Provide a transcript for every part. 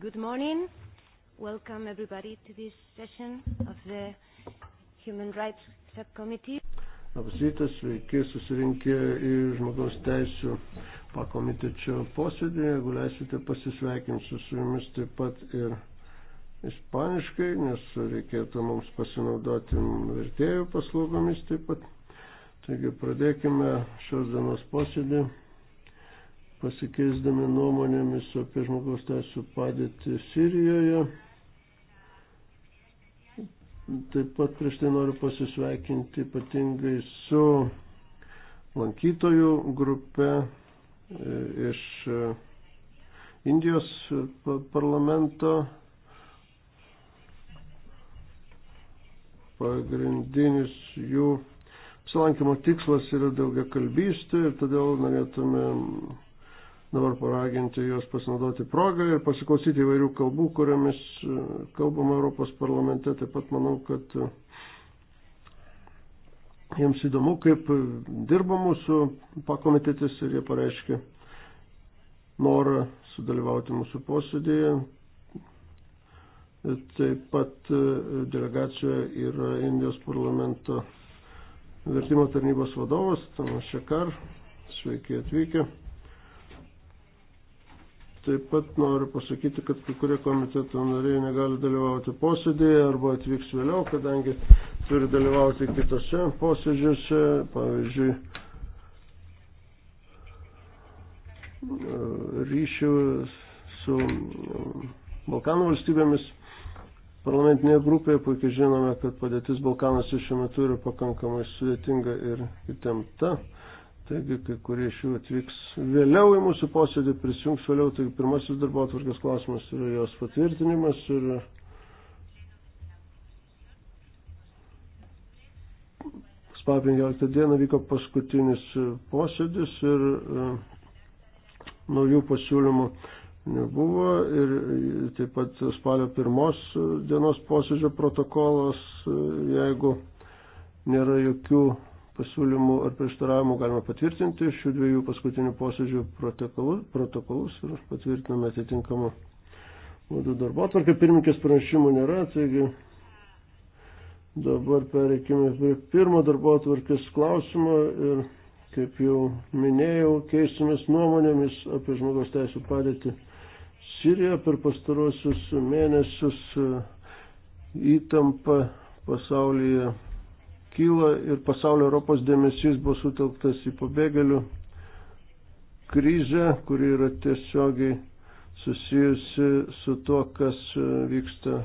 Good morning. Welcome everybody to this session of the Human Rights Subcommittee. Labas rytas, sveiki susirinkę į žmogaus teisų pakomitečio posėdį. Jeigu leisite, pasisveikinsiu su jumis taip pat ir ispaniškai, nes reikėtų mums pasinaudoti vertėjų paslaugomis taip pat. Taigi pradėkime šios dienos posėdį pasikeisdami nuomonėmis apie žmogaus teisų padėtį Sirijoje. Taip pat prieš tai noriu pasisveikinti ypatingai su lankytojų grupe e, iš e, Indijos parlamento. Pagrindinis jų apsilankimo tikslas yra daugia kalbystė ir todėl norėtume dabar paraginti juos pasinaudoti progą ir pasiklausyti įvairių kalbų, kuriamis e, kalbama Europos parlamente. Taip pat manau, kad e, jiems įdomu, kaip dirba mūsų pakomitetis ir jie pareiškia norą sudalyvauti mūsų posėdėje. Taip pat e, delegacijoje yra Indijos parlamento vertimo tarnybos vadovas Tamas Šekar. Sveiki atvykę. Taip pat noriu pasakyti, kad kai kurie komiteto nariai negali dalyvauti posėdėje arba atvyks vėliau, kadangi turi dalyvauti kitose posėdžiuose, pavyzdžiui, ryšių su Balkanų valstybėmis parlamentinėje grupėje. Puikiai žinome, kad padėtis Balkanose šiuo metu yra pakankamai sudėtinga ir įtempta. Taigi, kai kurie iš jų atvyks vėliau į mūsų posėdį, prisijungs vėliau. Taigi, pirmasis darbo atvarkės klausimas yra jos patvirtinimas. Ir... Spalio 15 dieną vyko paskutinis posėdis ir e, naujų pasiūlymų nebuvo ir e, taip pat spalio pirmos dienos posėdžio protokolas, e, jeigu nėra jokių pasiūlymų ar prieštaravimų galima patvirtinti šių dviejų paskutinių posėdžių protokolus ir patvirtiname atitinkamą būdų darbo atvarką. Pirmininkės pranešimų nėra, taigi dabar pereikime prie pirmo darbo atvarkės klausimo ir, kaip jau minėjau, keisimės nuomonėmis apie žmogaus teisų padėtį Sirijoje per pastarosius mėnesius įtampa pasaulyje kyla ir pasaulio Europos dėmesys buvo sutelktas į pabėgėlių krizę, kuri yra tiesiogiai susijusi su tuo, kas vyksta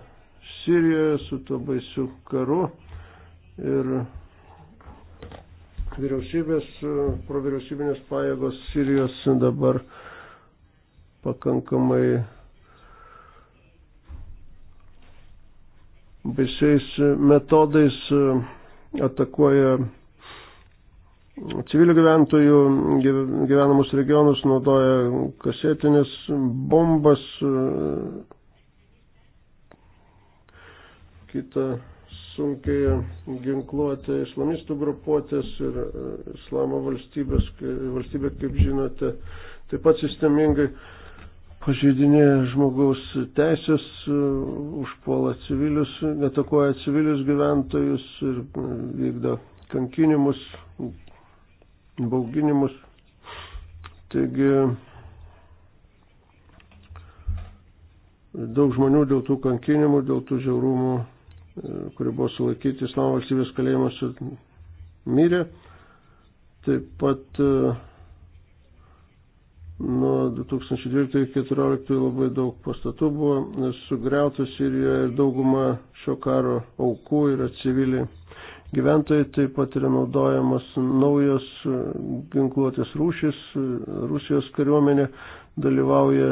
Sirijoje, su tuo baisiu karu. Ir vyriausybės, provyriausybinės pajėgos Sirijos dabar pakankamai baisiais metodais atakuoja civilių gyventojų gyvenamus regionus, naudoja kasetinės bombas, e, kitą sunkiai ginkluoti islamistų grupuotės ir e, islamo valstybės, valstybė, kaip žinote, taip pat sistemingai pažeidinėja žmogaus teisės, užpuola civilius, atakuoja civilius gyventojus ir e, vykdo kankinimus, bauginimus. Taigi daug žmonių dėl tų kankinimų, dėl tų žiaurumų, e, kurie buvo sulaikyti Islamo valstybės kalėjimuose, mirė. Taip pat uh, Nuo 2012-2014 labai daug pastatų buvo sugriauta Sirijoje ir dauguma šio karo aukų yra civiliai gyventojai, taip pat yra naudojamas naujos e, ginkluotės rūšis, e, Rusijos kariuomenė dalyvauja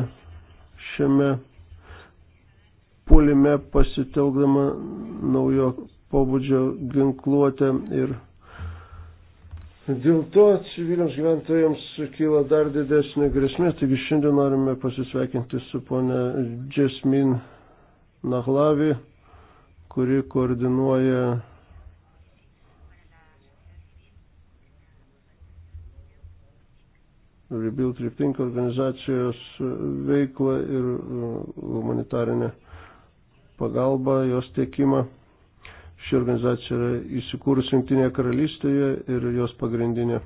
šiame pulime pasitelkdama naujo pobūdžio ginkluotę ir Dėl to civiliams gyventojams kyla dar didesnė grėsmė, taigi šiandien norime pasisveikinti su ponė Džesmin Nahlavi, kuri koordinuoja Rebuild Riptink organizacijos veiklą ir uh, humanitarinę pagalbą, jos tiekimą. Ši organizacija yra įsikūrusi Junktinėje karalystėje ir jos pagrindinė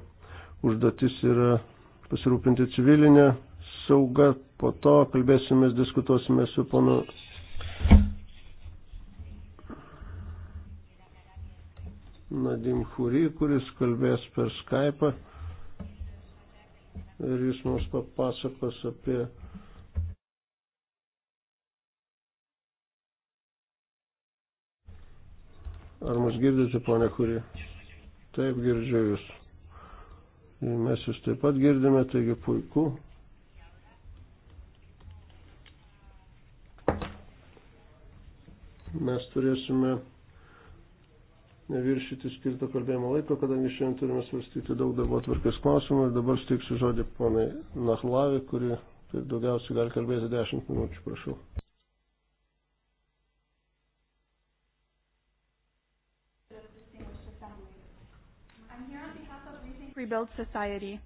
užduotis yra pasirūpinti civilinę saugą. Po to kalbėsimės, diskutuosime su ponu. Nadim Huri, kuris kalbės per Skype ir jis mums papasakos apie Ar mus girdite, ponė Kuri? Taip, girdžiu jūs. Ir mes jūs taip pat girdime, taigi puiku. Mes turėsime neviršyti skirto kalbėjimo laiko, kadangi šiandien turime svarstyti daug darbo atvarkės klausimų ir dabar stiksiu žodį ponai Nahlavi, kuri tai daugiausiai gali kalbėti 10 minučių, prašau. Rebuild Society,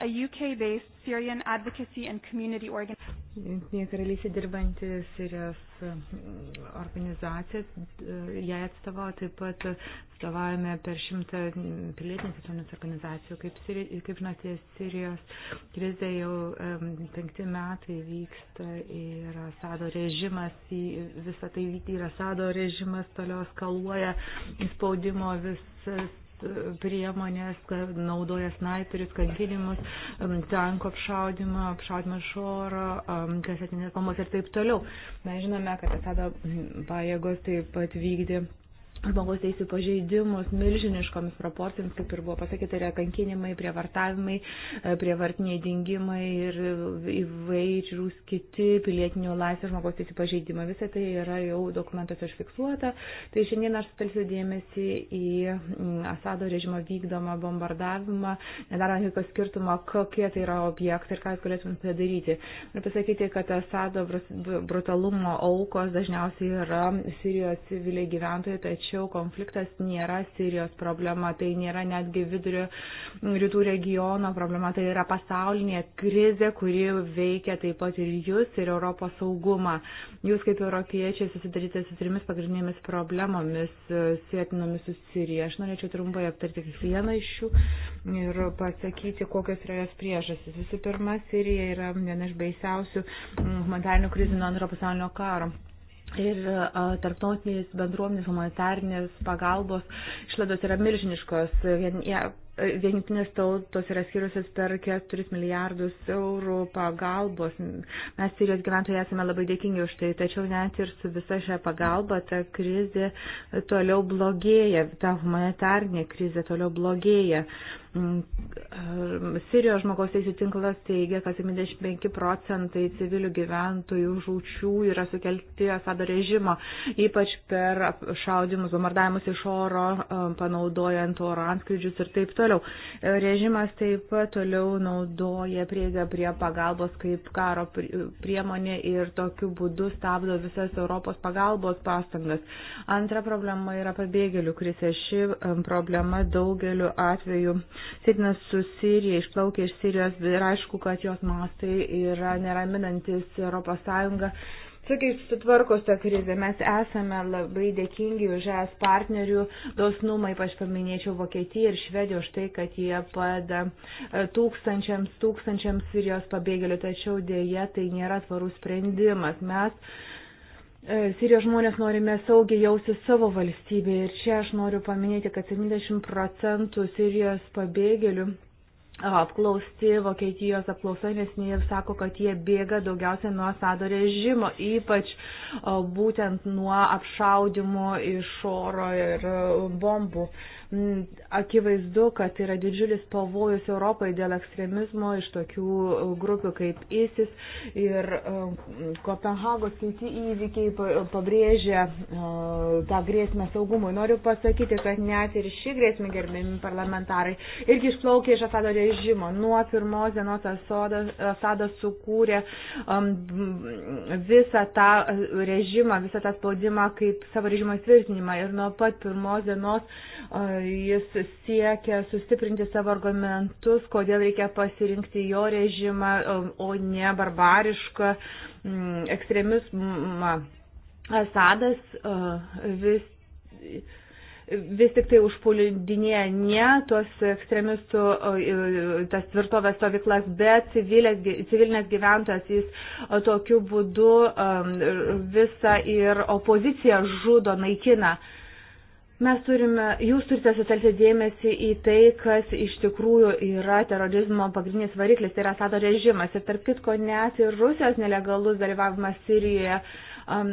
a UK-based Syrian advocacy and community organization. Jungtinėje karalystėje dirbanti Sirijos mm, organizacija, e, jai atstovauja taip pat atstovaujame per šimtą pilietinės visuomenės organizacijų. Kaip, Siri, kaip žinote, Sirijos krizė jau um, penkti metai vyksta ir Asado režimas, visą tai vykti ir Asado režimas toliau skaluoja spaudimo visas priemonės, kad naudoja snaiperius, kankinimus, tanko apšaudimą, apšaudimą šoro, kasetinės bombos ir taip toliau. Mes žinome, kad Asado pajėgos taip pat vykdė žmogaus teisų pažeidimus milžiniškomis proporcijomis, kaip ir buvo pasakyta, yra kankinimai, prievartavimai, e, prievartiniai dingimai ir įvairūs kiti pilietinių laisvės žmogaus teisų pažeidimai. Visą tai yra jau dokumentuose užfiksuota. Tai šiandien aš sutelsiu dėmesį į Asado režimo vykdomą bombardavimą, nedarant jokio skirtumo, kokie tai yra objektai ir ką galėtume padaryti. Ir pasakyti, kad Asado brutalumo aukos dažniausiai yra Sirijos civiliai gyventojai, tačiau tačiau konfliktas nėra Sirijos problema, tai nėra netgi vidurio rytų regiono problema, tai yra pasaulinė krizė, kuri veikia taip pat ir jūs ir Europos saugumą. Jūs kaip europiečiai susidarysite su trimis pagrindinėmis problemomis e, sėtinomis su Sirija. Aš norėčiau trumpai aptarti kiekvieną iš šių ir pasakyti, kokios yra jos priežastys. Visų pirma, Sirija yra viena iš baisiausių humanitarinių krizių nuo antro pasaulinio karo. Ir tarptautinės bendruomenės humanitarnės pagalbos išlaidos yra milžiniškos. Vien, ja, E, Vienintinės tautos yra skiriusios per 4 milijardus eurų pagalbos. Mes Sirijos gyventojai esame labai dėkingi už tai, tačiau net ir su visa šia pagalba ta krizė toliau blogėja, ta humanitarnė krizė toliau blogėja. Mm, e, Sirijos žmogaus teisų tinklas teigia, kad 75 procentai civilių gyventojų žūčių yra sukelti Asado režimo, ypač per šaudimus, bombardavimus iš oro, e, panaudojant oro antskrydžius ir taip toliau toliau. Režimas taip pat toliau naudoja prieigą prie pagalbos kaip karo priemonė ir tokiu būdu stabdo visas Europos pagalbos pastangas. Antra problema yra pabėgėlių krizė. Ši problema daugeliu atveju sėtinas su Sirija, išplaukia iš Sirijos ir aišku, kad jos mastai yra neraminantis Europos Sąjunga su kai sutvarko su tą krizę. Mes esame labai dėkingi už es partnerių dosnumą, ypač paminėčiau Vokietiją ir Švediją už tai, kad jie padeda e, tūkstančiams, tūkstančiams Sirijos pabėgėlių, tačiau dėje tai nėra tvarus sprendimas. Mes e, Sirijos žmonės norime saugiai jausti savo valstybėje ir čia aš noriu paminėti, kad 70 procentų Sirijos pabėgėlių apklausti Vokietijos apklausoje, nes jie sako, kad jie bėga daugiausia nuo Asado režimo, ypač būtent nuo apšaudimų iš oro ir bombų. Mm, akivaizdu, kad yra didžiulis pavojus Europai dėl ekstremizmo iš tokių uh, grupių kaip ISIS ir uh, Kopenhagos kiti įvykiai pabrėžia uh, tą grėsmę saugumui. Noriu pasakyti, kad net ir ši grėsmė gerbėmi parlamentarai irgi išplaukė iš Asado režimo. Nuo pirmos dienos Asadas sukūrė um, visą tą režimą, visą tą spaudimą kaip savo režimo tvirtinimą ir nuo pat pirmos dienos Jis siekia sustiprinti savo argumentus, kodėl reikia pasirinkti jo režimą, o ne barbarišką mm, ekstremizmą. Asadas e, vis vis tik tai užpuldinėja ne tos ekstremistų, e, tas tvirtovės stovyklas, bet civilės, civilinės gyventojas, jis e, tokiu būdu visą ir opoziciją žudo, naikina. Mes turime, jūs turite sutelkti dėmesį į tai, kas iš tikrųjų yra terorizmo pagrindinis variklis, tai yra Asado režimas. Ir tarp kitko net ir Rusijos nelegalus dalyvavimas Sirijoje um,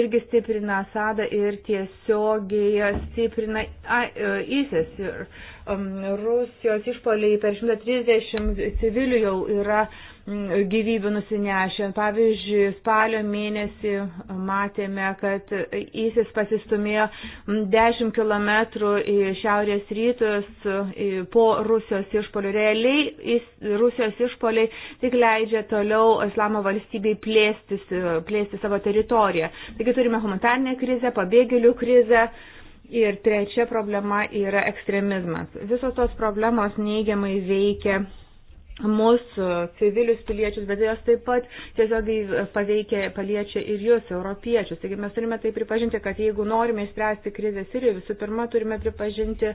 irgi stiprina Asadą ir tiesiogiai stiprina e, ISIS. Ir um, Rusijos išpoliai per 130 civilių jau yra uh, gyvybių nusinešę. Pavyzdžiui, spalio mėnesį matėme, kad įsis pasistumėjo 10 km į šiaurės rytus po Rusijos išpolių. Realiai Rusijos išpoliai tik leidžia toliau Islamo valstybei plėstis, plėsti savo teritoriją. Taigi turime humanitarnę krizę, pabėgėlių krizę. Ir trečia problema yra ekstremizmas. Visos tos problemos neigiamai veikia mūsų e, civilius piliečius, bet jos taip pat tiesiogiai paveikia, paliečia ir jūs, europiečius. Taigi mes turime tai pripažinti, kad jeigu norime išspręsti krizę Sirijoje, visų pirma turime pripažinti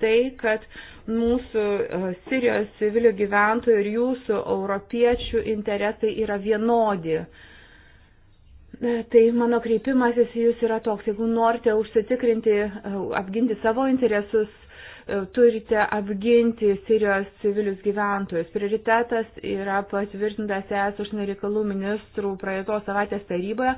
tai, kad mūsų e, Sirijos civilių gyventojų ir jūsų europiečių interesai yra vienodi. E, tai mano kreipimasis jūs yra toks, jeigu norite užsitikrinti, apginti savo interesus E, turite apginti Sirijos civilius gyventojus. Prioritetas yra patvirtintas ES užsienio reikalų ministrų praeitos savaitės taryboje,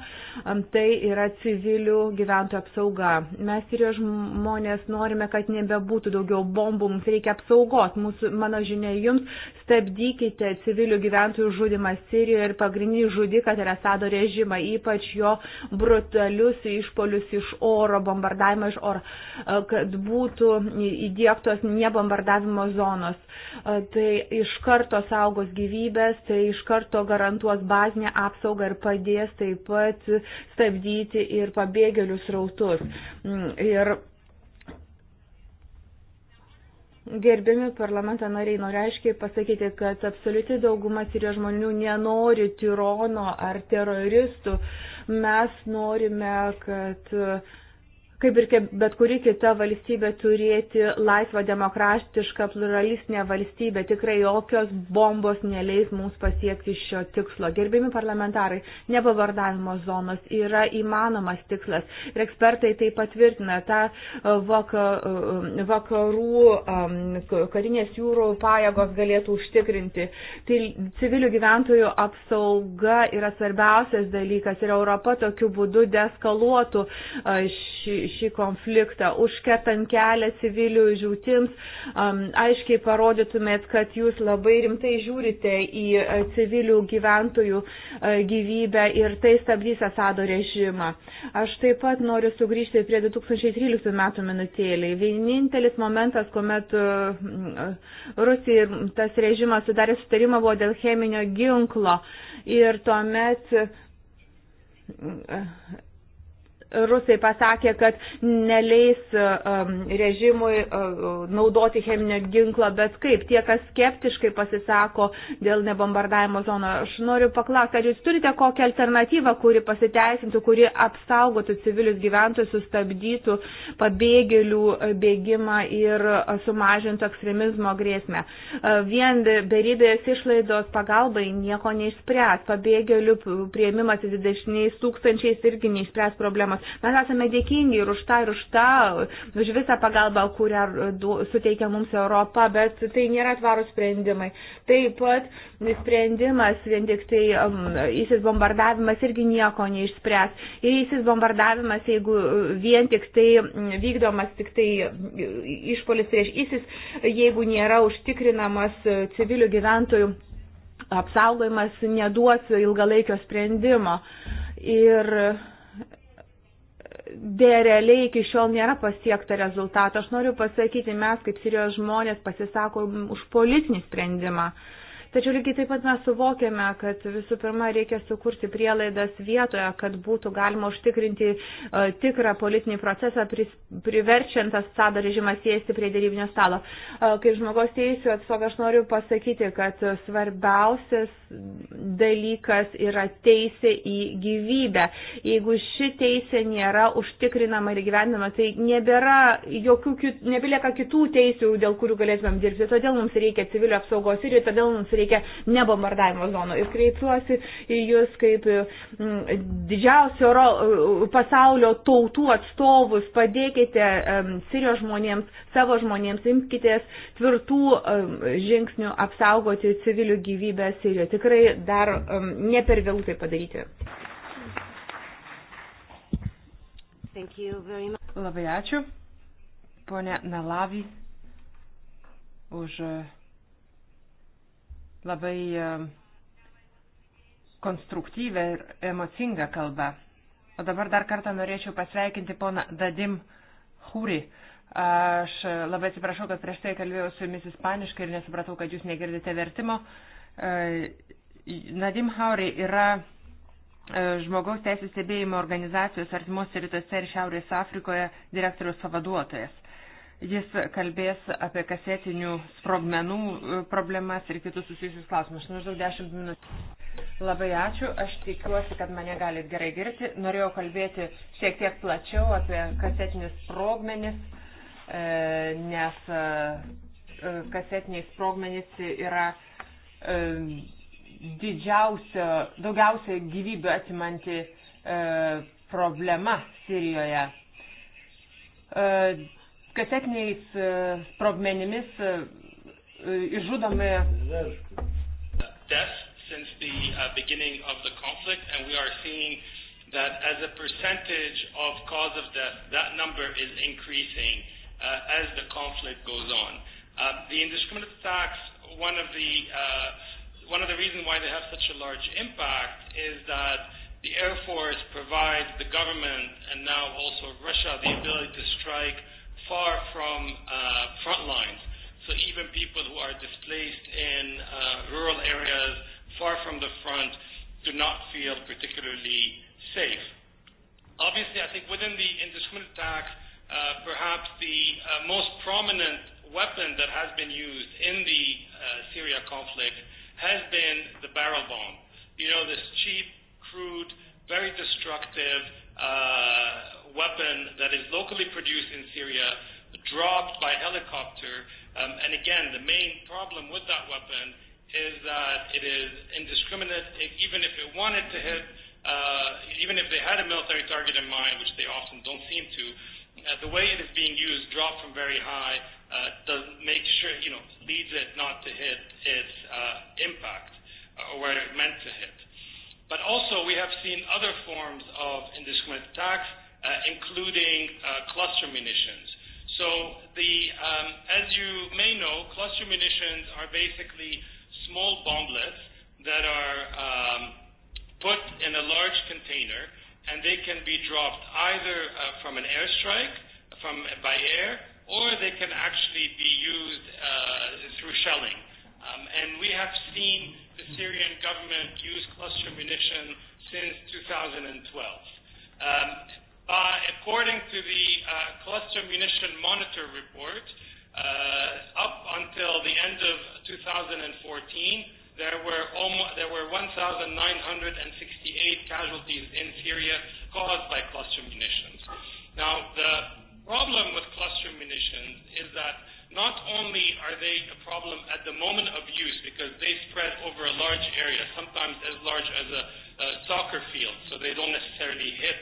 tai yra civilių gyventojų apsauga. Mes Sirijos žmonės norime, kad nebebūtų daugiau bombų, mums reikia apsaugos. Mūsų, mano žinia jums, stabdykite civilių gyventojų žudimą Sirijoje ir pagrindinį žudiką, tai yra Sado režimą, ypač jo brutalius išpolius iš oro, bombardavimą iš oro, e, kad būtų įgyvendinti įdėktos nebombardavimo zonos. E, tai iš karto saugos gyvybės, tai iš karto garantuos bazinę apsaugą ir padės taip pat stabdyti ir pabėgėlius rautus. Mm, ir Gerbiami parlamento nariai, noriu aiškiai pasakyti, kad absoliuti dauguma sirijos žmonių nenori tirono ar teroristų. Mes norime, kad uh, kaip ir bet kuri kita valstybė, turėti laisvą, demokratišką, pluralistinę valstybę. Tikrai jokios bombos neleis mums pasiekti šio tikslo. Gerbimi parlamentarai, nepavardavimo zonos yra įmanomas tikslas. Ir ekspertai tai patvirtina. Ta e, e, e, vakarų karinės jūrų pajėgos galėtų užtikrinti. Tai civilių gyventojų apsauga yra svarbiausias dalykas ir Europa tokiu būdu deskaluotų šį šį konfliktą, užkertant kelią civilių žūtims, aiškiai parodytumėt, kad jūs labai rimtai žiūrite į e, civilių gyventojų e, gyvybę ir tai stabdys Asado režimą. Aš taip pat noriu sugrįžti prie 2013 metų minutėlį. Vienintelis momentas, kuomet e, Rusija ir tas režimas sudarė sutarimą buvo dėl cheminio ginklo ir tuomet rusai pasakė, kad neleis um, režimui uh, naudoti cheminio ginklo, bet kaip tie, kas skeptiškai pasisako dėl nebombardavimo zono. Aš noriu paklausti, ar jūs turite kokią alternatyvą, kuri pasiteisintų, kuri apsaugotų civilius gyventojus, sustabdytų pabėgėlių uh, bėgimą ir uh, sumažintų ekstremizmo grėsmę. Vien beribės išlaidos pagalbai nieko neišspręs. Pabėgėlių prieimimas į didešniais tūkstančiais irgi neišspręs problemas. Mes esame dėkingi ir už tą, ir už tą, už visą pagalbą, kurią suteikia mums Europa, bet tai nėra tvarų sprendimai. Taip pat sprendimas, vien tik tai um, įsis bombardavimas irgi nieko neišspręs. Ir įsis bombardavimas, jeigu vien tik tai vykdomas tik tai išpolis prieš įsis, jeigu nėra užtikrinamas civilių gyventojų apsaugojimas, neduos ilgalaikio sprendimo. Ir dėreliai iki šiol nėra pasiekta rezultato. Aš noriu pasakyti, mes kaip Sirijos žmonės pasisakom už politinį sprendimą. Uh, Tačiau lygiai taip pat mes suvokiame, kad visų pirma reikia sukurti prielaidas vietoje, kad būtų galima užtikrinti e, tikrą politinį procesą, priverčiant tas sado režimą sėsti prie dėrybinio stalo. E, kaip žmogaus teisų atstovė aš noriu pasakyti, kad svarbiausias dalykas yra teisė į gyvybę. Jeigu ši teisė nėra užtikrinama ir gyvenama, tai nebėra jokių, nebelieka kitų teisių, dėl kurių galėtumėm dirbti. Todėl mums reikia civilio apsaugos ir todėl mums reikia reikia nebombardavimo zonų. Ir kreipiuosi į Jūs kaip mm, didžiausio pasaulio tautų atstovus, padėkite mm, Sirijos žmonėms, savo žmonėms, imkitės tvirtų mm, žingsnių apsaugoti civilių gyvybę Sirijoje. Tikrai dar ne per vėlų tai padaryti. Labai ačiū, ponė Nalavi, už labai e, konstruktyvę ir emocingą kalbą. O dabar dar kartą norėčiau pasveikinti poną Dadim Hūri. Aš e, labai atsiprašau, kad prieš tai kalbėjau su jumis ispaniškai ir nesupratau, kad jūs negirdite vertimo. E, Nadim Hauri yra žmogaus teisų stebėjimo organizacijos artimuose rytuose ir Šiaurės Afrikoje direktorius pavaduotojas. Jis kalbės apie kasetinių sprogmenų e, problemas ir kitus susijusius klausimus. Maždaug 10 minučių. Labai ačiū. Aš tikiuosi, kad mane galit gerai girti. Norėjau kalbėti šiek tiek plačiau apie kasetinius sprogmenis, e, nes e, kasetiniai sprogmenys yra didžiausia, daugiausia gyvybių atimanti problema Sirijoje kasetiniais e, sprogmenimis e, e, išžudomi. Since the uh, beginning of the conflict, and we are seeing that as a percentage of cause of death, that number is increasing uh, as the conflict goes on. Uh, the indiscriminate attacks, one of the uh, one of the reasons why they have such a large impact is that the Air Force provides the government and now also Russia the ability to strike uh, far from uh, front lines. So even people who are displaced in uh, rural areas, far from the front, do not feel particularly safe. Obviously, I think within the indiscriminate attacks, uh, perhaps the uh, most prominent weapon that has been used in the uh, Syria conflict has been the barrel bomb. You know, this cheap, crude, very destructive, uh, weapon that is locally produced in Syria, dropped by helicopter. Um, and again, the main problem with that weapon is that it is indiscriminate. It, even if it wanted to hit, uh, even if they had a military target in mind, which they often don't seem to, uh, the way it is being used, dropped from very high, uh, does make sure you know leads it not to hit its uh, impact uh, or where it meant to hit. But also we have seen other forms of indiscriminate attacks, uh, including uh, cluster munitions. So the, um, as you may know, cluster munitions are basically small bomblets that are um, put in a large container, and they can be dropped either uh, from an airstrike, from by air, or they can actually be used uh, through shelling. Um, and we have seen the Syrian government use cluster munitions since 2012. Um, by, according to the uh, Cluster Munition Monitor Report, uh, up until the end of 2014, there were, almost, there were 1,968 casualties in Syria caused by cluster munitions. Now, the problem with cluster munitions is that Not only are they a problem at the moment of use because they spread over a large area, sometimes as large as a, a soccer field, so they don't necessarily hit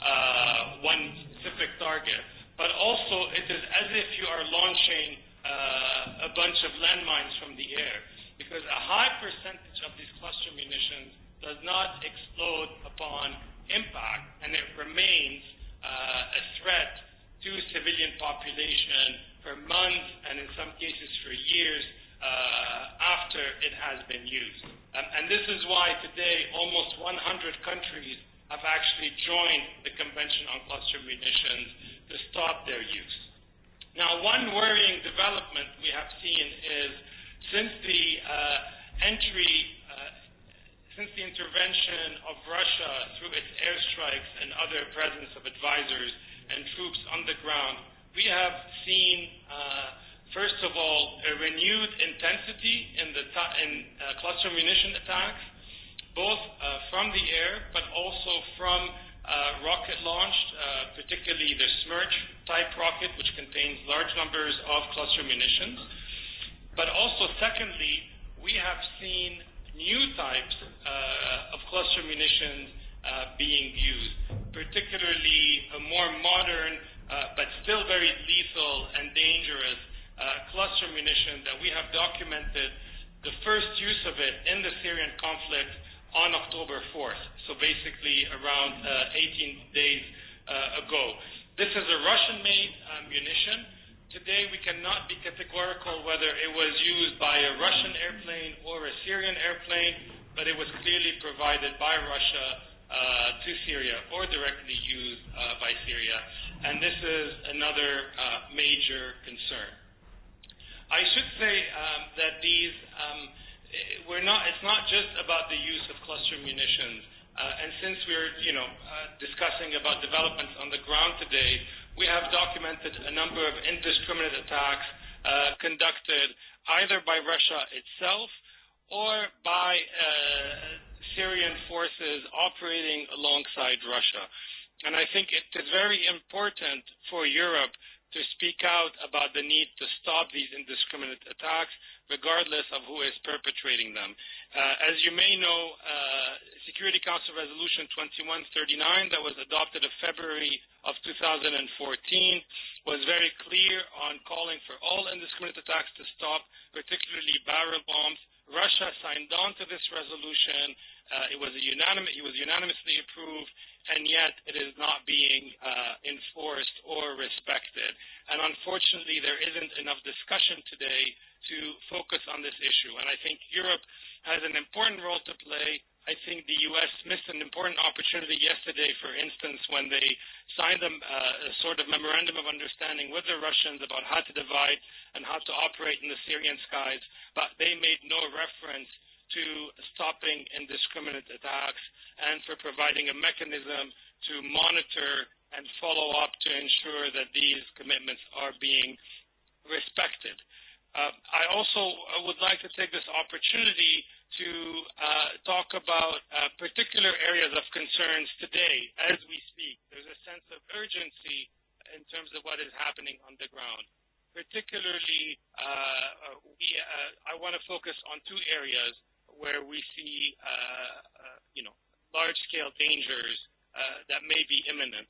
uh, one specific target, but also it is as if you are launching uh, a bunch of landmines from the air because a high percentage of these cluster munitions does not explode upon impact and it remains uh, a threat to civilian population for months and in some cases for years uh, after it has been used. Um, and this is why today almost 100 countries have actually joined the Convention on Cluster Munitions to stop their use. Now, one worrying development we have seen is since the uh, entry, uh, since the intervention of Russia through its airstrikes and other presence of advisors and troops on the ground we have seen, uh, first of all, a renewed intensity in, the ta- in uh, cluster munition attacks, both uh, from the air but also from uh, rocket launched, uh, particularly the Smerch type rocket, which contains large numbers of cluster munitions. But also, secondly, we have seen new types uh, of cluster munitions uh, being used, particularly a more modern uh, but still very lethal and dangerous uh, cluster munition that we have documented the first use of it in the Syrian conflict on October 4th, so basically around uh, 18 days uh, ago. This is a Russian-made uh, munition. Today we cannot be categorical whether it was used by a Russian airplane or a Syrian airplane, but it was clearly provided by Russia uh, to Syria or directly used uh, by Syria. Uh, and this is another uh, major concern. I should say um, that these um, eh, we're not. It's not just about the use of cluster munitions. Uh, and since we're you know uh, discussing about developments on the ground today, we have documented a number of indiscriminate attacks uh, conducted either by Russia itself or by uh, Syrian forces operating alongside Russia. Uh, And I think it is very important for Europe to speak out about the need to stop these indiscriminate attacks, regardless of who is perpetrating them. Uh, as you may know, uh, Security Council Resolution 2139 that was adopted in February of 2014 was very clear on calling for all indiscriminate attacks to stop, particularly barrel bombs. Russia signed on to this resolution. Uh, it was a unanimous, it was unanimously approved, and yet it is not being uh, enforced or respected. And unfortunately, there isn't enough discussion today to focus on this issue. And I think Europe has an important role to play. I think the U.S. missed an important opportunity yesterday, for instance, when they signed a, uh, a sort of memorandum of understanding with the Russians about how to divide and how to operate in the Syrian skies, but they made no reference uh, to stopping indiscriminate attacks and for providing a mechanism to monitor and follow up to ensure that these commitments are being respected. Uh, I also uh, would like to take this opportunity to uh, talk about uh, particular areas of concerns today as we speak. There's a sense of urgency in terms of what is happening on the ground. Particularly, uh, uh we, uh, I want to focus on two areas where we see, uh, uh, you know, large-scale dangers uh, that may be imminent.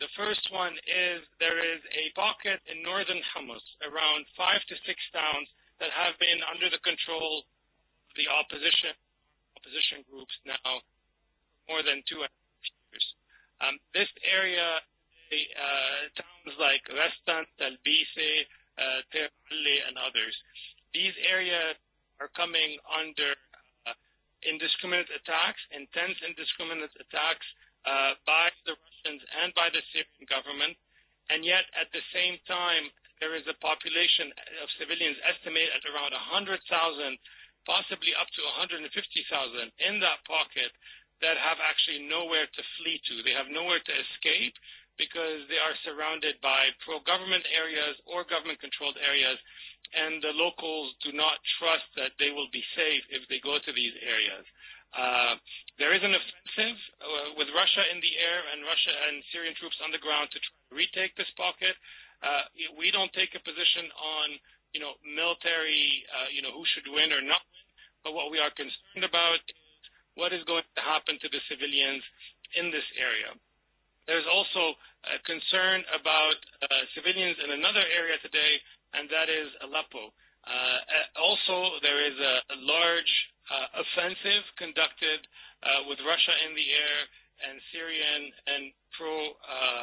The first one is there is a pocket in northern Hamas, around five to six towns that have been under the control of the opposition opposition groups now more than two years. Um, this area, the, uh, towns like Restan, Talbise, uh, Terali, and others, these areas are coming under indiscriminate attacks, intense indiscriminate attacks uh, by the Russians and by the Syrian government. And yet, at the same time, there is a population of civilians estimated at around 100,000, possibly up to 150,000 in that pocket that have actually nowhere to flee to. They have nowhere to escape because they are surrounded by pro-government areas or government-controlled areas and the locals do not trust that they will be safe if they go to these areas. Uh, there is an offensive uh, with Russia in the air and Russia and Syrian troops on the ground to try to retake this pocket. Uh, we don't take a position on, you know, military, uh, you know, who should win or not win. But what we are concerned about is what is going to happen to the civilians in this area. There's also a concern about uh, civilians in another area today and that is Aleppo. Uh, also, there is a, a large uh, offensive conducted uh, with Russia in the air and Syrian and pro uh,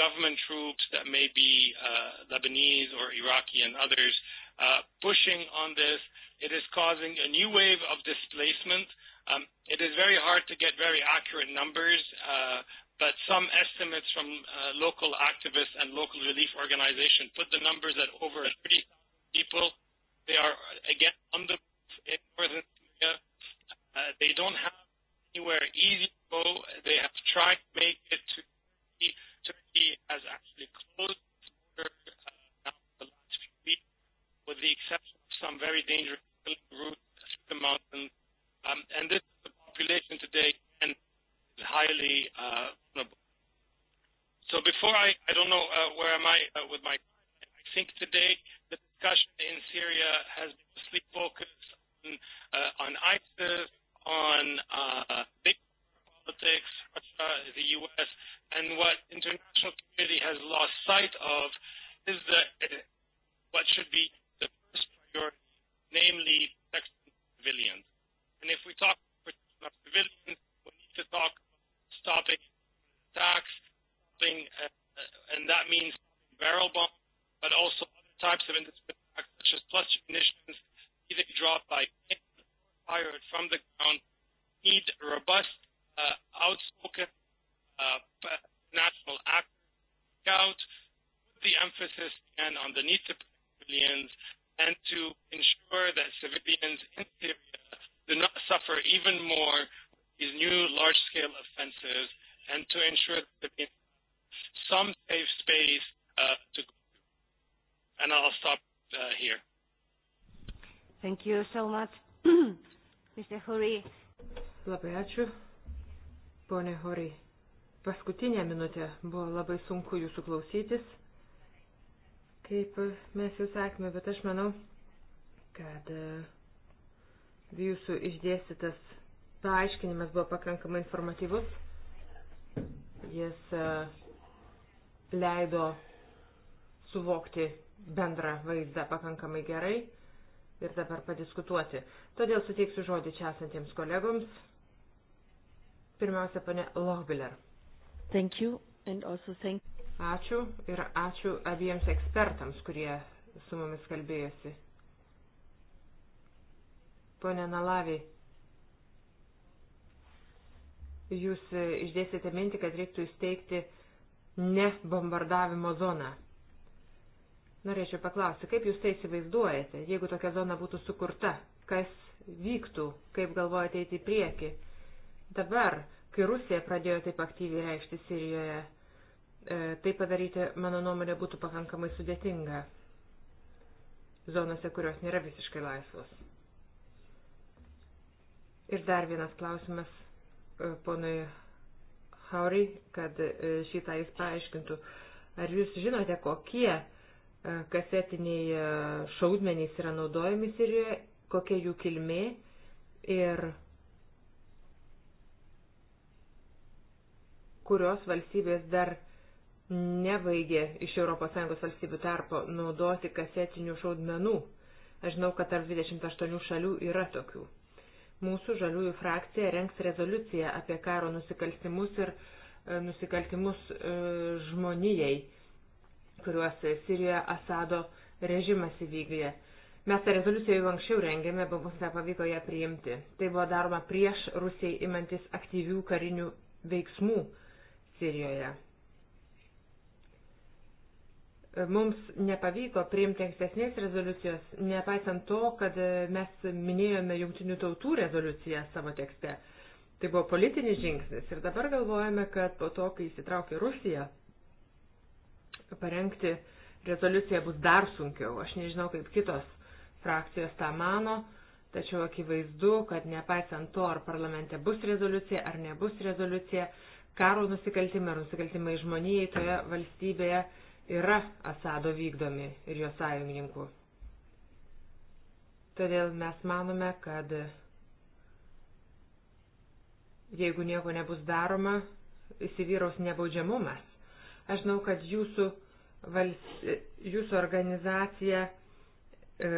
government troops that may be uh, Lebanese or Iraqi and others uh, pushing on this. It is causing a new wave of displacement. Um, it is very hard to get very accurate numbers. Uh, but some estimates from uh, local activists and local relief organizations put the numbers at over 30,000 people. They are, again, under in northern Syria. Uh, they don't have anywhere easy to go. They have tried to make it to Turkey. Turkey has actually closed its border uh, now for the last few weeks, with the exception of some very dangerous routes through the mountains. Um, and this is the population today, and highly vulnerable. Uh, before I don't know uh, where am I uh, with my time. I think today the discussion in Syria has been mostly focused on ISIS, on big politics, Russia, the U.S. What international community has lost sight of is what should be the first priority, namely protection of civilians. If we talk protection of civilians, we need to talk stopping tax, stopping, uh, and that means barrel bonds, but also other types of industry tax, such as cluster munitions, either dropped by fired from the ground, need robust, uh, outspoken uh, uh national act out the emphasis again on the need to protect civilians and to ensure that civilians in Syria do not suffer even more these new large-scale offensives and to ensure that there is some safe space uh, to go to. And I'll stop uh, here. Thank you so much, Mr. Hurry. Labai ačiū, ponė Hurry. Paskutinė minutė buvo labai sunku jūsų klausytis, kaip e, mes jau sakėme, bet aš manau, kad e, jūsų išdėstytas paaiškinimas buvo pakankamai informatyvus. Jis e, leido suvokti bendrą vaizdą pakankamai gerai ir dabar padiskutuoti. Todėl suteiksiu žodį čia esantiems kolegoms. Pirmiausia, pane Lohbiller. Thank you and also thank Ačiū ir ačiū abiems ekspertams, kurie su mumis kalbėjosi. Pone Nalaviai, jūs e, išdėstėte mintį, kad reiktų įsteigti ne bombardavimo zoną. Norėčiau paklausti, kaip jūs tai įsivaizduojate, jeigu tokia zona būtų sukurta, kas vyktų, kaip galvojate eiti į priekį. Dabar, kai Rusija pradėjo taip aktyviai reikšti Sirijoje, e, tai padaryti, mano nuomonė, būtų pakankamai sudėtinga zonose, kurios nėra visiškai laisvos. Ir dar vienas klausimas E, ponui Hauri, kad e, šitą jis paaiškintų. Ar jūs žinote, kokie e, kasetiniai šaudmenys yra naudojami Sirijoje, kokia jų kilmė ir kurios valstybės dar nebaigė iš ES valstybių tarpo naudoti kasetinių šaudmenų. Aš žinau, kad tarp 28 šalių yra tokių. Mūsų žaliųjų frakcija renks rezoliuciją apie karo nusikaltimus ir e, nusikaltimus e, žmonijai, kuriuos Sirijoje Asado režimas įvykdė. Mes tą rezoliuciją jau anksčiau rengėme, bet mums nepavyko ją priimti. Tai buvo daroma prieš Rusijai imantis aktyvių karinių veiksmų Sirijoje mums nepavyko priimti ankstesnės rezoliucijos, nepaisant to, kad e, mes minėjome jungtinių tautų rezoliuciją savo tekste. Tai buvo politinis žingsnis ir dabar galvojame, kad po to, kai įsitraukė Rusija, parengti rezoliuciją bus dar sunkiau. Aš nežinau, kaip kitos frakcijos tą mano, tačiau akivaizdu, kad nepaisant to, ar parlamente bus rezoliucija ar nebus rezoliucija, karo nusikaltimai ar nusikaltimai žmonijai toje valstybėje yra Asado vykdomi ir jo sąjungininkų. Todėl mes manome, kad jeigu nieko nebus daroma, įsivyraus nebaudžiamumas. Aš žinau, kad jūsų, vals, jūsų organizacija e,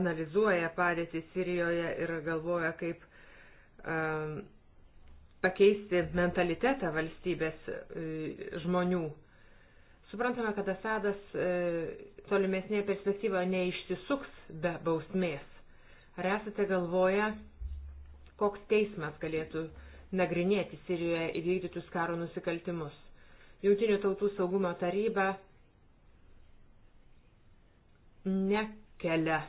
analizuoja padėtį Sirijoje ir galvoja, kaip e, pakeisti mentalitetą valstybės e, žmonių Suprantame, kad Asadas e, tolimesnėje perspektyvoje neišsisuks be bausmės. Ar esate galvoję, koks teismas galėtų nagrinėti Sirijoje įvykdytus karo nusikaltimus? Jungtinių tautų saugumo taryba nekelia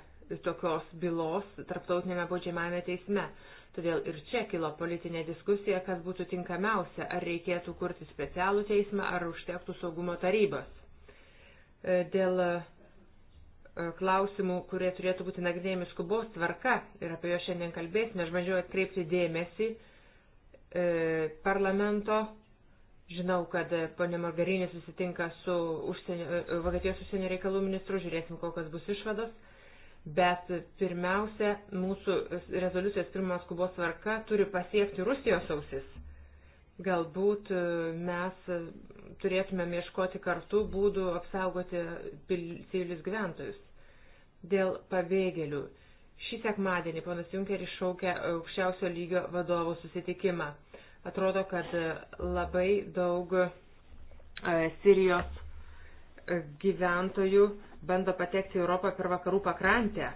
tokios bylos tarptautinėme baudžiamame teisme. Todėl ir čia kilo politinė diskusija, kas būtų tinkamiausia, ar reikėtų kurti specialų teismą, ar užtektų saugumo tarybos. E, dėl e, klausimų, kurie turėtų būti nagrinėjami skubos tvarka ir apie jo šiandien kalbėsime, aš bandžiau atkreipti dėmesį e, parlamento. Žinau, kad ponė Margarinė susitinka su užsienio, e, Vokietijos užsienio reikalų ministru, žiūrėsim, kokios bus išvados bet pirmiausia, mūsų rezoliucijos pirmos skubos tvarka turi pasiekti Rusijos ausis. Galbūt e, mes e, turėtume ieškoti kartu būdų apsaugoti civilius gyventojus. Dėl pabėgėlių. Šį sekmadienį ponas Junkeris šaukia aukščiausio lygio vadovo susitikimą. Atrodo, kad e, labai daug Sirijos gyventojų bando patekti į Europą per vakarų pakrantę.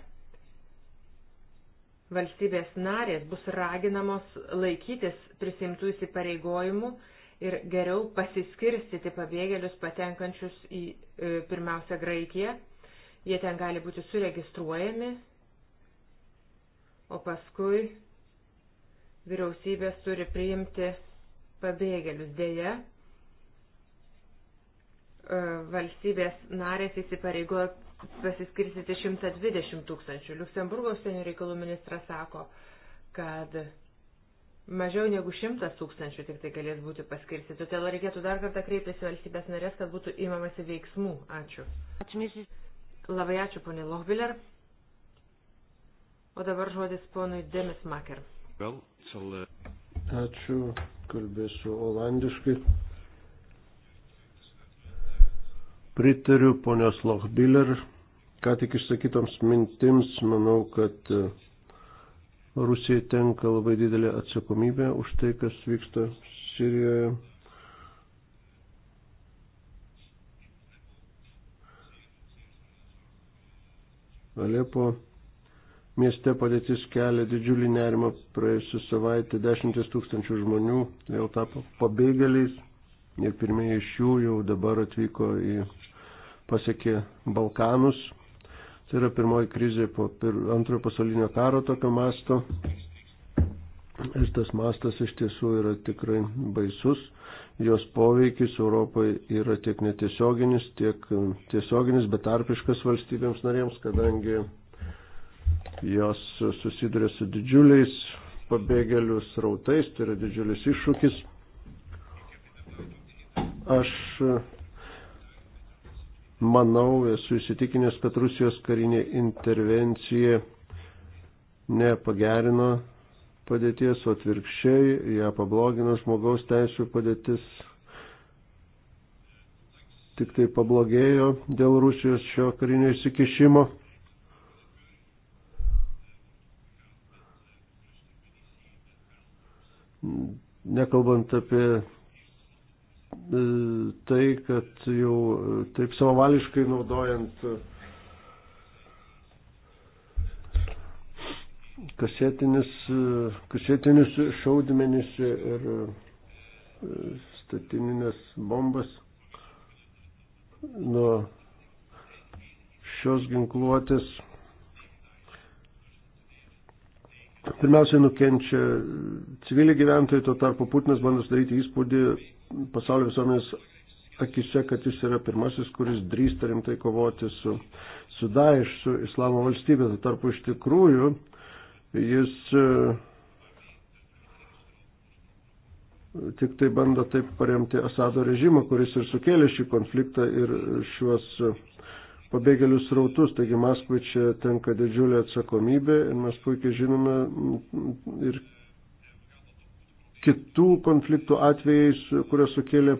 Valstybės narės bus raginamos laikytis prisimtų įsipareigojimų ir geriau pasiskirstyti pabėgėlius patenkančius į e, pirmiausia Graikiją. Jie ten gali būti suregistruojami, o paskui vyriausybės turi priimti pabėgėlius. Deja, E, valstybės narės įsipareigojo pasiskirstyti 120 tūkstančių. Luksemburgo užsienio reikalų ministras sako, kad mažiau negu 100 tūkstančių tik tai galės būti paskirstyti. Todėl reikėtų dar kartą kreiptis į valstybės narės, kad būtų įmamasi veiksmų. Ačiū. Ačiū. Labai ačiū, ponė Lohbiller. O dabar žodis ponui Demis Maker. Uh, ačiū, kalbėsiu olandiškai. Pritariu ponios Lochbiller, ką tik išsakytoms mintims, manau, kad e, Rusijai tenka labai didelė atsakomybė už tai, kas vyksta Sirijoje. Alepo mieste padėtis kelia didžiulį nerimą. Praėjusią savaitę dešimtis tūkstančių žmonių vėl tapo pabėgėliais ir pirmieji iš jų jau dabar atvyko į pasiekė Balkanus. Tai yra pirmoji krizė po pir, antrojo pasaulinio karo tokio masto. Ir tas mastas iš tiesų yra tikrai baisus. Jos poveikis Europai yra tiek netiesioginis, tiek e, tiesioginis, bet tarpiškas valstybėms narėms, kadangi jos susiduria su didžiuliais pabėgėlių srautais, tai yra didžiulis iššūkis. Aš manau, esu įsitikinęs, kad Rusijos karinė intervencija nepagerino padėties, o atvirkščiai ją pablogino žmogaus teisų padėtis. Tik tai pablogėjo dėl Rusijos šio karinio įsikišimo. Nekalbant apie E, tai, kad jau e, taip savavališkai naudojant e, kasetinis, kasetinius šaudmenis ir statininės bombas nuo šios ginkluotės pirmiausiai nukenčia civiliai gyventojai, tuo tarpu Putinas bando sudaryti įspūdį, pasaulio visuomenės akise, kad jis yra pirmasis, kuris drįsta rimtai kovoti su, su Daesh, su Islamo valstybė. Tuo tarpu iš tikrųjų jis e, tik tai bando taip paremti Asado režimą, kuris ir sukėlė šį konfliktą ir šiuos pabėgėlius rautus. Taigi Maskvai čia tenka didžiulė atsakomybė ir mes puikiai žinome ir kitų konfliktų atvejais, kurios sukėlė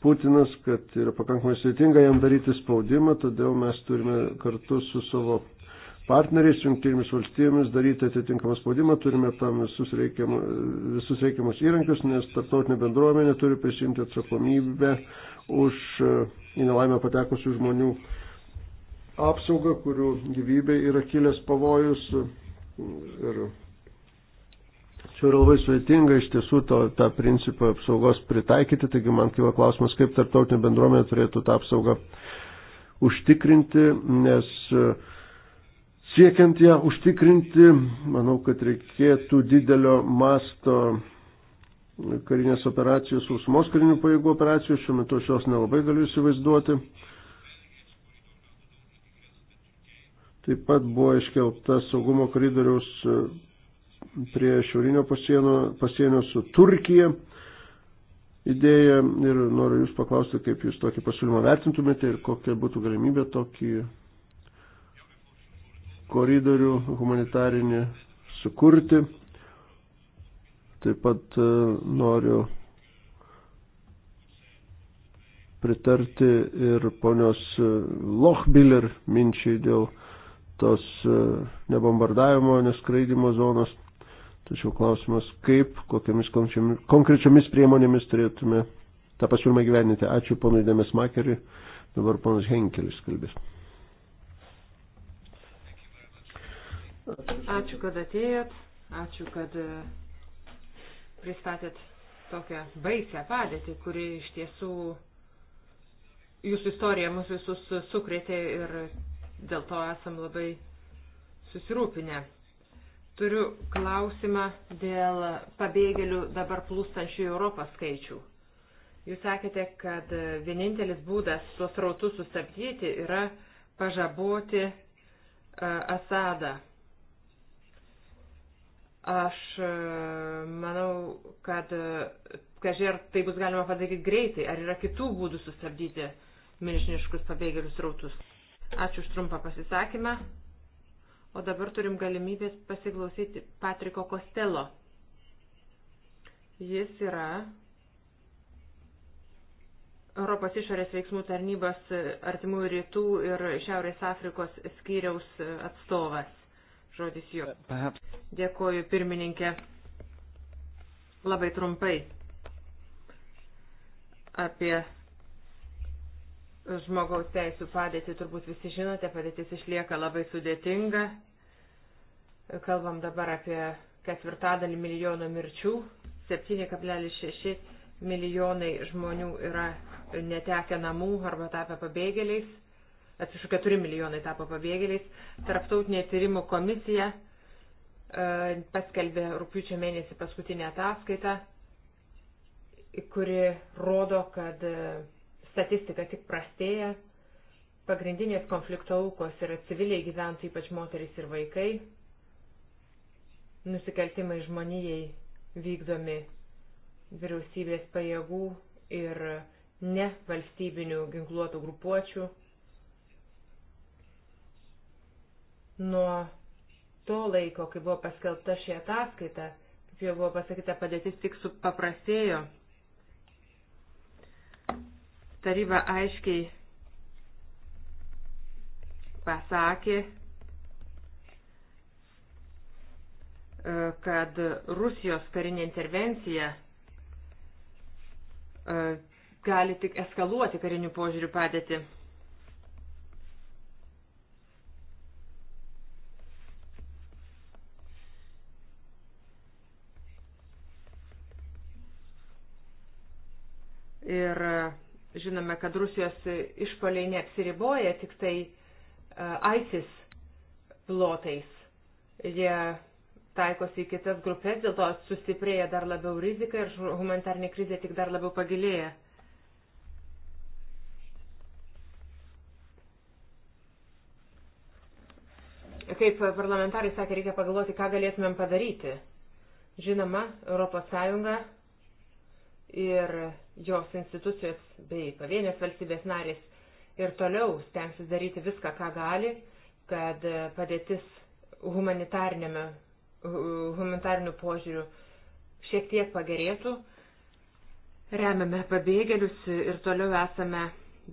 Putinas, kad yra pakankamai sveitinga jam daryti spaudimą, todėl mes turime kartu su savo partneriais, jungtinėmis valstybėmis daryti atitinkamą spaudimą, turime tam visus, reikiam, visus reikiamus įrankius, nes tarptautinė bendruomenė turi prisimti atsakomybę už e, į nelaimę patekusių žmonių apsaugą, kurių gyvybė yra kilęs pavojus. Ir Čia yra labai sudėtinga iš tiesų to, tą principą apsaugos pritaikyti, taigi man kyla klausimas, kaip tarptautinė bendruomenė turėtų tą apsaugą užtikrinti, nes e, siekiant ją užtikrinti, manau, kad reikėtų didelio masto karinės operacijos, sausumos karinių pajėgų operacijos, šiuo metu šios nelabai galiu įsivaizduoti. Taip pat buvo iškelta saugumo koridoriaus e, prie šiaurinio pasienio, pasienio su Turkija idėja ir noriu Jūs paklausti, kaip Jūs tokį pasiūlymą vertintumėte ir kokia būtų galimybė tokį koridorių humanitarinį sukurti. Taip pat e, noriu pritarti ir ponios e, Lochbiller minčiai dėl tos e, nebombardavimo, neskraidimo zonos. Tačiau klausimas, kaip, kokiamis konkrečiomis priemonėmis turėtume tą pasiūlymą gyveninti. Ačiū ponui Dėmes Makeriui, dabar ponas Henkelis kalbės. Ačiū, kad atėjot, ačiū, kad e, pristatėt tokią baisę padėtį, kuri iš tiesų jūsų istorija mus visus sukrėtė ir dėl to esam labai susirūpinę. Turiu klausimą dėl pabėgėlių dabar plūstančių į Europą skaičių. Jūs sakėte, kad vienintelis būdas tuos rautus sustabdyti yra pažaboti e, Asadą. Aš e, manau, kad kažkai ar tai bus galima padaryti greitai, ar yra kitų būdų sustabdyti milžiniškus pabėgėlius rautus. Ačiū už trumpą pasisakymą. O dabar turim galimybės pasiklausyti Patriko Kostelo. Jis yra Europos išorės veiksmų tarnybos artimų rytų ir Šiaurės Afrikos skyriaus atstovas. Žodis jo. Dėkoju, pirmininkė. Labai trumpai apie žmogaus teisų padėtį turbūt visi žinote, padėtis išlieka labai sudėtinga. Kalbam dabar apie ketvirtadalį milijono mirčių, 7,6 milijonai žmonių yra netekę namų arba tapę pabėgėliais, atsiprašau, 4 milijonai tapo pabėgėliais. Tarptautinė tyrimų komisija e, paskelbė rūpiučio mėnesį paskutinę ataskaitą, kuri rodo, kad e, statistika tik prastėja, pagrindinės konflikto aukos yra civiliai gyventojai, ypač moteris ir vaikai, nusikaltimai žmonijai vykdomi vyriausybės pajėgų ir ne valstybinių ginkluotų grupuočių. Nuo to laiko, kai buvo paskelbta šį ataskaitą, kaip jau buvo pasakyta, padėtis tik supaprastėjo. Taryba aiškiai pasakė, e, kad Rusijos karinė intervencija e, gali tik eskaluoti karinių požiūrių padėtį. Ir Žinome, kad Rusijos išpoliai neapsiriboja tik tai e, ISIS plotais. Jie taikosi į kitas grupės, dėl to sustiprėja dar labiau rizika ir humanitarnė krizė tik dar labiau pagilėja. Kaip parlamentarai sakė, reikia pagalvoti, ką galėtumėm padaryti. Žinoma, ES ir jos institucijos bei pavienės valstybės narės ir toliau stengsis daryti viską, ką gali, kad padėtis humanitariniu požiūriu šiek tiek pagerėtų. Remiame pabėgėlius ir toliau esame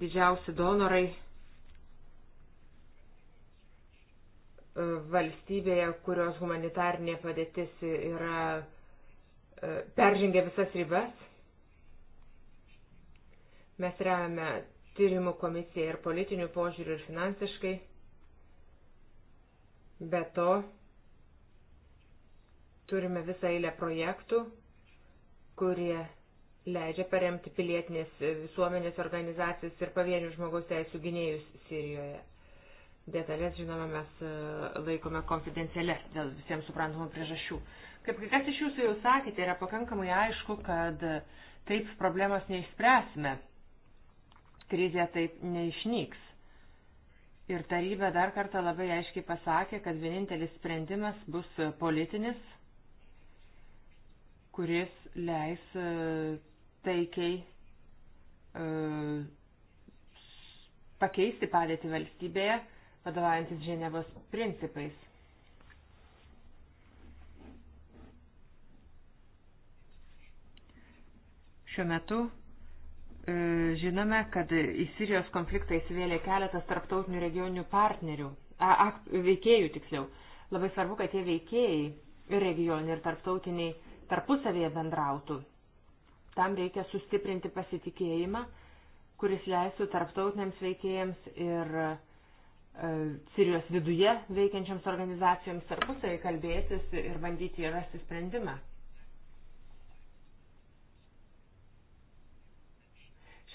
didžiausi donorai e, valstybėje, kurios humanitarnė padėtis yra e, peržengia visas ribas Mes remiame tyrimų komisiją ir politinių požiūrių ir finansiškai. Be to, turime visą eilę projektų, kurie leidžia paremti pilietinės visuomenės organizacijas ir pavienių žmogaus teisų gynėjus Sirijoje. Detalės, žinoma, mes e, laikome konfidencialė dėl visiems suprantamų priežasčių. Kaip kai kas iš jūsų jau sakėte, yra pakankamai aišku, kad e, taip problemos neišspręsime krizė taip neišnyks. Ir taryba dar kartą labai aiškiai pasakė, kad vienintelis sprendimas bus politinis, kuris leis e, taikiai e, pakeisti padėtį valstybėje, vadovaujantis Ženevos principais. Šiuo metu E, žinome, kad į Sirijos konfliktą įsivėlė keletas tarptautinių regioninių partnerių, a, a, veikėjų tiksliau. Labai svarbu, kad tie veikėjai regioniniai ir tarptautiniai tarpusavėje bendrautų. Tam reikia sustiprinti pasitikėjimą, kuris leistų tarptautiniams veikėjams ir e, Sirijos viduje veikiančiams organizacijoms tarpusavį kalbėtis ir bandyti rasti sprendimą.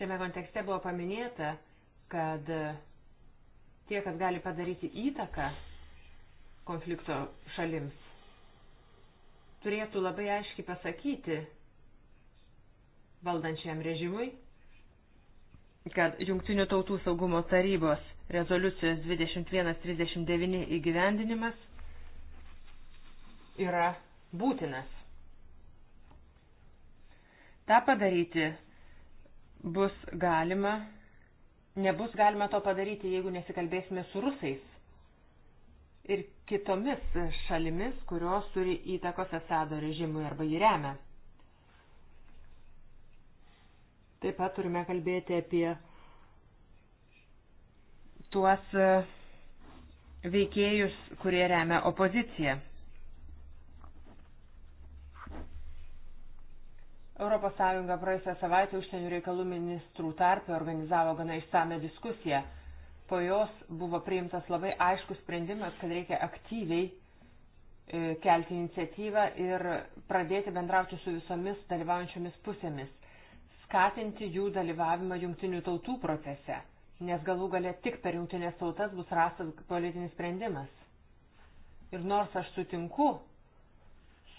Šiame kontekste buvo paminėta, kad tie, kas gali padaryti įtaką konflikto šalims, turėtų labai aiškiai pasakyti valdančiam režimui, kad Junktinių tautų saugumo tarybos rezoliucijos 2139 įgyvendinimas yra būtinas. Ta padaryti bus galima, nebus galima to padaryti, jeigu nesikalbėsime su rusais ir kitomis šalimis, kurios turi įtakos Asado režimui arba jį remia. Taip pat turime kalbėti apie tuos veikėjus, kurie remia opoziciją. ES praėjusią savaitę užsienio reikalų ministrų tarpė organizavo gana išsame diskusiją. Po jos buvo priimtas labai aiškus sprendimas, kad reikia aktyviai e, kelti iniciatyvą ir pradėti bendrauti su visomis dalyvaujančiomis pusėmis, skatinti jų dalyvavimą jungtinių tautų procese, nes galų gale tik per jungtinės tautas bus rastas politinis sprendimas. Ir nors aš sutinku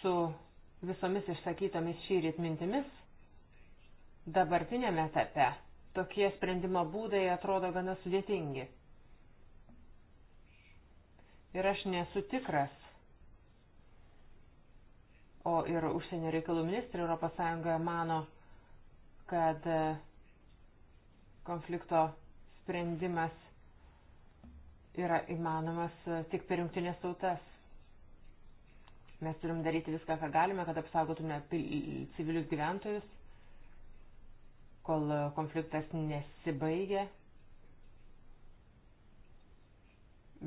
su visomis išsakytomis šyrit mintimis, dabartinėme etape tokie sprendimo būdai atrodo gana sudėtingi. Ir aš nesu tikras, o ir užsienio reikalų ministrė ES mano, kad e, konflikto sprendimas yra įmanomas e, tik per jungtinės tautas. Mes turim daryti viską, ką galime, kad apsaugotume civilius gyventojus, kol konfliktas nesibaigia.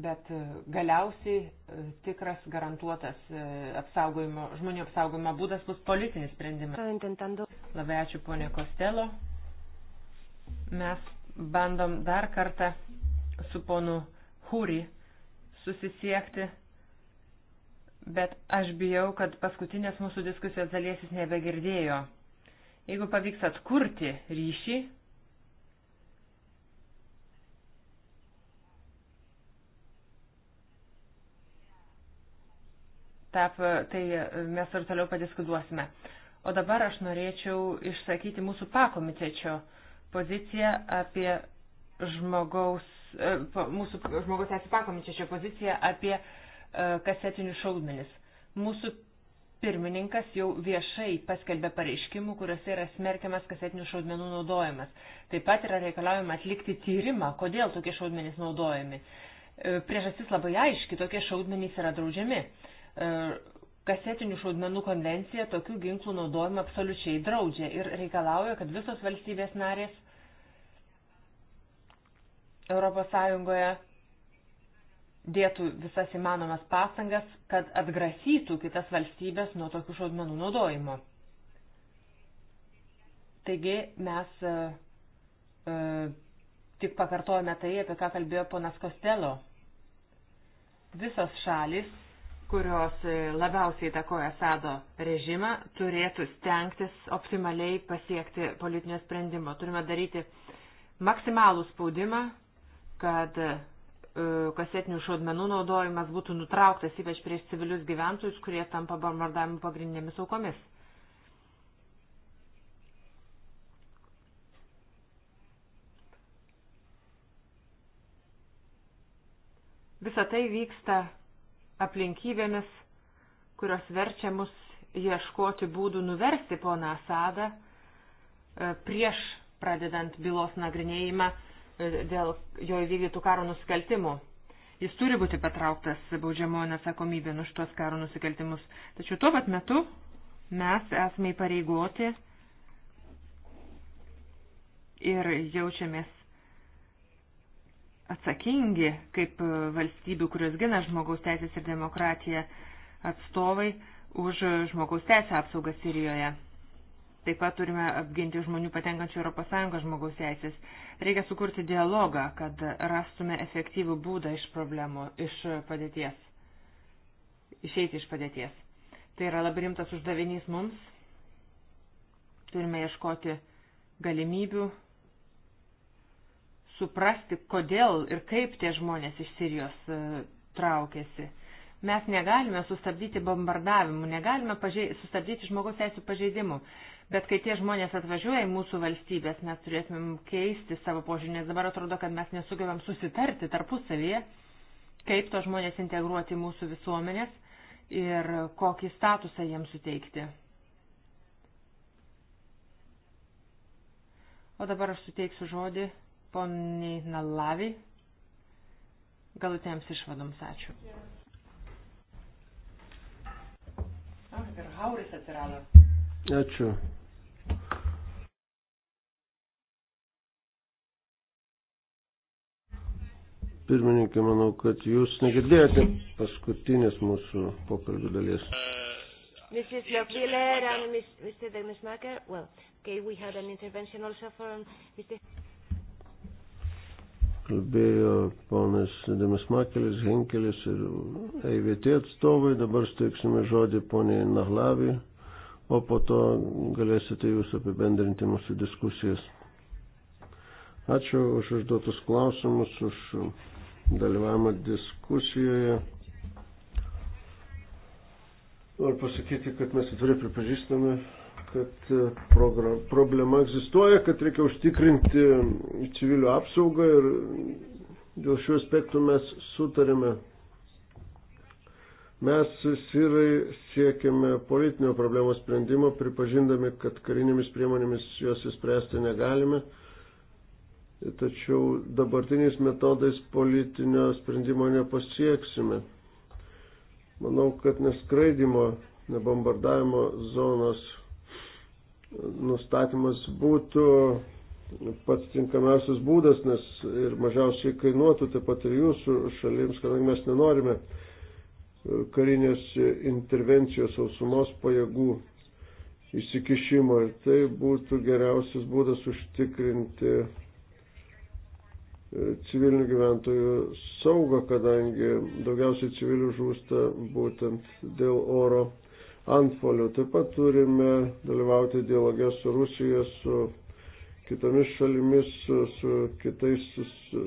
Bet e, galiausiai e, tikras garantuotas e, apsaugojimo, žmonių apsaugojimo būdas bus politinis sprendimas. Labai ačiū ponė Kostelo. Mes bandom dar kartą su ponu Huri susisiekti bet aš bijau, kad paskutinės mūsų diskusijos dalies jis nebegirdėjo. Jeigu pavyks atkurti ryšį, tap, tai mes ir toliau padiskutuosime. O dabar aš norėčiau išsakyti mūsų pakomitečio poziciją apie žmogaus, e, mūsų žmogaus teisų pakomitečio poziciją apie uh, E, kasetinius šaudmenis. Mūsų pirmininkas jau viešai paskelbė pareiškimų, kuriuose yra smerkiamas kasetinių šaudmenų naudojimas. Taip pat yra reikalaujama atlikti tyrimą, kodėl tokie šaudmenys naudojami. E, priežastis labai aiški, tokie šaudmenys yra draudžiami. E, kasetinių šaudmenų konvencija tokių ginklų naudojimą absoliučiai draudžia ir reikalauja, kad visos valstybės narės Europos Sąjungoje dėtų visas įmanomas pastangas, kad atgrasytų kitas valstybės nuo tokių šaudmenų naudojimo. Taigi mes e, e, tik pakartojame tai, apie ką kalbėjo ponas Kostelo. Visos šalis, kurios e, labiausiai įtakoja Sado režimą, turėtų stengtis optimaliai pasiekti politinio sprendimo. Turime daryti maksimalų spaudimą, kad E, kasetinių šaudmenų naudojimas būtų nutrauktas ypač prieš civilius gyventojus, kurie tampa bombardavimų pagrindinėmis aukomis. Visa tai vyksta aplinkybėmis, kurios verčia mus ieškoti būdų nuversti poną Asadą e, prieš pradedant bylos nagrinėjimą dėl jo įvykdytų karo nusikaltimų. Jis turi būti patrauktas baudžiamojo nesakomybė už tuos karo nusikaltimus. Tačiau tuo pat metu mes esame įpareigoti ir jaučiamės atsakingi kaip valstybių, kurios gina žmogaus teisės ir demokratiją atstovai už žmogaus teisę apsaugą Sirijoje. Taip pat turime apginti žmonių patenkančių ES žmogaus teisės. Reikia sukurti dialogą, kad rastume efektyvų būdą iš problemų, iš padėties, išeiti iš padėties. Tai yra labai rimtas uždavinys mums. Turime ieškoti galimybių, suprasti, kodėl ir kaip tie žmonės iš Sirijos e, traukėsi mes negalime sustabdyti bombardavimų, negalime pažei, sustabdyti žmogaus teisų pažeidimų. Bet kai tie žmonės atvažiuoja į mūsų valstybės, mes turėtumėm keisti savo požiūrį, nes dabar atrodo, kad mes nesugebam susitarti tarpusavyje, kaip to žmonės integruoti į mūsų visuomenės ir kokį statusą jiems suteikti. O dabar aš suteiksiu žodį poniai Nalavi. Galutėms išvadoms ačiū. Ah, ir Hauris atsirado. Ačiū. Pirmininkė, manau, kad jūs negirdėjote paskutinės mūsų pokalbio dalies. Mrs. Lockbiller and Mr. Degnesmacher, well, okay, we had an intervention also from Mr. Kalbėjo ponas Demismakelis, Henkelis ir EIVT atstovai, dabar steiksime žodį poniai Nahlavi, o po to galėsite jūs apibendrinti mūsų diskusijas. Ačiū už užduotus klausimus, už dalyvavimą diskusijoje. Noriu pasakyti, kad mes atvirai pripažįstame, kad e, problema egzistuoja, kad reikia užtikrinti civilių apsaugą ir dėl šių aspektų mes sutarėme. Mes sirai siekiame politinio problemos sprendimo, pripažindami, kad karinėmis priemonėmis juos įspręsti negalime tačiau dabartiniais metodais politinio sprendimo nepasieksime. Manau, kad neskraidimo, nebombardavimo zonos nustatymas būtų pats tinkamiausias būdas, nes ir mažiausiai kainuotų taip pat ir jūsų šalims, kadangi mes nenorime karinės intervencijos sausumos pajėgų įsikišimo. Ir tai būtų geriausias būdas užtikrinti civilinių gyventojų saugą, kadangi daugiausiai civilių žūsta būtent dėl oro antpolių. Taip pat turime dalyvauti dialogę su Rusija, su kitomis šalimis, su, su kitais, su,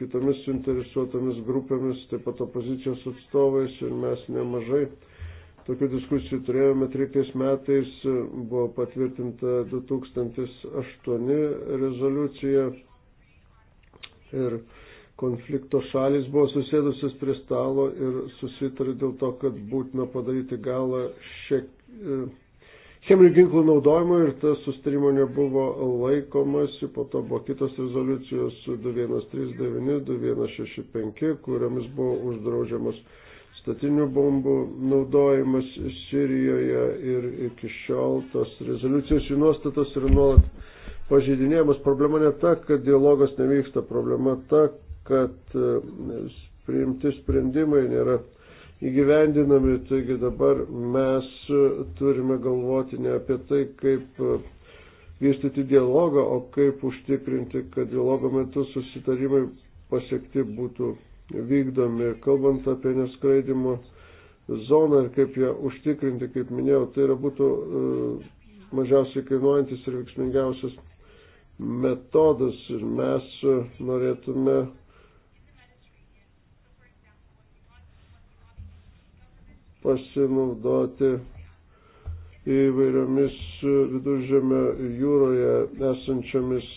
kitomis suinteresuotomis grupėmis, taip pat opozicijos atstovais ir mes nemažai tokių diskusijų turėjome 13 metais, buvo patvirtinta 2008 rezoliucija ir konflikto šalis buvo susėdusios prie stalo ir susitarė dėl to, kad būtina padaryti galą šiek e, cheminių ginklų naudojimo ir tas sustarimo nebuvo laikomasi, po to buvo kitos rezoliucijos 2139, 2165, kuriamis buvo uždraudžiamas statinių bombų naudojimas Sirijoje ir iki šiol tos rezoliucijos jų nuostatos yra nuolat pažeidinėjimas. Problema ne ta, kad dialogas nevyksta, problema ta, kad e, priimti sprendimai nėra įgyvendinami. Taigi dabar mes e, turime galvoti ne apie tai, kaip e, vystyti dialogą, o kaip užtikrinti, kad dialogo metu susitarimai pasiekti būtų vykdomi. Kalbant apie neskraidimo zoną ir kaip ją užtikrinti, kaip minėjau, tai yra būtų mažiausiai kainuojantis ir veiksmingiausias metodas ir mes norėtume pasinaudoti įvairiomis viduržėme jūroje esančiomis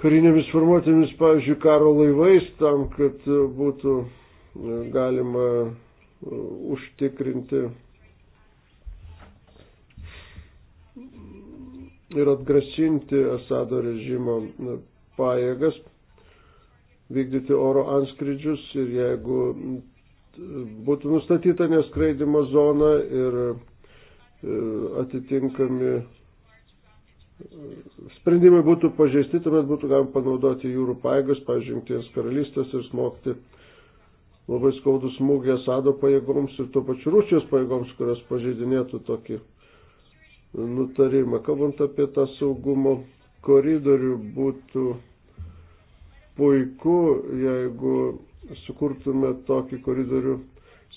karinėmis formuotėmis, pavyzdžiui, karo laivais, tam, kad būtų galima užtikrinti ir atgrasinti Asado režimo pajėgas, vykdyti oro anskrydžius ir jeigu būtų nustatyta neskraidimo zona ir e, atitinkami e, sprendimai būtų pažeisti, tuomet būtų galima panaudoti jūrų paėgas, pavyzdžiui, Junktinės karalystės ir smogti labai skaudus smūgį Asado pajėgoms ir tuo pačiu Rusijos pajėgoms, kurios pažeidinėtų tokį nutarimą. Kalbant apie tą saugumo koridorių, būtų puiku, jeigu sukurtume tokį koridorių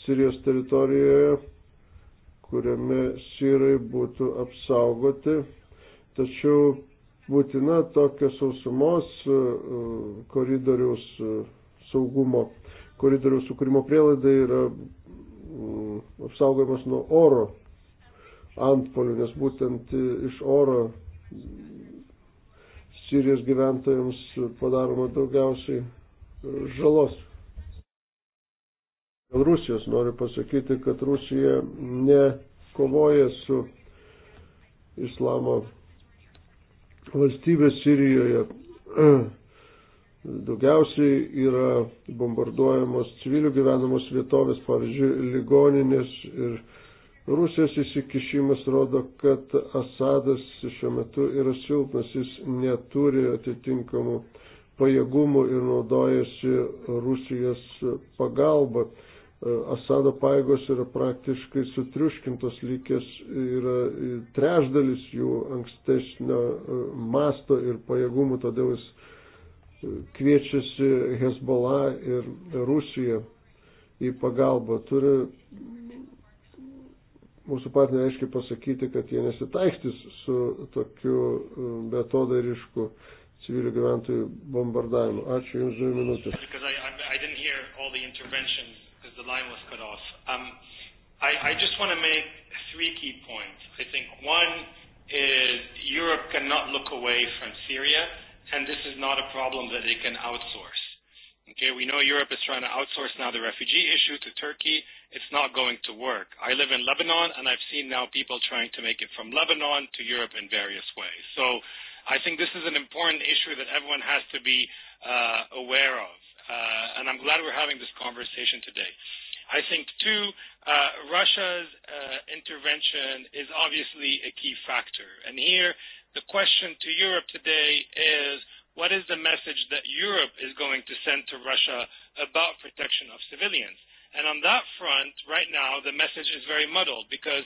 Sirijos teritorijoje, kuriame sirai būtų apsaugoti. Tačiau būtina tokio sausumos e, koridoriaus e, saugumo, koridoriaus sukūrimo prielaida yra apsaugojimas nuo oro antpolių, nes būtent e, iš oro Sirijos gyventojams padaroma daugiausiai e, žalos. Dėl Rusijos noriu pasakyti, kad Rusija nekovoja su islamo valstybė Sirijoje. Daugiausiai yra bombarduojamos civilių gyvenamos vietovės, pavyzdžiui, ligoninės ir Rusijos įsikišimas rodo, kad Asadas šiuo metu yra silpnas, jis neturi atitinkamų pajėgumų ir naudojasi Rusijos pagalba. Asado paėgos yra praktiškai sutriuškintos, lygės yra trešdalis jų ankstesnio masto ir pajėgumų, todėl jis kviečiasi Hezbollah ir Rusiją į pagalbą. Turi mūsų partneriai aiškiai pasakyti, kad jie nesitaikstys su tokiu e, betodarišku civilių gyventojų bombardavimu. Ačiū Jums dvi minutės. Um, I just want to make three key points. I think one is Europe cannot look away from Syria, and this is not a problem that they can outsource. Okay, we know Europe is trying to outsource now the refugee issue to Turkey, it's not going to work. I live in Lebanon, and I've seen now people trying to make it from Lebanon to Europe in various ways. So I think this is an important issue that everyone has to be uh, aware of, uh, and I'm glad we're having this conversation today. I think, too, uh, Russia's uh, intervention is obviously a key factor. And here, the question to Europe today is what is the message that Europe is going to send to Russia about protection of civilians? And on that front, right now, the message is very muddled because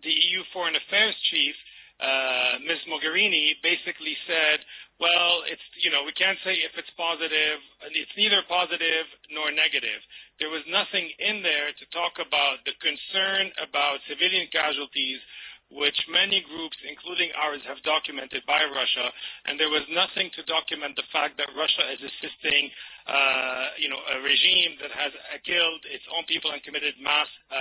the EU Foreign Affairs Chief, uh, Ms. Mogherini, basically said, well, it's, you know, we can't say if it's positive. It's neither positive nor negative. There was nothing in there to talk about the concern about civilian casualties which many groups, including ours, have documented by Russia, and there was nothing to document the fact that Russia is assisting uh, a regime that has killed its own people and committed mass uh,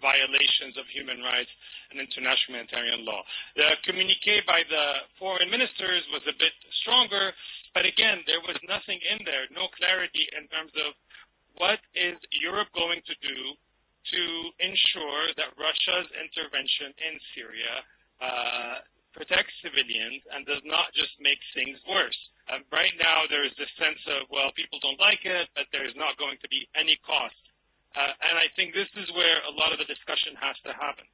violations of human rights and international humanitarian law. The communique by the foreign ministers was a bit stronger, but again, there was nothing in there, no clarity in terms of what is Europe going to do to ensure that Russia's intervention in Syria uh, protects civilians and does not just make things worse. Um, right now, there is this sense of, well, people don't like it, but there's not going to be any cost. Uh, and I think this is where a lot of the discussion has to happen.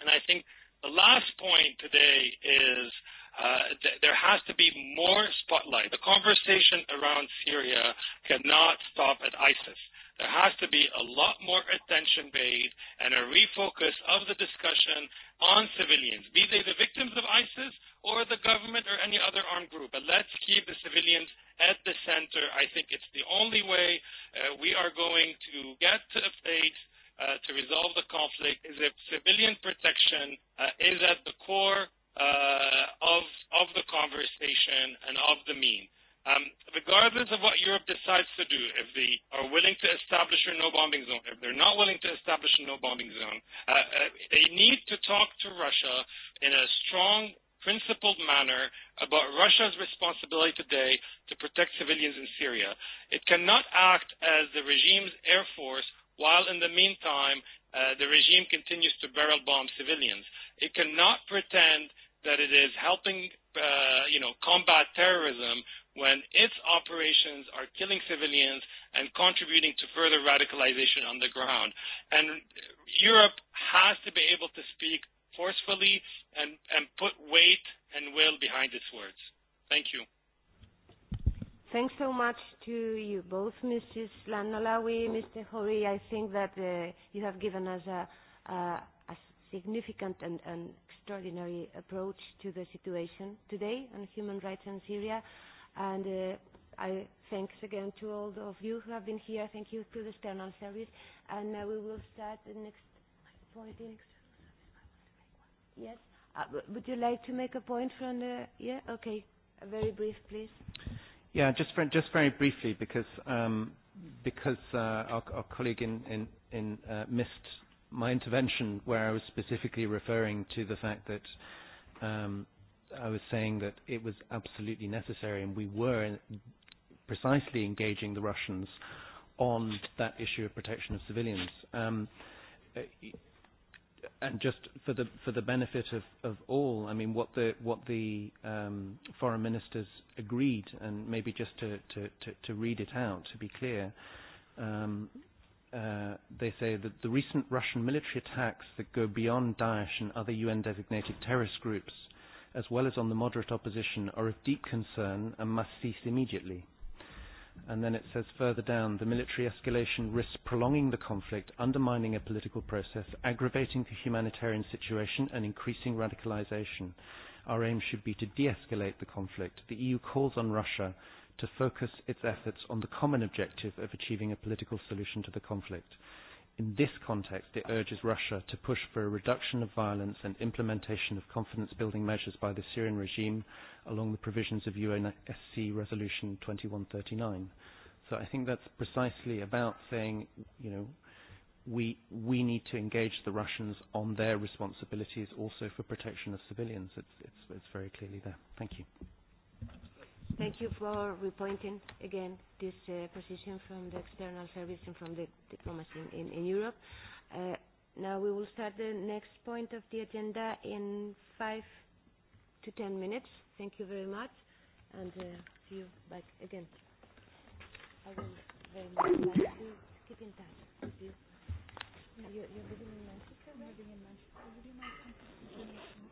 And I think the last point today is uh, th- there has to be more spotlight. The conversation around Syria cannot stop at ISIS. There has to be a lot more attention paid and a refocus of the discussion on civilians, be they the victims of ISIS or the government or any other armed group. But let's keep the civilians at the center. I think it's the only way uh, we are going to get to a place uh, to resolve the conflict is if civilian protection uh, is at the core uh, of of the conversation and of the meme. Um, regardless of what Europe decides to do, if they are willing to establish a no-bombing zone, if they're not willing to establish a no-bombing zone, uh, uh, they need to talk to Russia in a strong, principled manner about Russia's responsibility today to protect civilians in Syria. It cannot act as the regime's air force while in the meantime uh, the regime continues to barrel bomb civilians. It cannot pretend that it is helping, uh, you know, combat terrorism when its operations are killing civilians and contributing to further radicalization on the ground. And Europe has to be able to speak forcefully and, and put weight and will behind its words. Thank you. Thanks so much to you both, Mrs. Lanalawi, Mr. Hori. I think that uh, you have given us a, a, a significant and, and extraordinary approach to the situation today on human rights in Syria. Uh, And uh, I thanks again to all of you who have been here. Thank you to the external service. And uh, we will start the next point in. Yes. Uh, would you like to make a point from the? Yeah. Okay. A very brief, please. Yeah, just very, just very briefly, because um, because uh, our, our colleague in in, in uh, missed my intervention, where I was specifically referring to the fact that. Um, I was saying that it was absolutely necessary, and we were in, precisely engaging the Russians on that issue of protection of civilians. Um, uh, and just for the for the benefit of, of all, I mean, what the what the um, foreign ministers agreed, and maybe just to, to, to, to read it out to be clear, um, uh, they say that the recent Russian military attacks that go beyond Daesh and other UN designated terrorist groups uh, as well as on the moderate opposition, are of deep concern and must cease immediately. And then it says further down, the military escalation risks prolonging the conflict, undermining a political process, aggravating the humanitarian situation and increasing radicalization. Our aim should be to de-escalate the conflict. The EU calls on Russia to focus its efforts on the common objective of achieving a political solution to the conflict. In this context, it urges Russia to push for a reduction of violence and implementation of confidence-building measures by the Syrian regime along the provisions of UNSC Resolution 2139. So I think that's precisely about saying, you know, we, we need to engage the Russians on their responsibilities also for protection of civilians. It's, it's, it's very clearly there. Thank you. Thank you for repointing again this uh, position from the external service and from the diplomacy in, in Europe. Uh, now we will start the next point of the agenda in five to ten minutes. Thank you very much, and uh, see you back again. I will very much like to keep in touch with you. You're, you're living in Mexico, right? Living in Mexico. Would you mind contacting me?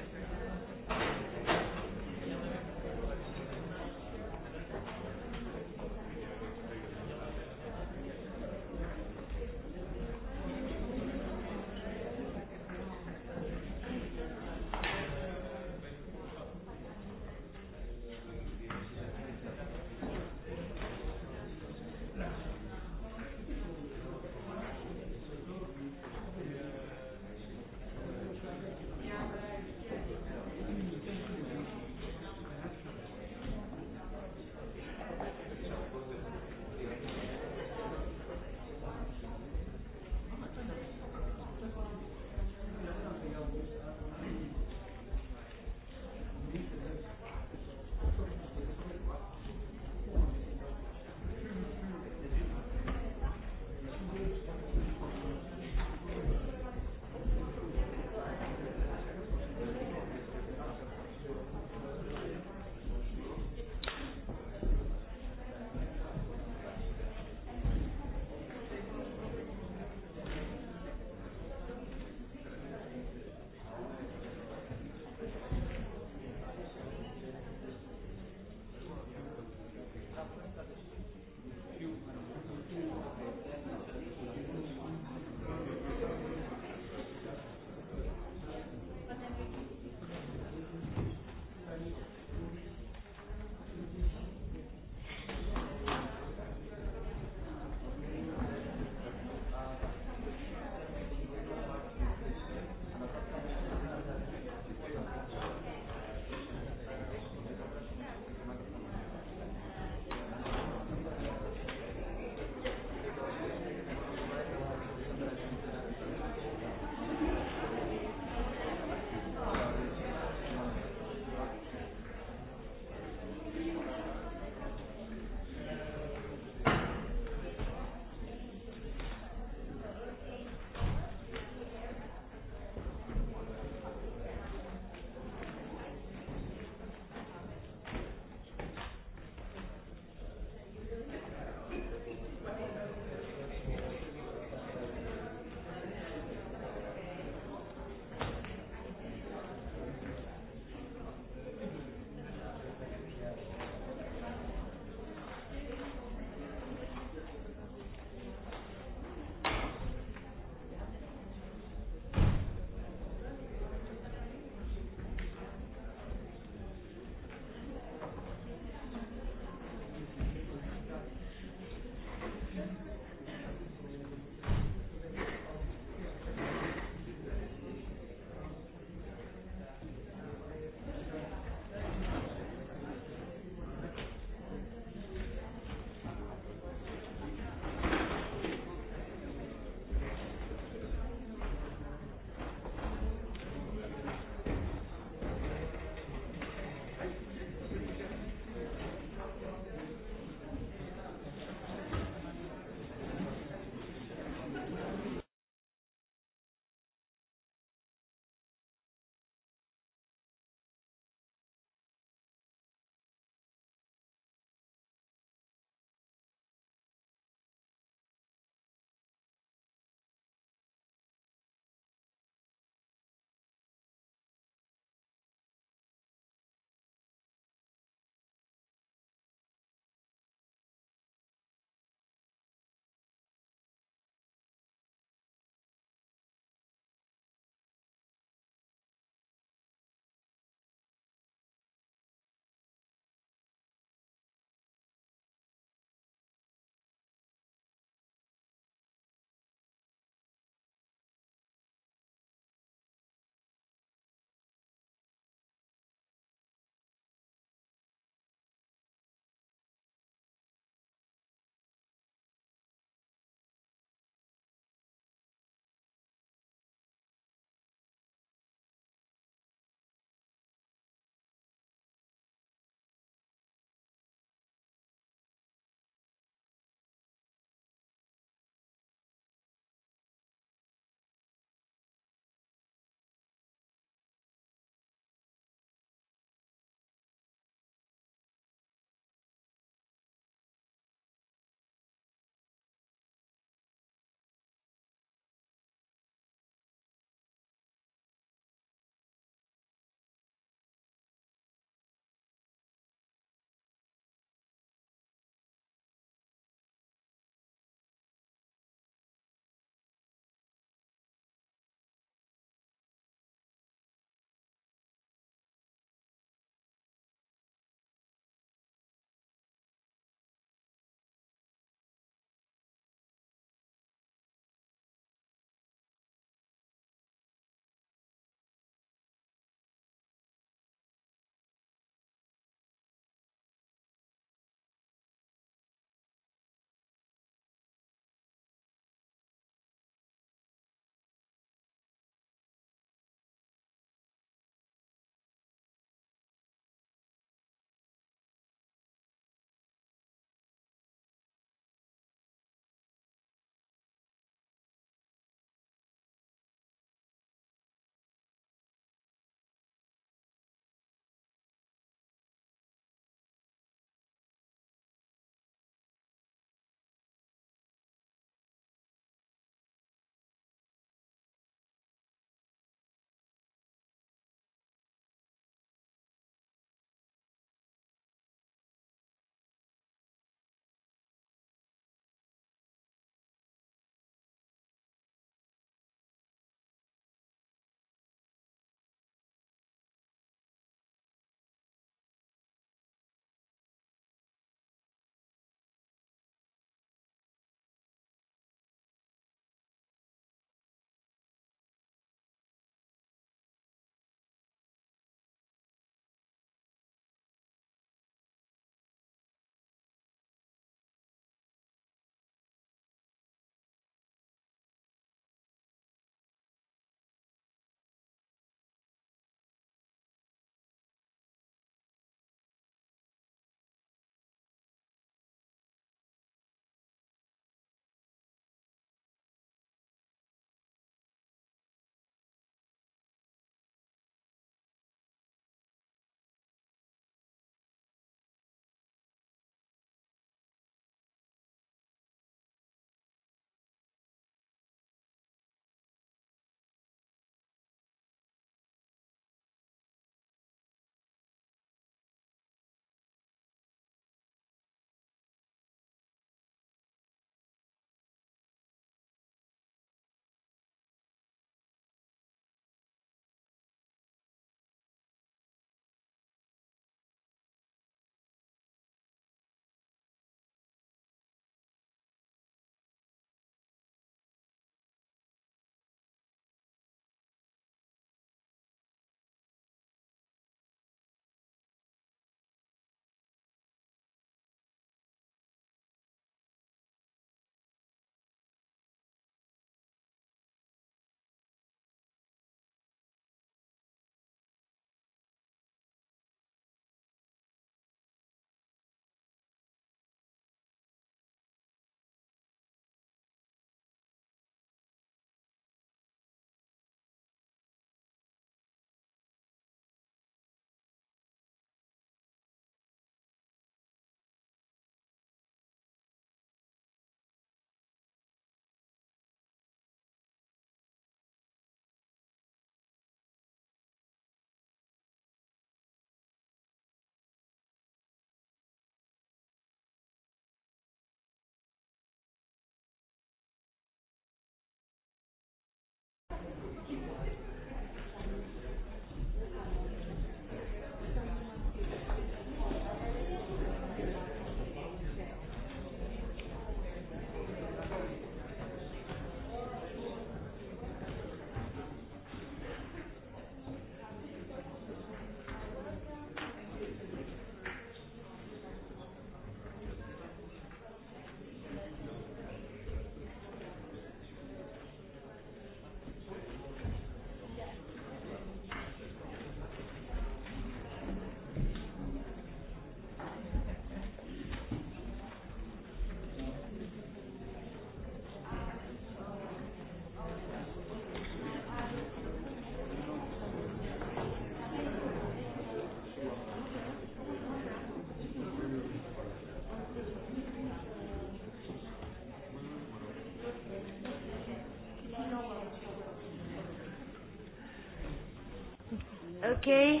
Okay,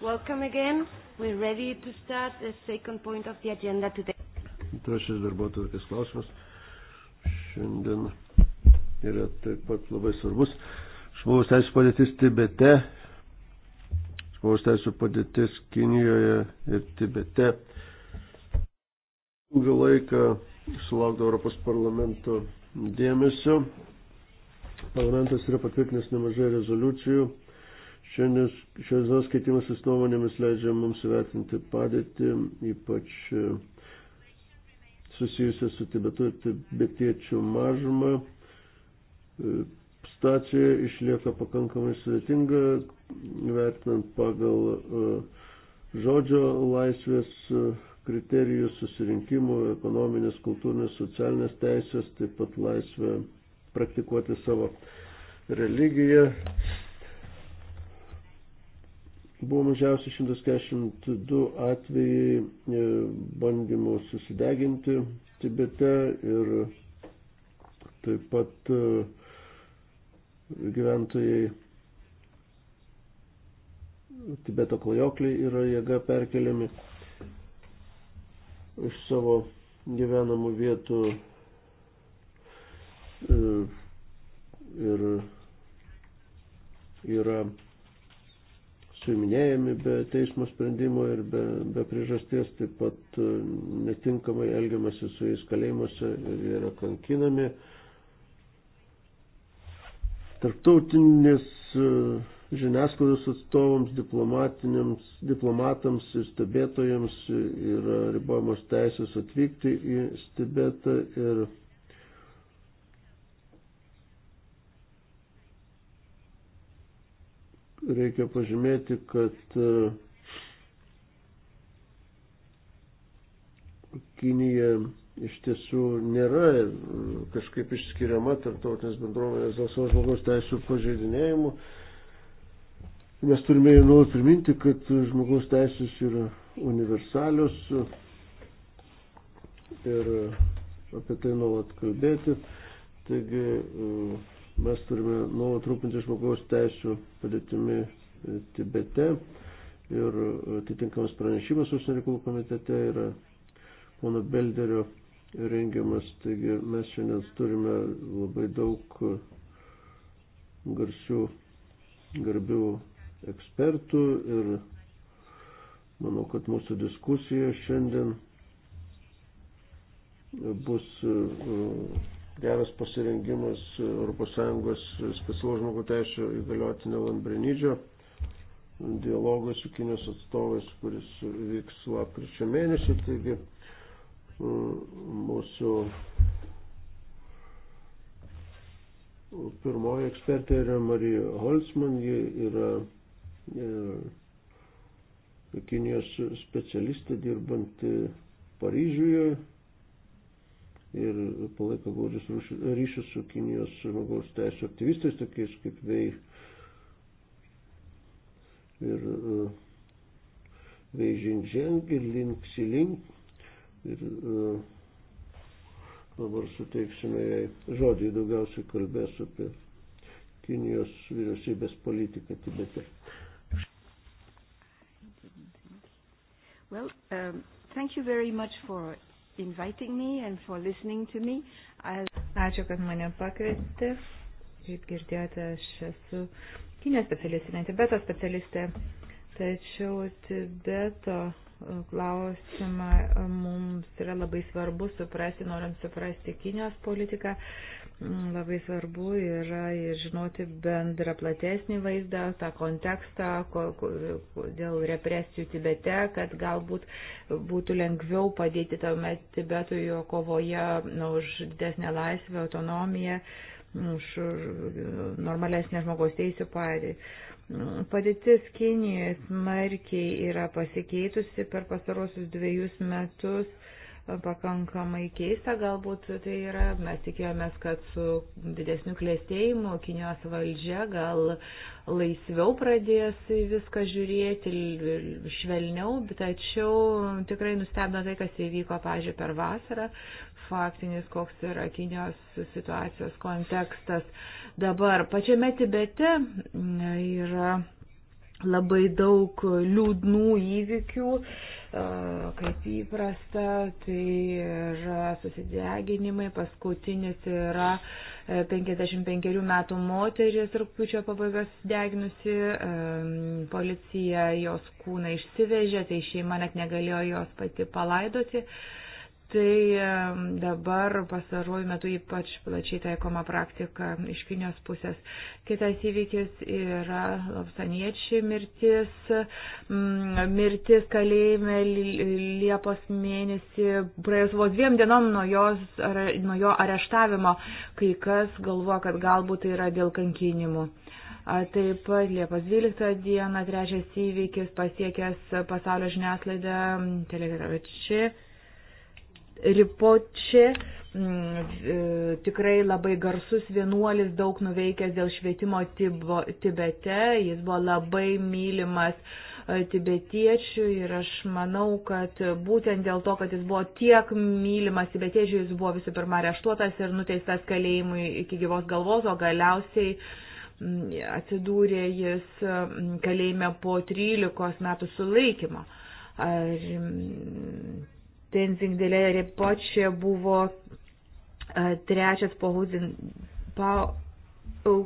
welcome again. We're ready to start the second point of the agenda today. Trečias darbuotojas klausimas šiandien yra taip pat labai svarbus. Žmogaus teisų padėtis Tibete, žmogaus teisų padėtis Kinijoje ir Tibete. Ilgą laiką sulaukta Europos parlamento dėmesio. Parlamentas yra patvirtinęs nemažai rezoliucijų Šiandien šios dienos keitimasis nuomonėmis leidžia mums vertinti padėtį, ypač e, susijusią su Tibetu ir tibetiečių mažumą. E, Stacija išlieka pakankamai sudėtinga, vertinant pagal e, žodžio laisvės kriterijus susirinkimų, ekonominės, kultūrinės, socialinės teisės, taip pat laisvę praktikuoti savo religiją Buvo mažiausiai 142 atvejai e, bandymų susideginti Tibete ir taip pat e, gyventojai Tibeto klajokliai yra jėga perkeliami iš savo gyvenamų vietų e, ir yra suiminėjami be teismo sprendimo ir be, be priežasties, taip pat e, netinkamai elgiamasi su jais kalėjimuose ir yra kankinami. Tarptautinės e, žiniasklaidos atstovams, diplomatams ir stebėtojams yra ribojamos teisės atvykti į Tibetą ir reikia pažymėti, kad e, Kinija iš tiesų nėra e, kažkaip išskiriama tarptautinės bendruomenės dėl savo žmogaus teisų pažeidinėjimų. Mes turime jau nuolat priminti, kad žmogaus teisės yra universalios ir e, apie tai nuolat kalbėti. Taigi, uh, Mes turime nuolat rūpinti žmogaus teisų padėtimi e, Tibete ir atitinkamas pranešimas užsienio reikalų komitete yra pono Belderio rengiamas, taigi mes šiandien turime labai daug garsių, garbių ekspertų ir manau, kad mūsų diskusija šiandien bus e, geras pasirengimas ES specialaus žmogų teisų įgaliotinio Lambrinidžio dialogas su Kinijos atstovais, kuris vyks lapkričio mėnesį. Taigi mm, mūsų pirmoji ekspertė yra Marija Holzman, ji yra, yra e, Kinijos specialistė dirbanti Paryžiuje ir palaiko glaudžius ryšius su Kinijos žmogaus teisų aktyvistais, tokiais kaip Vei ir uh, e, Vei Žinženg ir Link Siling. Ir uh, dabar suteiksime jai žodį, daugiausiai kalbės apie Kinijos vyriausybės politiką Tibete. Well, um, thank you very much for inviting me and for listening to me. I... Ačiū, kad mane pakvietė. Kaip girdėjote, aš esu Kinijos specialistė, ne Tibeto specialistė. Tačiau Tibeto e, klausimą e, mums yra labai svarbu suprasti, norint suprasti Kinijos politiką. Mm, labai svarbu yra ir žinoti bendrą platesnį vaizdą, tą kontekstą ko, ko, dėl represijų Tibete, kad galbūt būtų lengviau padėti tuomet Tibetui jo kovoje na, už didesnę laisvę, autonomiją, už normalesnę žmogaus teisų padėtį. Padėtis Kinijoje smarkiai yra pasikeitusi per pastarosius dviejus metus pakankamai keista, galbūt tai yra, mes tikėjomės, kad su didesniu klėstėjimu Kinijos valdžia gal laisviau pradės viską žiūrėti, švelniau, tačiau tikrai nustebino tai, kas įvyko, pažiūrėjau, per vasarą, faktinis, koks yra Kinijos situacijos kontekstas. Dabar pačiame Tibete mm, yra labai daug liūdnų įvykių, kaip įprasta, tai yra susideginimai, paskutinis yra 55 e, metų moteris rūpiučio pabaigas deginusi, e, policija jos kūną išsivežė, tai šeima net negalėjo jos pati palaidoti. Tai dabar pasaruoju metu ypač plačiai taikoma praktika iš Kinijos pusės. Kitas įvykis yra lapsaniečiai mirtis. Mm, mirtis kalėjime Liepos mėnesį, praėjus vos dviem dienom nuo, jos, nuo jo areštavimo, kai kas galvo, kad galbūt tai yra dėl kankinimų. Taip pat Liepos 12 dieną trečias įvykis pasiekęs pasaulio žiniaslaidą Telegrafičiai Ripočė mm, e, tikrai labai garsus vienuolis, daug nuveikęs dėl švietimo Tibete, jis buvo labai mylimas e, tibetiečių ir aš manau, kad būtent dėl to, kad jis buvo tiek mylimas tibetiečių, jis buvo visų pirma areštuotas ir nuteistas kalėjimui iki gyvos galvos, o galiausiai mm, atsidūrė jis mm, kalėjime po 13 metų sulaikymo. Ar, Tenzingdėlė Repočia buvo e, trečias po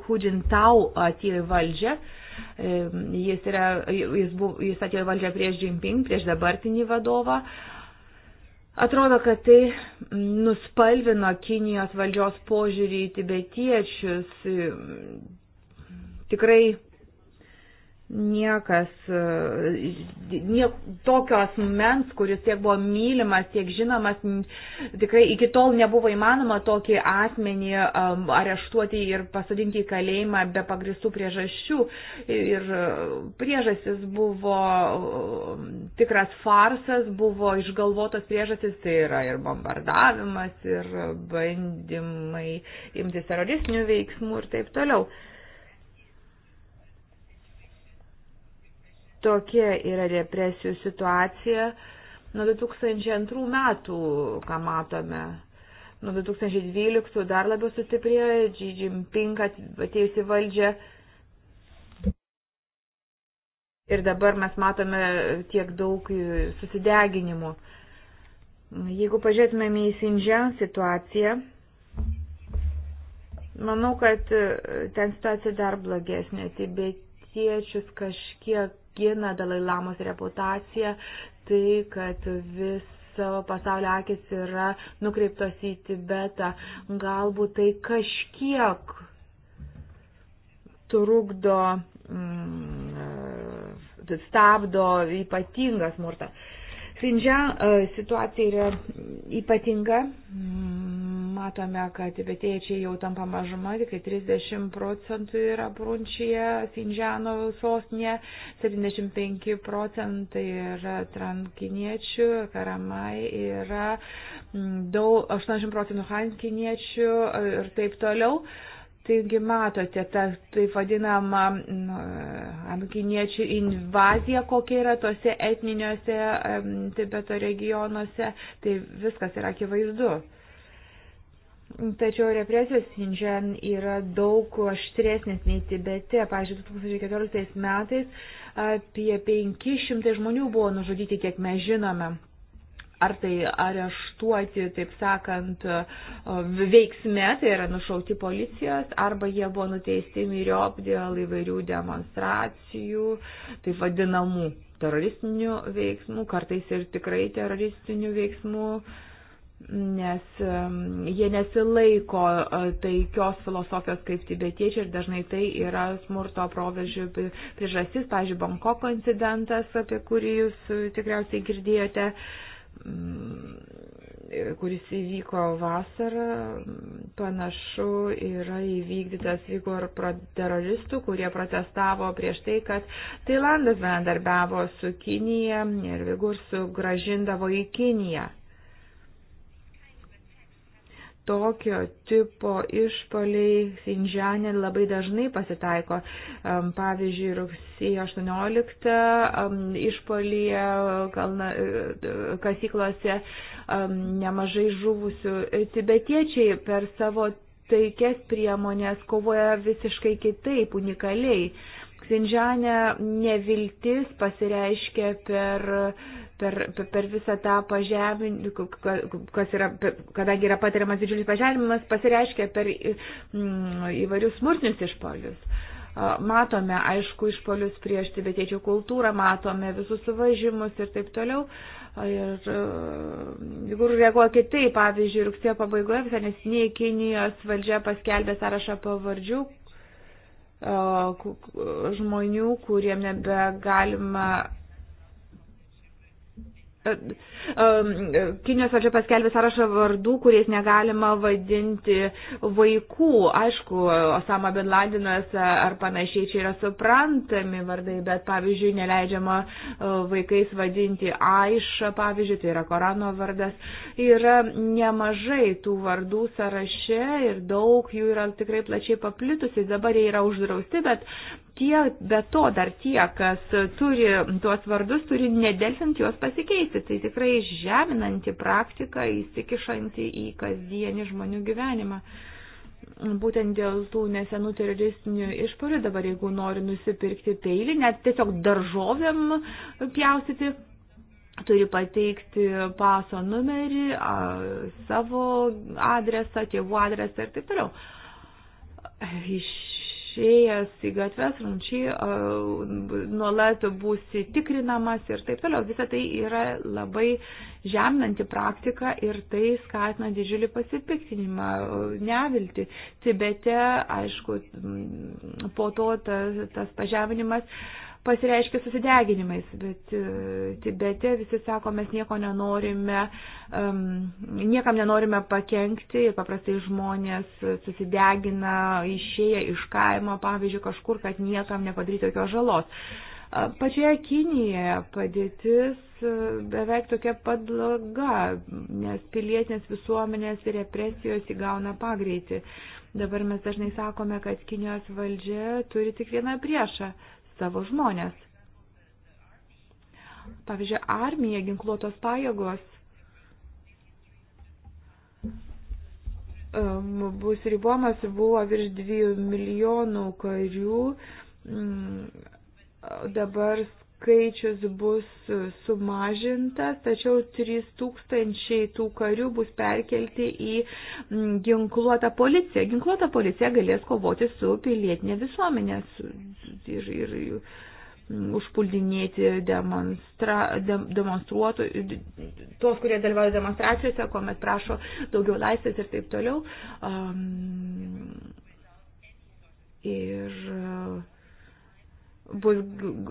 Hudžintau atėjo į valdžią. E, jis, yra, jis, buvo, jis atėjo į valdžią prieš Jinping, prieš dabartinį vadovą. Atrodo, kad tai nuspalvino Kinijos valdžios požiūrį į tibetiečius. Tikrai niekas, e, niek, tokio asmens, kuris tiek buvo mylimas, tiek žinomas, tikrai iki tol nebuvo įmanoma tokį asmenį um, areštuoti ir pasodinti į kalėjimą be pagristų priežasčių. Ir e, priežastis buvo um, tikras farsas, buvo išgalvotos priežastis, tai yra ir bombardavimas, ir bandymai imtis teroristinių veiksmų ir taip toliau. Uh, Tokia yra represijų situacija nuo 2002 metų, ką matome. Nuo 2012 dar labiau sustiprėjo, Xi Jinping atėjusi valdžią. Ir dabar mes matome tiek daug susideginimų. Jeigu pažiūrėtumėme į Sinžiang situaciją, manau, kad ten situacija dar blogesnė. Tibetiečius kažkiek gina Dalai Lamos reputaciją, tai, kad vis viso pasaulio akis yra nukreiptos į Tibetą. Galbūt tai kažkiek trukdo, mm, e, stabdo ypatingą smurtą. Sinžia e, situacija yra ypatinga. Mm, Matome, kad tibetiečiai jau tampa mažuma, tik 30 procentų yra Brunčyje, Sinžano sostinė, 75 procentai yra trankiniečių, Karamai yra mm, daug, 80 procentų hankiniečių ir taip toliau. Taigi matote, ta taip vadinama mm, nu, amkiniečių invazija, kokia yra tose etniniuose um, Tibeto regionuose, tai viskas yra akivaizdu. Uh, Tačiau represijos Sinžian yra daug aštresnės nei Tibete. Pavyzdžiui, 2014 metais apie 500 žmonių buvo nužudyti, kiek mes žinome. Ar tai areštuoti, taip sakant, veiksme, tai yra nušauti policijos, arba jie buvo nuteisti myriop dėl įvairių demonstracijų, taip vadinamų teroristinių veiksmų, kartais ir tikrai teroristinių veiksmų. Uh, nes jie nesilaiko e, taikios filosofijos kaip tibetiečiai ir dažnai tai yra smurto proveržių priežastis, pavyzdžiui, Bankoko incidentas, apie kurį jūs e, tikriausiai girdėjote, mm, kuris įvyko vasarą, panašu yra įvykdytas vyko ir pro teroristų, kurie protestavo prieš tai, kad Tailandas bendarbiavo su Kinija ir vigur sugražindavo į Kiniją tokio tipo išpoliai Sinžianė labai dažnai pasitaiko. Pavyzdžiui, rugsėjo 18 išpolyje kalna, e, kasyklose nemažai žuvusių tibetiečiai per savo taikės priemonės kovoja visiškai kitaip, unikaliai. Sinžianė neviltis pasireiškia per uh, per, per visą tą pažeminį, kas yra, kadangi yra patiriamas didžiulis pažeminimas, pasireiškia per mm, įvairius smurtinius išpolius. Matome, aišku, išpolius prieš tibetiečių kultūrą, matome visus suvažimus ir taip toliau. Ir jeigu reaguoja kitaip, pavyzdžiui, rugsėjo pabaigoje visą nesiniai Kinijos valdžia paskelbė sąrašą pavardžių, žmonių, kuriem nebegalima Kinijos valdžia paskelbė sąrašą vardų, kuriais negalima vadinti vaikų. Aišku, Osama Bin Ladinas ar panašiai čia yra suprantami vardai, bet pavyzdžiui, neleidžiama e, vaikais vadinti Aiša, pavyzdžiui, tai yra Korano vardas. Yra nemažai tų vardų sąraše ir daug jų yra tikrai plačiai paplitusi. Dabar jie yra uždrausti, bet tie, be to dar tie, kas turi tuos vardus, turi nedelsint juos pasikeisti. Tai tikrai žeminanti praktika, įsikišanti į kasdienį žmonių gyvenimą. Būtent dėl tų nesenų teroristinių išpolių dabar, jeigu nori nusipirkti peilį, net tiesiog daržovėm pjaustyti, turi pateikti paso numerį, savo adresą, tėvų adresą ir taip toliau. Iš išėjęs į gatves, rančiai nuolat būsi tikrinamas ir taip toliau. Visą tai yra labai žeminanti praktika ir tai skatina didžiulį pasipiktinimą, nevilti. Tibete, aišku, po to tas, tas pažeminimas pasireiškia susideginimais, bet e, Tibete visi sako, mes nieko nenorime, niekam nenorime pakenkti ir paprastai žmonės susidegina išėję iš kaimo, pavyzdžiui, kažkur, kad niekam nepadaryti jokios žalos. E, pačioje Kinijoje padėtis e, beveik tokia pat bloga, nes pilietinės visuomenės ir represijos įgauna pagreitį. Dabar mes dažnai sakome, kad Kinijos valdžia turi tik vieną priešą savo žmonės. Pavyzdžiui, armija, ginkluotos pajėgos um, bus ribomas, buvo virš 2 milijonų karių, mm, dabar skaičius bus sumažintas, tačiau 3000 tų karių bus perkelti į mm, ginkluotą policiją. Ginkluota policija galės kovoti su pilietinė visuomenė ir, ir, ir mm, užpuldinėti demonstra, dem, tuos, kurie dalyvauja demonstracijose, kuomet prašo daugiau laisvės ir taip toliau. Um, ir uh, bus,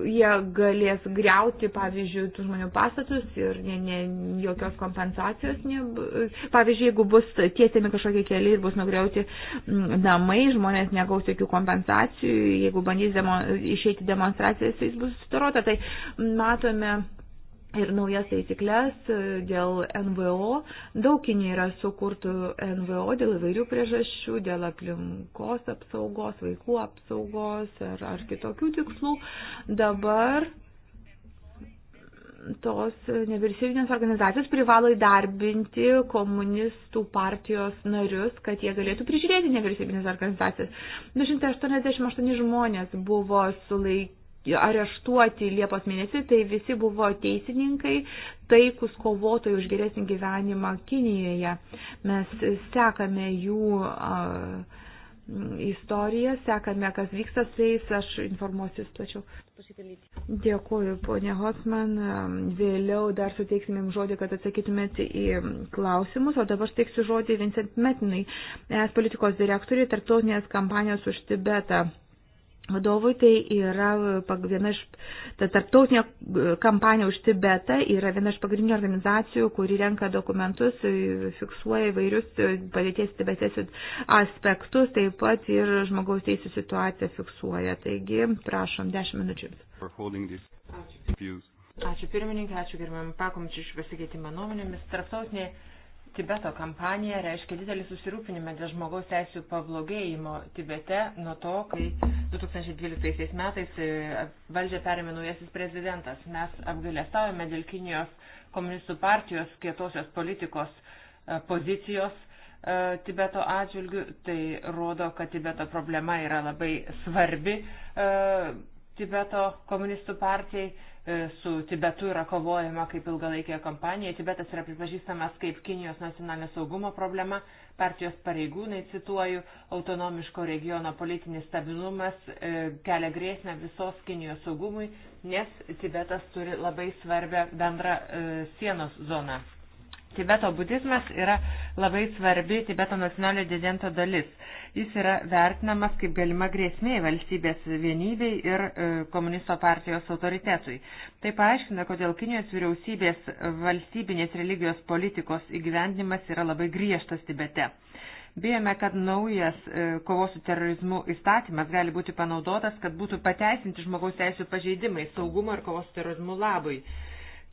jie galės griauti, pavyzdžiui, tų žmonių pastatus ir ne, ne, jokios kompensacijos. Ne, pavyzdžiui, jeigu bus tiesiami kažkokie keliai ir bus nugriauti mm, namai, žmonės negaus jokių kompensacijų, jeigu bandys demo, išeiti demonstracijas, jis bus sutarota. Tai matome ir naujas taisyklės e, dėl NVO. Daug Kinija yra sukurtų NVO dėl įvairių priežasčių, dėl aplinkos apsaugos, vaikų apsaugos ar, ar kitokių tikslų. Dabar tos nevyriausybinės organizacijos privalo įdarbinti komunistų partijos narius, kad jie galėtų prižiūrėti nevyriausybinės organizacijas. 288 žmonės buvo sulaikyti areštuoti Liepos mėnesį, tai visi buvo teisininkai, taikus kovotojai už geresnį gyvenimą Kinijoje. Mes sekame jų uh, istoriją, sekame, kas vyksta su jais, aš informuosiu plačiau. Dėkuoju, ponė Hosman. Vėliau dar suteiksime jums žodį, kad atsakytumėte į klausimus, o dabar suteiksiu žodį Vincent Metinai, es politikos direktoriui, tarptautinės kampanijos už Tibetą vadovui, tai yra viena iš, ta tarptautinė e, kampanija už Tibetą yra viena iš pagrindinių organizacijų, kuri renka dokumentus, e, fiksuoja įvairius e, padėties Tibetės aspektus, taip pat ir žmogaus teisų situaciją fiksuoja. Taigi, prašom, 10 minučių. Ačiū. ačiū pirmininkai, ačiū gerbiam pakomčiui iš pasikeitimą nuomonėmis. Tarptautinė Tibeto kampanija reiškia didelį susirūpinimą dėl žmogaus teisų pablogėjimo Tibete nuo to, kai 2012 metais e, valdžią perėmė naujasis prezidentas. Mes apgailestavome dėl Kinijos komunistų partijos kietosios politikos e, pozicijos e, Tibeto atžvilgių. Tai rodo, kad Tibeto problema yra labai svarbi Tibeto komunistų partijai E, su Tibetu yra kovojama kaip ilgalaikėje kompanijoje. Tibetas yra pripažįstamas kaip Kinijos nacionalinio saugumo problema. Partijos pareigūnai, cituoju, autonomiško regiono politinis stabilumas e, kelia grėsmę visos Kinijos saugumui, nes Tibetas turi labai svarbę bendrą e, sienos zoną. Tibeto budizmas yra labai svarbi Tibeto nacionalinio didento dalis. Jis yra vertinamas kaip galima grėsmė valstybės vienybei ir e, komunisto partijos autoritetui. Tai paaiškina, kodėl Kinijos vyriausybės valstybinės religijos politikos įgyvendimas yra labai griežtas Tibete. Bijome, kad naujas e, kovos su terorizmu įstatymas gali būti panaudotas, kad būtų pateisinti žmogaus teisų pažeidimai saugumo ir kovos su terorizmu labui.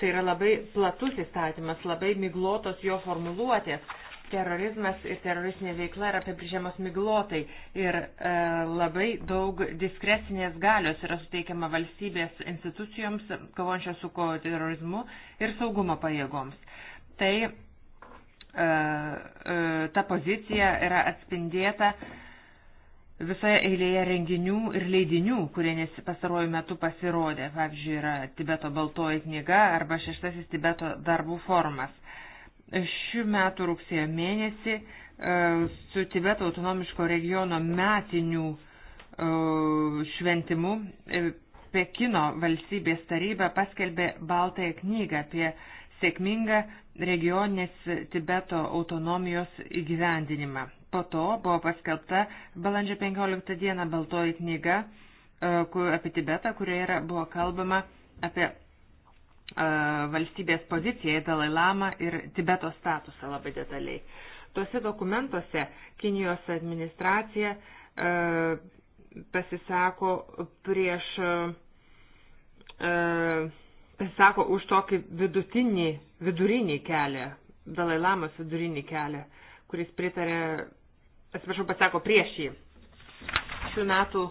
Tai yra labai platus įstatymas, labai miglotos jo formuluotės. Terorizmas ir teroristinė veikla yra apibrėžiamas miglotai ir e, labai daug diskrecinės galios yra suteikiama valstybės institucijoms, kovančios su ko terorizmu ir saugumo pajėgoms. Tai e, e, ta pozicija yra atspindėta e, visoje eilėje renginių ir leidinių, kurie pastaruoju metu pasirodė. Pavyzdžiui, yra Tibeto baltoji knyga arba šeštasis Tibeto darbų formas. Šių metų rugsėjo mėnesį e, su Tibeto autonomiško regiono metinių e, šventimu e, Pekino valstybės taryba paskelbė Baltąją knygą apie sėkmingą regioninės Tibeto autonomijos įgyvendinimą po to buvo paskelbta balandžio 15 dieną baltoji knyga e, apie Tibetą, kurioje yra, buvo kalbama apie e, valstybės poziciją į Dalai Lamą ir Tibeto statusą labai detaliai. Tuose dokumentuose Kinijos administracija e, pasisako prieš pasisako už tokį vidutinį, vidurinį kelią, Dalai Lamas vidurinį kelią, kuris pritarė atsiprašau, pasako prieš jį. Šių metų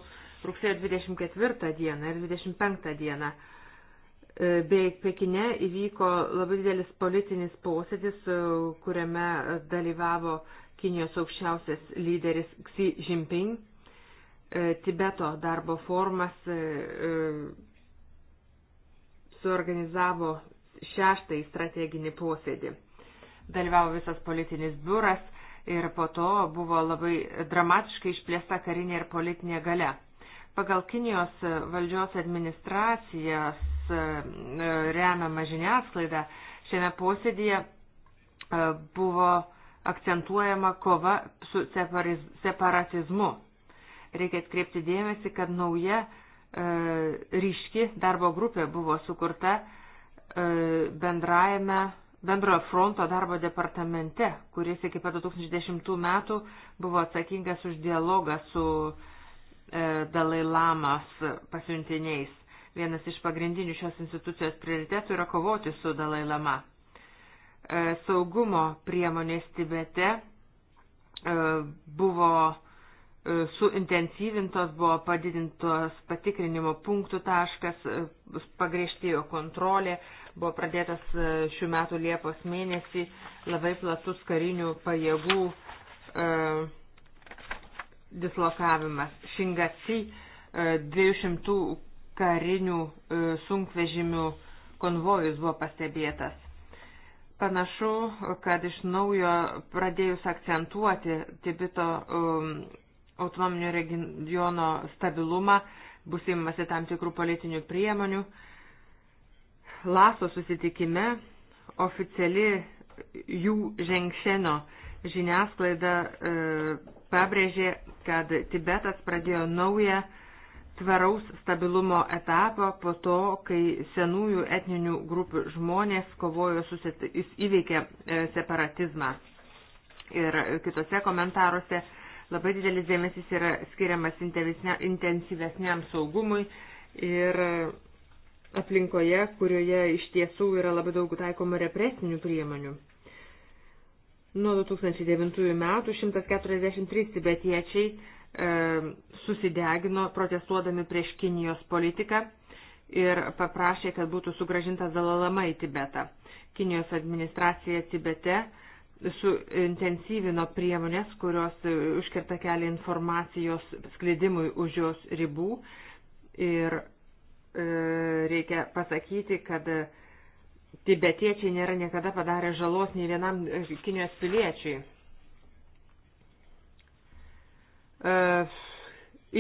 rugsėjo 24 dieną ir 25 dieną e, bei Pekine įvyko labai didelis politinis posėdis, e, kuriame dalyvavo Kinijos aukščiausias lyderis Xi Jinping. E, Tibeto darbo formas suorganizavo šeštąjį strateginį posėdį. Dalyvavo visas politinis biuras ir po to buvo labai dramatiškai išplėsta karinė ir politinė gale. Pagal Kinijos valdžios administracijas e, remiamą žiniasklaidą šiame posėdėje e, buvo akcentuojama kova su separatizmu. Reikia atkreipti dėmesį, kad nauja e, ryški darbo grupė buvo sukurta bendrajame bendrojo fronto darbo departamente, kuris iki pat 2010 metų buvo atsakingas už dialogą su e, Dalai Lamas pasiuntiniais. Vienas iš pagrindinių šios institucijos prioritetų yra kovoti su Dalai Lama. E, saugumo priemonės Tibete e, buvo E, suintensyvintos buvo padidintos patikrinimo punktų taškas, e, pagriežtėjo kontrolė, buvo pradėtas e, šių metų Liepos mėnesį labai platus karinių pajėgų e, dislokavimas. Šingaci e, 200 karinių e, sunkvežimių konvojus buvo pastebėtas panašu, kad iš naujo pradėjus akcentuoti Tibito um, autonominio regiono stabilumą, bus įmasi tam tikrų politinių priemonių. Laso susitikime oficiali jų žengšeno žiniasklaida e, pabrėžė, kad Tibetas pradėjo naują tvaraus stabilumo etapą po to, kai senųjų etninių grupių žmonės kovojo susit... įveikė e, separatizmą. Ir kitose komentaruose Labai didelis dėmesys yra skiriamas intensyvesniam saugumui ir aplinkoje, kurioje iš tiesų yra labai daug taikoma represinių priemonių. Nuo 2009 metų 143 tibetiečiai e, susidegino protestuodami prieš Kinijos politiką ir paprašė, kad būtų sugražintas Dalalama į Tibetą. Kinijos administracija Tibete e, suintensyvino priemonės, kurios e, užkerta kelią informacijos sklidimui už jos ribų. Ir e, reikia pasakyti, kad tibetiečiai nėra niekada padarę žalos nei vienam e, Kinijos piliečiui. E,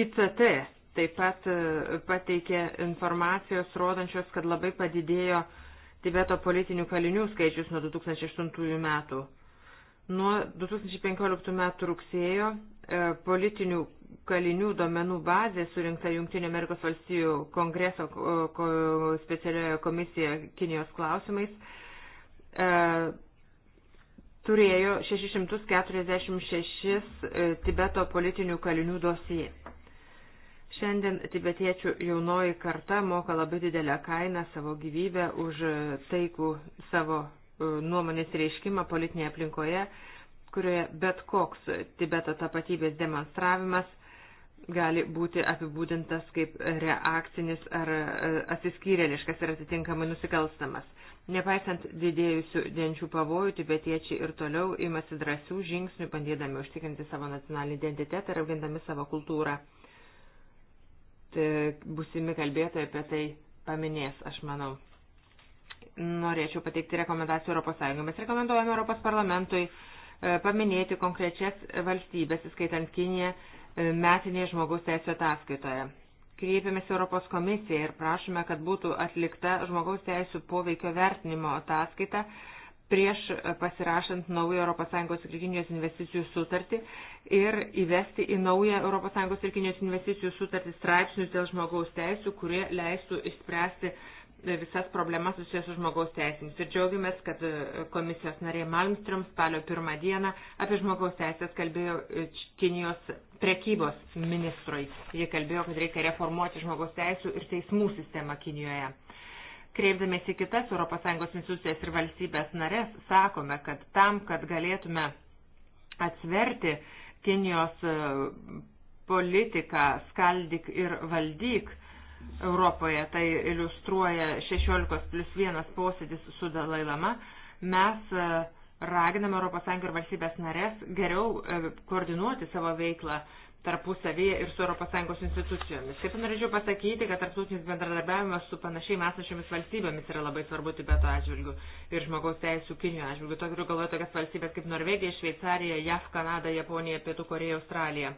ICT taip pat e, pateikė informacijos rodančios, kad labai padidėjo Tibeto politinių kalinių skaičius nuo 2008 metų. Nuo 2015 m. rugsėjo e, politinių kalinių domenų bazė surinkta Junktinio Amerikos valstijų kongreso specialioje komisijoje Kinijos klausimais e, turėjo 646 e, Tibeto politinių kalinių dosijai. Šiandien tibetiečių jaunoji karta moka labai didelę kainą savo gyvybę už taikų savo E, nuomonės reiškimą politinėje aplinkoje, kurioje bet koks Tibeto tapatybės demonstravimas gali būti apibūdintas kaip reakcinis ar e, atsiskyrėliškas ir atitinkamai nusikalstamas. Nepaisant didėjusių denčių pavojų, tibetiečiai ir toliau imasi drąsių žingsnių, bandydami užtikrinti savo nacionalinį identitetą ir augindami savo kultūrą. Tai busimi kalbėtojai apie tai paminės, aš manau norėčiau pateikti rekomendacijų Europos Sąjungai. Mes rekomenduojame Europos parlamentui e, paminėti konkrečias valstybės, įskaitant Kiniją, e, metinėje žmogaus teisų ataskaitoje. Kreipiamės Europos komisiją ir prašome, kad būtų atlikta žmogaus teisų poveikio vertinimo ataskaita prieš pasirašant naują ES ir Kinijos investicijų sutartį ir įvesti į naują ES ir Kinijos investicijų sutartį straipsnius dėl žmogaus teisų, kurie leistų išspręsti uh, visas problemas susijęs su žmogaus teisėmis. Ir džiaugiamės, kad e, komisijos narė Malmström spalio pirmą dieną apie žmogaus teisės kalbėjo e, Kinijos prekybos ministrui. Jie kalbėjo, kad reikia reformuoti žmogaus teisų ir teismų sistemą Kinijoje. Kreipdamėsi kitas ES institucijas ir valstybės narės, sakome, kad tam, kad galėtume atsverti Kinijos e, politiką skaldyk ir valdyk, Europoje, tai iliustruoja 16 plus 1 posėdis su Dalailama, mes e, raginame ES ir valstybės narės geriau e, koordinuoti savo veiklą tarpusavyje ir su ES institucijomis. Taip norėčiau pasakyti, kad tarptautinis bendradarbiavimas su panašiai mesančiomis valstybėmis yra labai svarbu Tibeto atžvilgių ir žmogaus teisų Kinijoje atžvilgių. Tokiu galvoju tokias valstybės kaip Norvegija, Šveicarija, JAV, Kanada, Japonija, Pietų Korėja, Australija.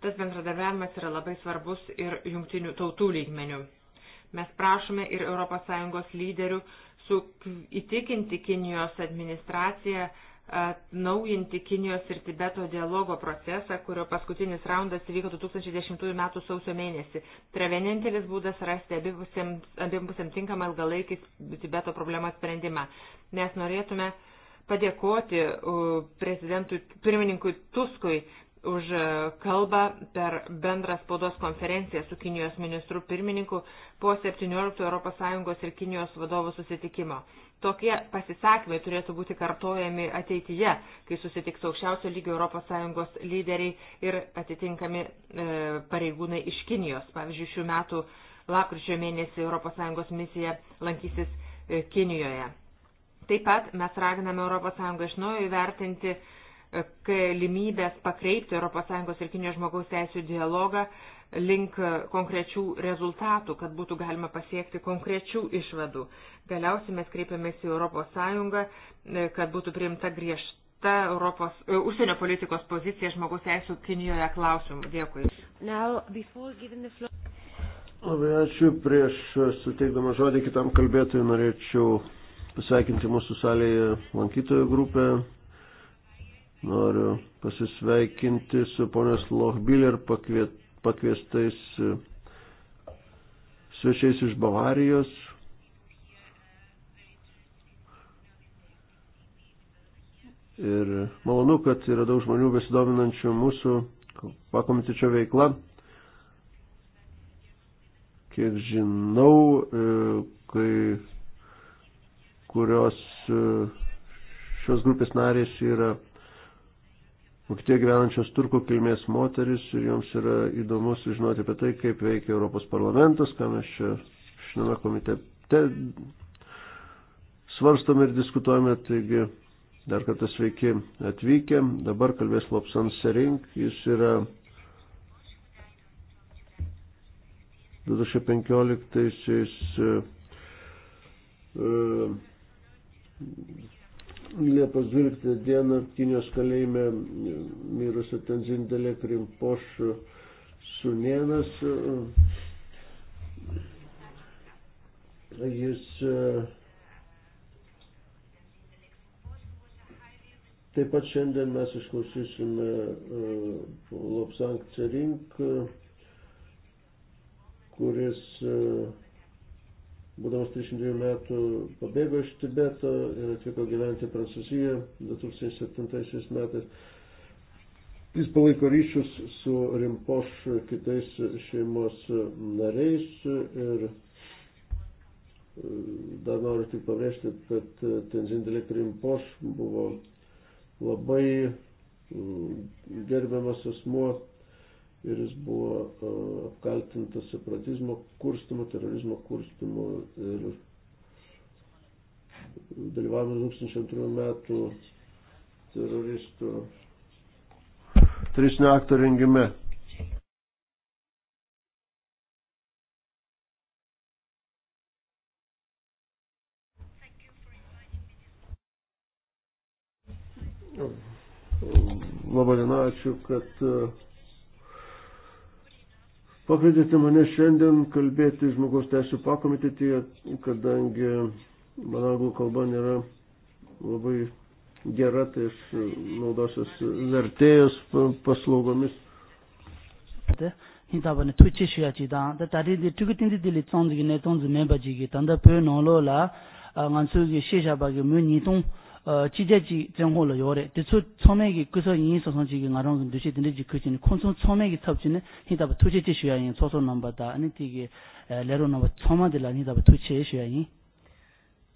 Tas bendradarbiavimas yra labai svarbus ir jungtinių tautų lygmenių. Mes prašome ir ES lyderių su įtikinti Kinijos administraciją atnaujinti Kinijos ir Tibeto dialogo procesą, kurio paskutinis raundas įvyko 2010 m. sausio mėnesį. Tai yra vienintelis būdas rasti abipusėm tinkamą ilgalaikį Tibeto problemos sprendimą. Mes norėtume padėkoti prezidentui pirmininkui Tuskui už e, kalbą per bendrą spaudos konferenciją su Kinijos ministru pirmininku po 17 ES ir Kinijos vadovų susitikimo. Tokie pasisakymai turėtų būti kartojami ateityje, kai susitiks aukščiausio lygio ES lyderiai ir atitinkami e, pareigūnai iš Kinijos. Pavyzdžiui, šių metų lapkričio mėnesį ES misija lankysis e, Kinijoje. Taip pat mes raginame ES iš naujo įvertinti galimybės pakreipti ES ir Kinijos žmogaus teisų dialogą link konkrečių rezultatų, kad būtų galima pasiekti konkrečių išvadų. Galiausiai mes kreipiamės į ES, e, kad būtų priimta griežta Europos, e, užsienio politikos pozicija žmogaus teisų Kinijoje klausimų. Dėkui. Now, floor... Labai ačiū. Prieš suteikdama žodį kitam kalbėtojui norėčiau pasveikinti mūsų salėje lankytojų grupę Noriu pasisveikinti su ponios Lochbiller pakviestais e, svečiais iš Bavarijos. Ir malonu, kad yra daug žmonių besidominančių mūsų pakomitečio veikla. Kiek žinau, e, kai kurios e, šios grupės narės yra Vokietijoje gyvenančios turkų kilmės moteris ir joms yra įdomu sužinoti apie tai, kaip veikia Europos parlamentas, ką mes čia šiame komitete svarstome ir diskutuojame. Taigi, dar kartą sveiki atvykę. Dabar kalbės Lopsan Serink. Jis yra 2015 uh, Liepos 12 dieną Kinijos kalėjime mirusio Tenzindelė Krimpoš sunėnas. Jis taip pat šiandien mes išklausysime e, Lopsank Cerink, kuris e, būdamas 32 metų, pabėgo iš Tibeto ir atvyko gyventi Prancūzijoje 2007 metais. Jis palaiko ryšius su Rimpoš kitais šeimos nariais ir e, dar noriu tik pabrėžti, kad Tenzin Dilek Rimpoš buvo labai mm, gerbiamas asmuo ir jis buvo e, apkaltintas separatizmo kurstimo, terorizmo kurstimo ir dalyvavimo 2002 metų teroristų teroristinio akto rengime. Labadiena, ačiū, kad uh, Pakvietėte mane šiandien kalbėti žmogaus teisų pakomitetyje, kadangi mano anglų kalba nėra labai gera, tai aš naudosios vertėjos paslaugomis. hinta bane twichi shuya chi da da tari di tukitin di dili tsonzi gi ne tsonzi memba ji gi tanda pe no lo la ngan su gi shesha ba gi mu ni tong 어 지제지 정홀로 요래 대초 처음에기 그서 인이 소송지기 나랑 되시 된지 그진 콘손 처음에기 탑지는 히다바 투지지 쉬야인 소소 넘버다 아니 되게 레로 넘버 처마들 아니다바 투지 쉬야인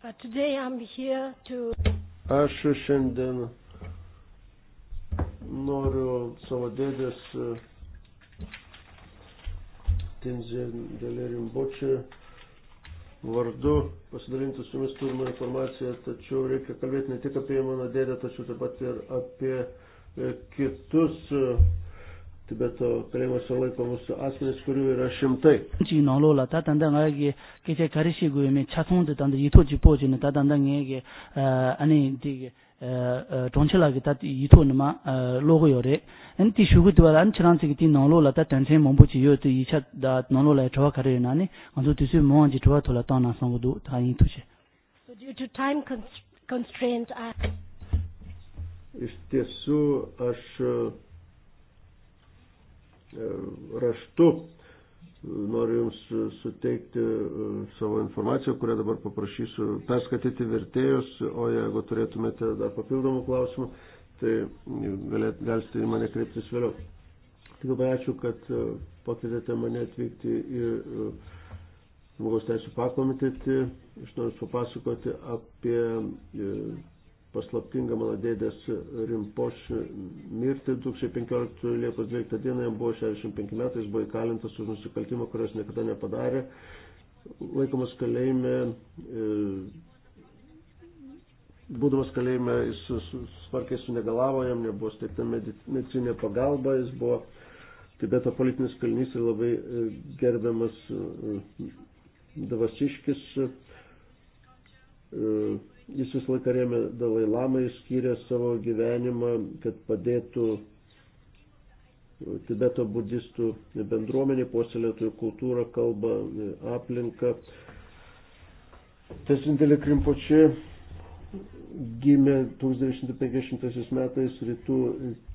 But today I'm here to Aš šiandien noriu savo dėdės Tinzė Delerimbočiui vardu pasidalinti su jumis turimą informaciją, tačiau reikia kalbėti ne tik apie mano dėdę, tačiau taip pat ir apie e, kitus e, Tibeto kalėjimuose laikomus asmenys, kurių yra šimtai. Žinolo, ta tandanga, kai čia karišygų, mes čia sundu, tandai, jį tu čia požinai, ta tandanga, ani, taigi donche lagi tat yito nima logo yore an ti shugu diwa an chiransi ki ti nonglo la ta tansen mambu chi yo tu yicha da nonglo la chawa kare nani anzu tisu mohan ji chawa tola ta na sangu du ta yin tu she So due to time constraint I... Iš tiesų aš raštu Noriu Jums suteikti e, savo informaciją, kurią dabar paprašysiu perskaityti vertėjus, o jeigu turėtumėte dar papildomų klausimų, tai galėt, galite į mane kreiptis vėliau. Tik labai ačiū, kad e, pakvietėte mane atvykti į e, žmogaus teisų pakomitetį. Aš noriu papasakoti apie paslaptinga mano dėdės Rimpoš mirti 2015 Liepos 12 dieną, jam buvo 65 metai, jis buvo įkalintas už nusikaltimą, kurios niekada nepadarė, laikomas kalėjime, e, būdamas kalėjime jis smarkiai sunegalavo, jam nebuvo steigta medicinė pagalba, jis buvo Tibeto politinis kalinys ir labai e, gerbiamas e, davasiškis Jis vis laiką rėmė Dalai Lamą, išskyrė savo gyvenimą, kad padėtų e, Tibeto budistų bendruomenė, puoselėtų kultūrą, kalbą, e, aplinką. Tesintelė Krimpočia gimė 1950 metais rytų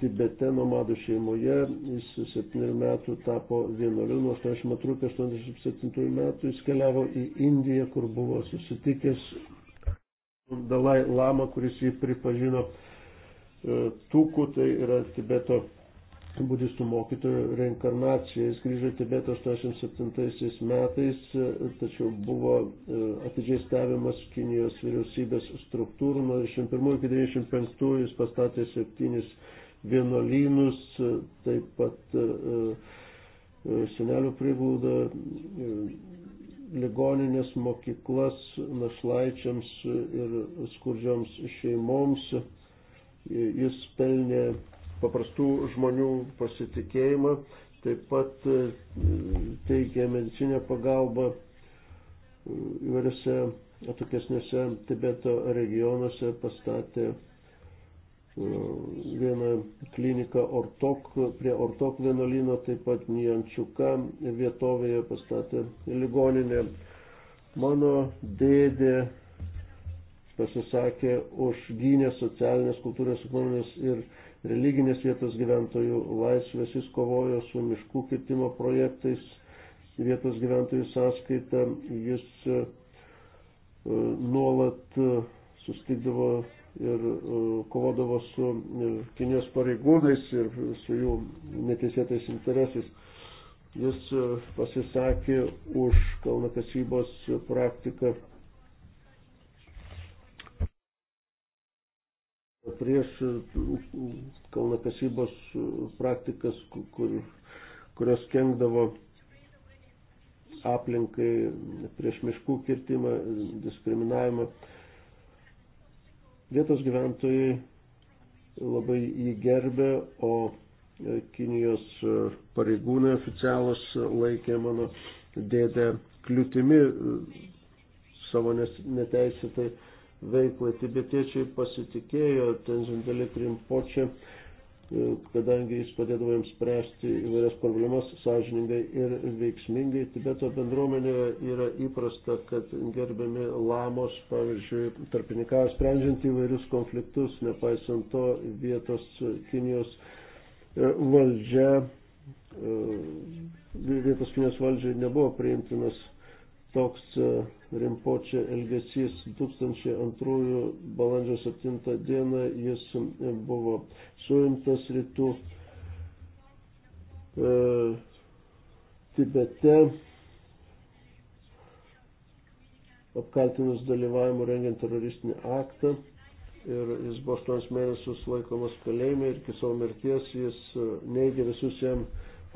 Tibete nomadų šeimoje, jis 7 metų tapo vienuoliu, nuo 82 iki 87 metų jis keliavo į Indiją, kur buvo susitikęs Dalai Lama, kuris jį pripažino e, Tuku, tai yra Tibeto budistų mokytojo reinkarnacija. Jis grįžo į Tibetą 87 metais, e, tačiau buvo e, atidžiai stebimas Kinijos vyriausybės struktūrų. Nuo 91 iki 95 jis pastatė septynis vienuolynus, taip pat senelių priglaudą ligoninės mokyklas našlaičiams ir skurdžioms šeimoms. Jis pelnė paprastų žmonių pasitikėjimą, taip pat e, teikė medicinę pagalbą e, įvairiose atokesnėse Tibeto regionuose, pastatė viena klinika Ortok, prie Ortok vienolino, taip pat Nijančiuka vietovėje pastatė ligoninę. Mano dėdė pasisakė už gynę socialinės, kultūros, ekonominės ir religinės vietos gyventojų laisvės, jis kovojo su miškų kirtimo projektais vietos gyventojų sąskaita, jis e, nuolat e, sustikdavo ir e, kovodavo su e, Kinijos pareigūnais ir su jų neteisėtais interesais. Jis e, pasisakė už kalnakasybos praktiką prieš kalnakasybos praktikas, kur, kurios kenkdavo aplinkai prieš miškų kirtimą, diskriminavimą Vietos gyventojai labai jį gerbė, o e, Kinijos e, pareigūnai oficialus laikė mano dėdę kliūtimi e, savo neteisėtai veiklai. Tibetiečiai pasitikėjo Tenzin Dalit Rimpočią E, kadangi jis padėdavo jiems spręsti įvairias problemas sąžiningai ir veiksmingai. Tibeto bendruomenėje yra įprasta, kad gerbiami lamos, pavyzdžiui, tarpininkavo sprendžiant įvairius konfliktus, nepaisant to vietos Kinijos e, valdžia, e, vietos Kinijos valdžiai nebuvo priimtinas toks Rimpočio elgesys 2002 balandžio 7 dieną jis e, buvo suimtas rytų e, Tibete apkaltinus dalyvavimu rengiant teroristinį aktą ir jis buvo 8 mėnesius laikomas kalėjime ir iki savo mirties jis e, neigė visus jam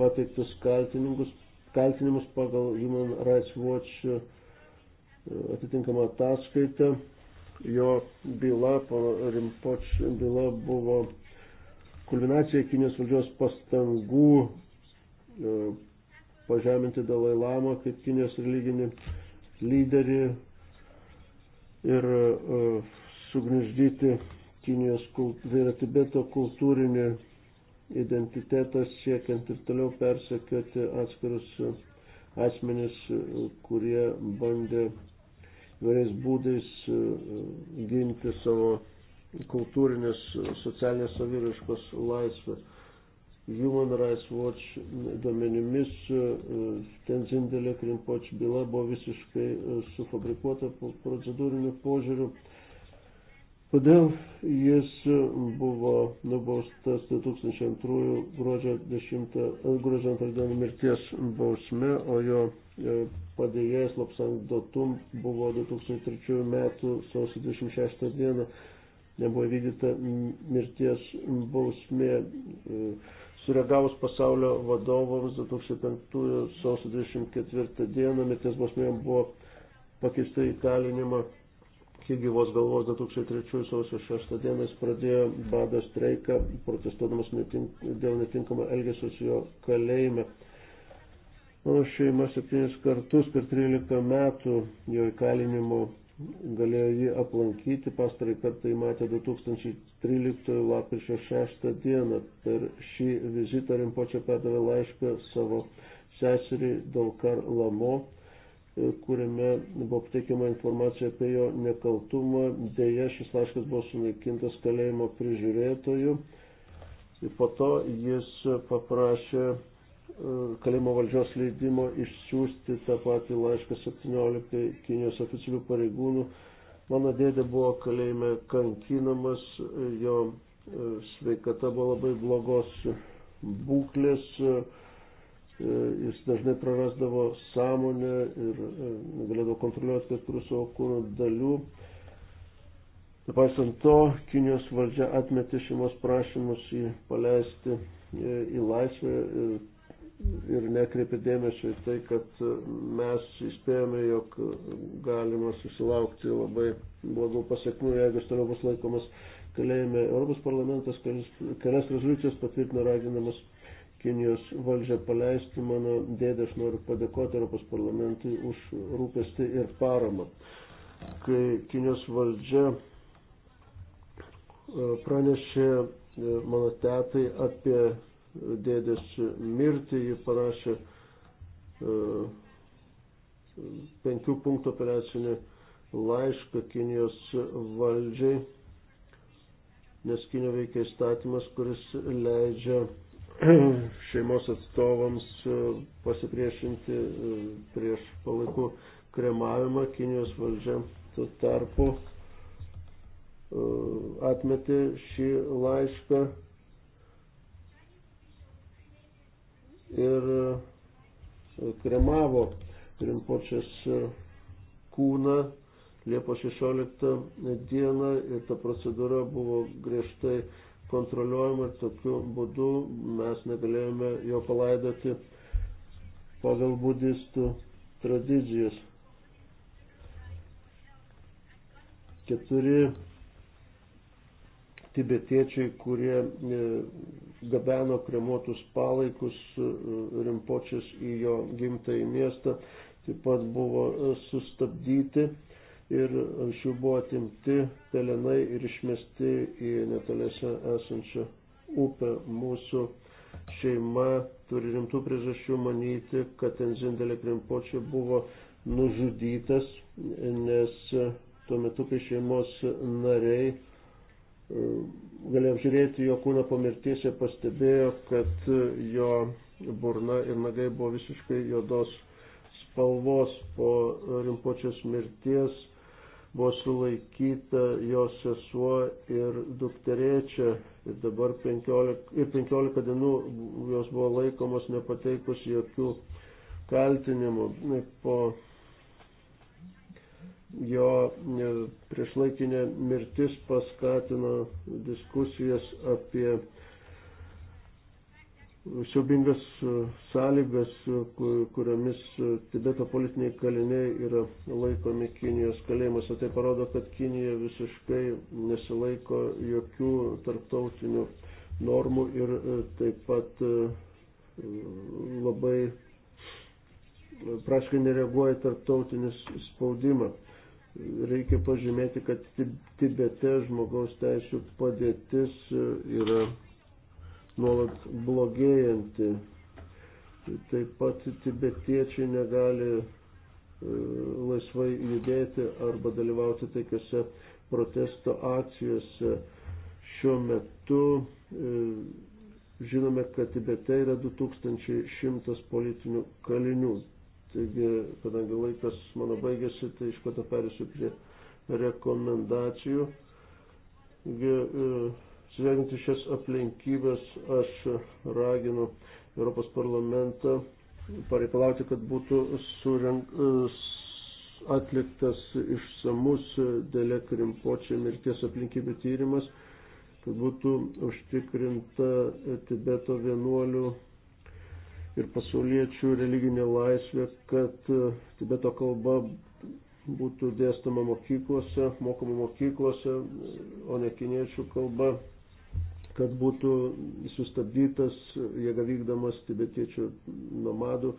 pateiktus kaltinimus pagal Human Rights Watch atitinkamą ataskaitą. Jo byla, pono Rimpoč byla buvo kulminacija Kinijos valdžios pastangų e, pažeminti Dalai Lamą kaip Kinijos religinį lyderį ir e, sugniždyti Kinijos tai yra Tibeto kultūrinį identitetas siekiant ir toliau persekioti atskirus asmenis, kurie bandė įvairiais būdais e, e, ginti savo kultūrinės, socialinės saviraškos laisvę. Human Rights Watch duomenimis e, Tenzindelė Krimpoč byla buvo visiškai sufabrikuota procedūriniu požiūriu. Todėl jis buvo nubaustas 2002 gruodžio 10 gruodžio 2 mirties bausme, o jo E, padėjėjas Lapsandotum buvo 2003 metų sausio 26 dieną, nebuvo vykdyta mirties bausmė. E, sureagavus pasaulio vadovams 2005 sausio 24 dieną mirties bausmė buvo pakeista įkalinimą iki gyvos galvos 2003 sausio 6 dieną jis pradėjo bado streiką, protestuodamas netink, dėl netinkamo elgesio su jo kalėjime. Mano šeima septynis kartus per 13 metų jo įkalinimo galėjo jį aplankyti. Pastarį kartą jį matė 2013 lapkričio 6 dieną. Per šį vizitą Rimpočia perdavė laišką savo seserį Dalkar Lamo, kuriame buvo pateikiama informacija apie jo nekaltumą. Deja, šis laiškas buvo sunaikintas kalėjimo prižiūrėtojų. Po to jis paprašė E, kalėjimo valdžios leidimo išsiųsti tą patį laišką 17 Kinijos oficialių pareigūnų. Mano dėdė buvo kalėjime kankinamas, jo e, sveikata buvo labai blogos būklės, e, jis dažnai prarasdavo sąmonę ir galėdavo kontroliuoti kai kurių savo kūno dalių. Nepaisant to, Kinijos valdžia atmetė šeimos prašymus jį paleisti į laisvę ir ir nekreipė dėmesio į tai, kad mes įspėjome, jog galima susilaukti labai blogų pasiekmių, jeigu jis toliau bus laikomas kalėjime. Europos parlamentas kelias rezoliucijas patvirtino raginamas Kinijos valdžią paleisti. Mano dėdė, aš noriu padėkoti Europos parlamentui už rūpestį ir paramą. Kai Kinijos valdžia e, pranešė e, mano tetai apie dėdės mirtį, ji parašė e, penkių punktų operacinį laišką Kinijos valdžiai, nes Kinio veikia įstatymas, kuris leidžia šeimos atstovams e, pasipriešinti e, prieš palaikų kremavimą. Kinijos valdžia tuo tarpu atmetė šį laišką ir e, kremavo Rinpočias kūną Liepos 16 dieną ir ta procedūra buvo griežtai kontroliuojama ir tokiu būdu mes negalėjome jo palaidoti pagal budistų tradicijas. Keturi tibetiečiai, kurie e, gabeno kremuotus palaikus e, e, rimpočius į jo gimtąjį miestą, taip pat buvo e, sustabdyti ir iš jų buvo atimti pelenai ir išmesti į netolėse esančią upę mūsų šeima turi rimtų priežasčių manyti, kad Enzindelė Krimpočia buvo nužudytas, nes tuo metu, kai šeimos nariai galėjo apžiūrėti jo kūną po mirties ir pastebėjo, kad jo burna ir nagai buvo visiškai juodos spalvos po rimpočios mirties buvo sulaikyta jo sesuo ir dukterėčia ir dabar 15, ir 15 dienų jos buvo laikomos nepateikus jokių kaltinimų. Po jo e, priešlaikinė mirtis paskatino diskusijas apie siaubingas e, sąlygas, e, kuriomis Tibeto politiniai kaliniai yra laikomi Kinijos kalėjimuose. Tai parodo, kad Kinija visiškai nesilaiko jokių tarptautinių normų ir taip pat labai praškai nereaguoja tarptautinis spaudimas. Reikia pažymėti, kad Tibete žmogaus teisų padėtis e, yra nuolat blogėjanti. Taip pat tibetiečiai negali e, laisvai judėti arba dalyvauti taikiose protesto akcijose. Šiuo metu e, žinome, kad Tibete yra 2100 politinių kalinių. Taigi, kadangi laikas mano baigėsi, tai iš karto perėsiu prie rekomendacijų. Taigi, e, atsižvelgiant į šias aplinkybės, aš raginu Europos parlamentą pareikalauti, kad būtų surink, e, atliktas išsamus dėlė krimpočiai mirties aplinkybių tyrimas, kad būtų užtikrinta Tibeto vienuolių ir pasauliečių religinė laisvė, kad e, Tibeto kalba būtų dėstama mokyklose, mokoma mokyklose, o ne kiniečių kalba, kad būtų sustabdytas jėga vykdamas tibetiečių nomadų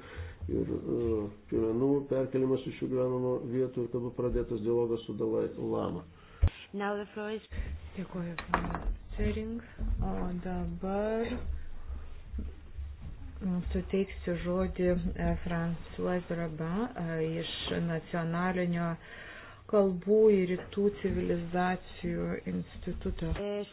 ir e, piemenų perkelimas iš jų gyvenamo vietų ir kad buvo pradėtas dialogas su Dalai Lama. Dėkuoju, Sering. O dabar suteiksiu žodį e, François Raba e, iš nacionalinio kalbų ir rytų civilizacijų instituto. Eh,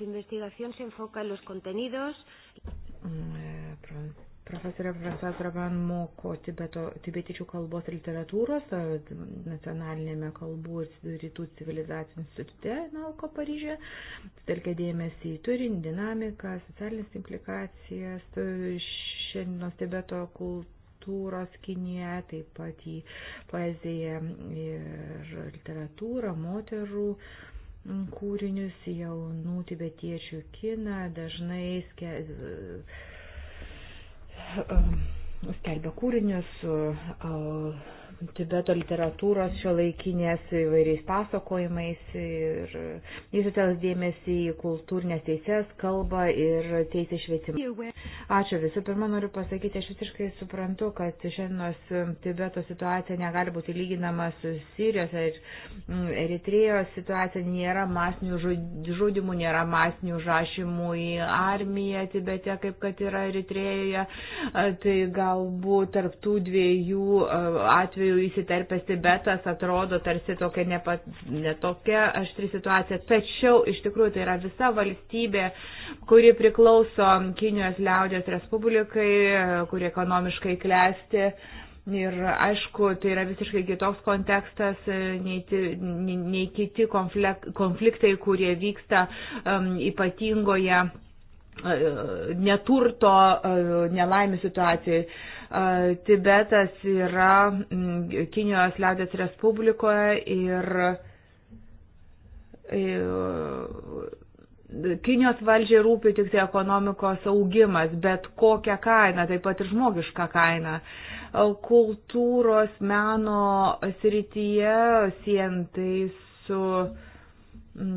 Profesorė profesorė man moko tibeto, tibetičių kalbos ir literatūros e, nacionalinėme kalbų ir rytų civilizacijų institute Nauko Paryžė. Telkia dėmesį į turinį, dinamiką, socialinės implikacijas, e, šiandienos tibeto kultūros Kinėje, taip pat į poeziją ir literatūrą, moterų kūrinius, jaunų tibetiečių kiną, dažnai skia, skelbia kūrinius, Tibeto literatūros šio laikinės įvairiais pasakojimais ir jis atels dėmesį į kultūrinės teises, kalbą ir teisę švietimą. Ačiū. Visų pirma, noriu pasakyti, aš visiškai suprantu, kad šiandienos Tibeto situacija negali būti lyginama su Sirijos ar mm, Eritrejos situacija, nėra masinių žudimų, nėra masinių žašimų į armiją Tibete, kaip kad yra Eritrejoje. Tai galbūt tarptų dviejų atvejų tikrųjų įsiterpęs Tibetas atrodo tarsi tokia nepa, netokia aštri situacija, tačiau iš tikrųjų tai yra visa valstybė, kuri priklauso Kinijos liaudės Respublikai, kuri ekonomiškai klesti. Ir aišku, tai yra visiškai kitoks kontekstas nei, nei, nei kiti konfliktai, kurie vyksta um, ypatingoje uh, neturto uh, nelaimė situacijai. Tibetas yra Kinijos liaudės Respublikoje ir Kinijos valdžiai rūpi tik tai ekonomikos augimas, bet kokią kainą, taip pat ir žmogišką kainą. Kultūros, meno srityje sientai su. Mm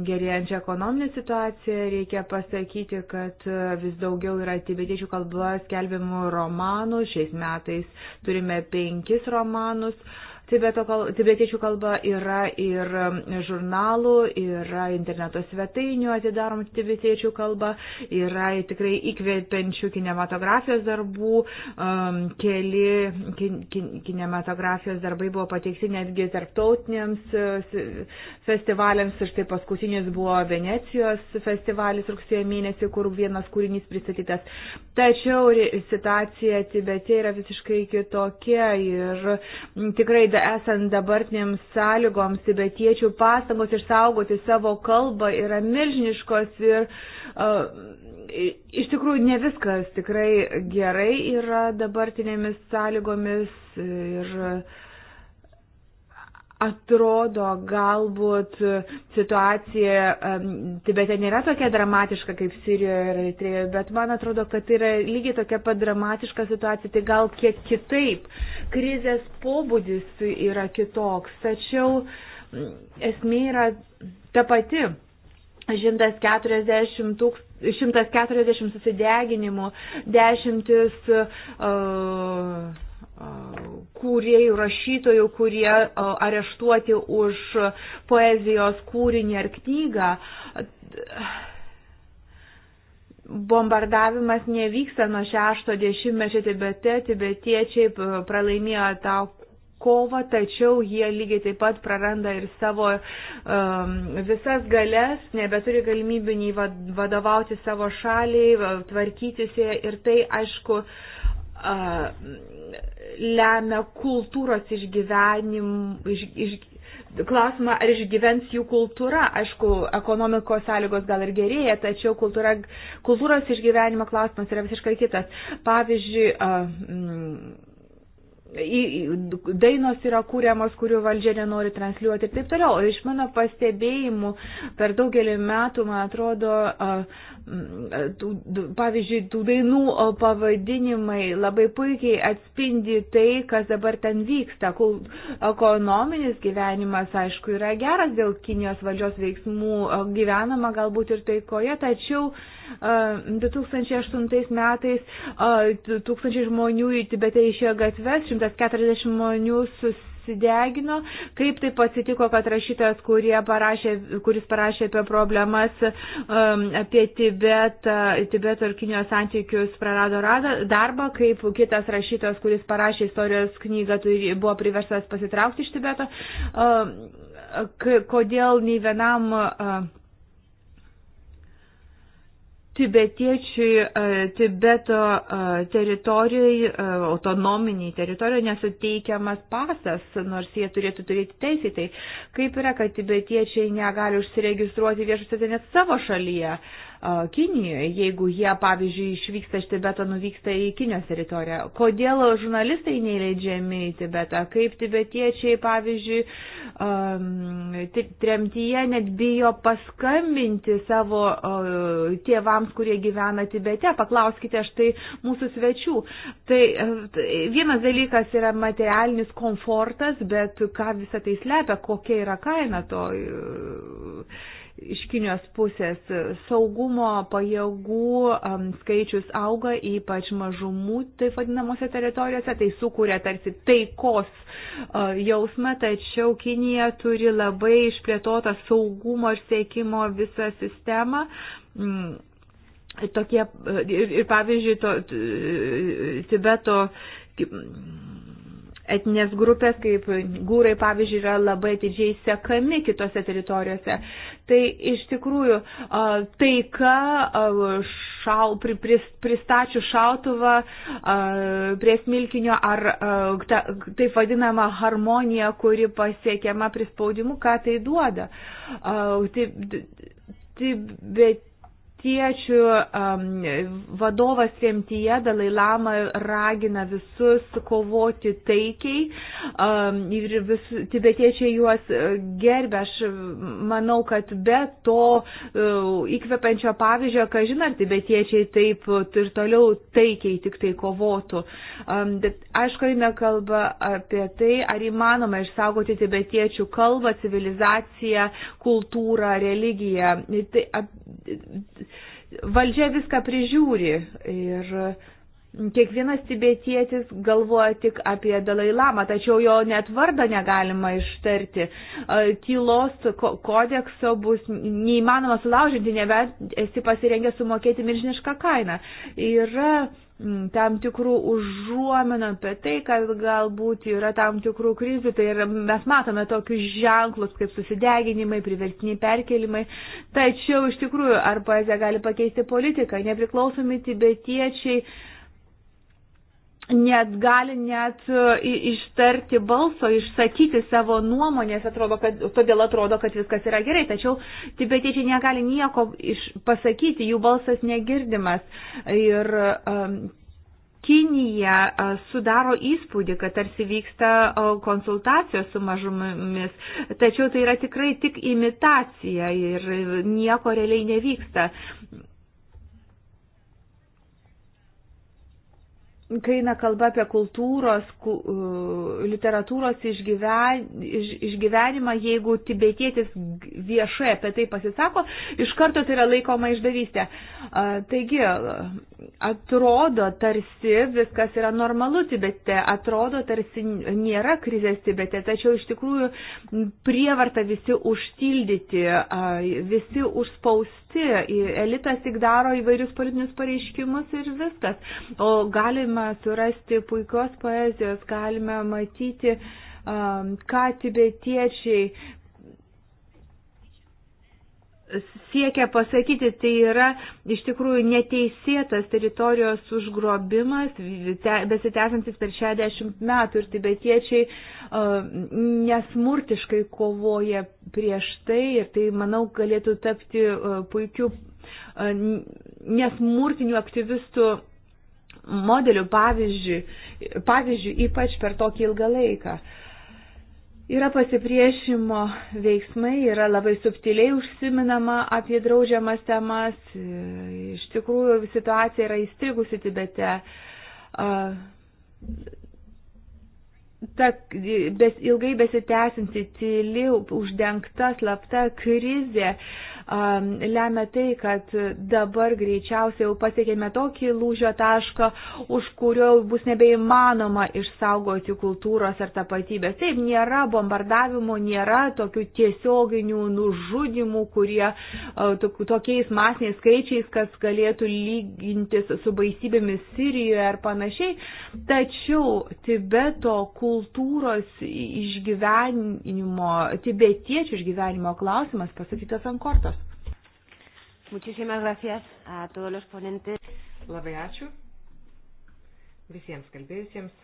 gerėjančią ekonominę situaciją, reikia pasakyti, kad e, vis daugiau yra tibetiečių kalba skelbiamų romanų. Šiais metais turime penkis romanus Tibeto, tibetiečių kalba, yra ir um, žurnalų, yra interneto svetainių atidarom tibetiečių kalba, yra tikrai įkvėpiančių kinematografijos darbų, um, keli kin, kin, kinematografijos darbai buvo pateikti netgi tarptautiniams uh, festivaliams ir štai paskutinis buvo Venecijos festivalis rugsėjo mėnesį, kur vienas kūrinys pristatytas. Tačiau situacija Tibete yra visiškai kitokia ir tikrai kad esant dabartiniams sąlygoms tibetiečių pastangos išsaugoti savo kalbą yra milžiniškos ir uh, iš tikrųjų ne viskas tikrai gerai yra dabartinėmis sąlygomis ir uh, atrodo galbūt situacija Tibete nėra tokia dramatiška kaip Sirijoje ir Eritrėjoje, bet man atrodo, kad tai yra lygiai tokia pat dramatiška situacija, tai gal kiek kitaip. Krizės pobūdis yra kitoks, tačiau mm, esmė yra ta pati. 140, tūks, 140 susideginimų, dešimtis uh, kūrėjų, rašytojų, kurie areštuoti už poezijos kūrinį ar knygą. Bombardavimas nevyksta nuo 60-mečio Tibete, tibetiečiai pralaimėjo tą kovą, tačiau jie lygiai taip pat praranda ir savo um, visas galės, nebeturi galimybių nei vadovauti savo šaliai, tvarkytis ir tai, aišku, lemia kultūros išgyvenim, iš, iš, klausimą, ar išgyvens jų kultūra. Aišku, ekonomikos sąlygos gal ir gerėja, tačiau kultūra, kultūros išgyvenimo klausimas yra visiškai kitas. Pavyzdžiui, mm, dainos yra kūriamos, kurių valdžia nenori transliuoti ir taip toliau. Iš mano pastebėjimų per daugelį metų, man atrodo, tų, pavyzdžiui, tų dainų pavadinimai labai puikiai atspindi tai, kas dabar ten vyksta. Ekonominis gyvenimas, aišku, yra geras dėl Kinijos valdžios veiksmų, gyvenama galbūt ir taikoje, tačiau 2008 metais tūkstančiai žmonių į Tibetą išėjo gatves, 140 žmonių susitikė susidegino, kaip taip atsitiko, kad rašytas, parašė, kuris parašė apie problemas, um, apie Tibetą, Tibeto ir Kinijos santykius prarado darbą, kaip kitas rašytas, kuris parašė istorijos knygą, buvo priverstas pasitraukti iš Tibeto, um, kodėl nei vienam uh, tibetiečiui e, Tibeto e, teritorijai, e, autonominiai teritorijai nesuteikiamas pasas, nors jie turėtų turėti teisį. Tai kaip yra, kad tibetiečiai negali užsiregistruoti viešuose net savo šalyje? Kinijoje, jeigu jie, pavyzdžiui, išvyksta iš Tibeto, nuvyksta į Kinijos teritoriją. Kodėl žurnalistai neįleidžiami į Tibetą, kaip tibetiečiai, pavyzdžiui, um, tremtyje net bijo paskambinti savo uh, tėvams, kurie gyvena Tibete. Paklauskite štai mūsų svečių. Tai, tai vienas dalykas yra materialinis komfortas, bet ką visą tai slepia, kokia yra kaina to. Uh, iš Kinijos pusės. Saugumo pajėgų um, skaičius auga, ypač mažumų, tai vadinamosi teritorijose, tai sukuria tarsi taikos uh, jausmą, tačiau Kinija turi labai išplėtotą saugumo ir sėkimo visą sistemą. Mm. Tokie, uh, ir, ir pavyzdžiui, to, Tibeto etinės grupės, kaip gūrai, pavyzdžiui, yra labai atidžiai sekami kitose teritorijose. Tai iš tikrųjų taika šau, pri, pris, pristačių šautuvą prie smilkinio ar ta, taip vadinama harmonija, kuri pasiekiama prispaudimu, ką tai duoda. Tai, tai, bet valstiečių um, vadovas Semtyje Dalai Lama ragina visus kovoti taikiai um, ir vis, tibetiečiai juos e, gerbė. Aš manau, kad be to uh, įkvepiančio pavyzdžio, ką žinot, tibetiečiai taip ir toliau taikiai tik tai kovotų. Um, bet aišku, eina kalba apie tai, ar įmanoma išsaugoti tibetiečių kalbą, civilizaciją, kultūrą, religiją. Tai, Valdžia viską prižiūri ir kiekvienas tibetietis galvoja tik apie Dalai Lamą, tačiau jo net vardo negalima ištarti. E, tylos kodekso bus neįmanoma sulaužyti, nebent esi pasirengęs sumokėti milžinišką kainą. Yra tam tikrų užuominų apie tai, kad galbūt yra tam tikrų krizių. Tai yra, mes matome tokius ženklus kaip susideginimai, priverstiniai perkelimai. Tačiau iš tikrųjų, ar poezija gali pakeisti politiką? Nepriklausomi tibetiečiai net gali net e, ištarti balso, išsakyti savo nuomonės, atrodo, kad, todėl atrodo, kad viskas yra gerai, tačiau tibetiečiai negali nieko iš, pasakyti, jų balsas negirdimas. Ir um, Kinija e, sudaro įspūdį, kad tarsi vyksta e, konsultacijos su mažumomis, tačiau tai yra tikrai tik imitacija ir nieko realiai nevyksta. kai eina kalba apie kultūros, e, literatūros išgyvenimą, jeigu tibetietis viešai apie tai pasisako, iš karto tai yra laikoma išdavystė. Taigi, atrodo, tarsi viskas yra normalu Tibete, atrodo, tarsi nėra krizės Tibete, tačiau iš tikrųjų prievarta visi užtildyti, visi užspausti visi. Elitas tik daro įvairius politinius pareiškimus ir viskas. O galime surasti puikios poezijos, galime matyti um, ką tibetiečiai, siekia pasakyti, tai yra iš tikrųjų neteisėtas teritorijos užgrobimas, besitęsantis per 60 metų ir tibetiečiai uh, nesmurtiškai kovoja prieš tai ir tai, manau, galėtų tapti uh, puikiu uh, e, nesmurtinių aktyvistų modeliu, pavyzdžiui, pavyzdžiui, ypač per tokį ilgą laiką. Uh, Yra pasipriešimo veiksmai, yra labai subtiliai užsiminama apie draudžiamas temas. Iš tikrųjų, situacija yra įstrigusi Tibete. Ta bes, ilgai besitęsinti tyli, uždengta, slapta krizė lemia tai, kad dabar greičiausiai jau pasiekėme tokį lūžio tašką, už kurio bus nebeįmanoma išsaugoti kultūros ar tapatybės. Taip, nėra bombardavimų, nėra tokių tiesioginių nužudimų, kurie tokiais masiniais skaičiais, kas galėtų lygintis su baisybėmis Sirijoje ar panašiai. Tačiau Tibeto kultūros išgyvenimo, tibetiečių išgyvenimo klausimas pasakytas ant kortos. Muchísimas gracias a todos los ponentes. Labai ačiū visiems kalbėjusiems.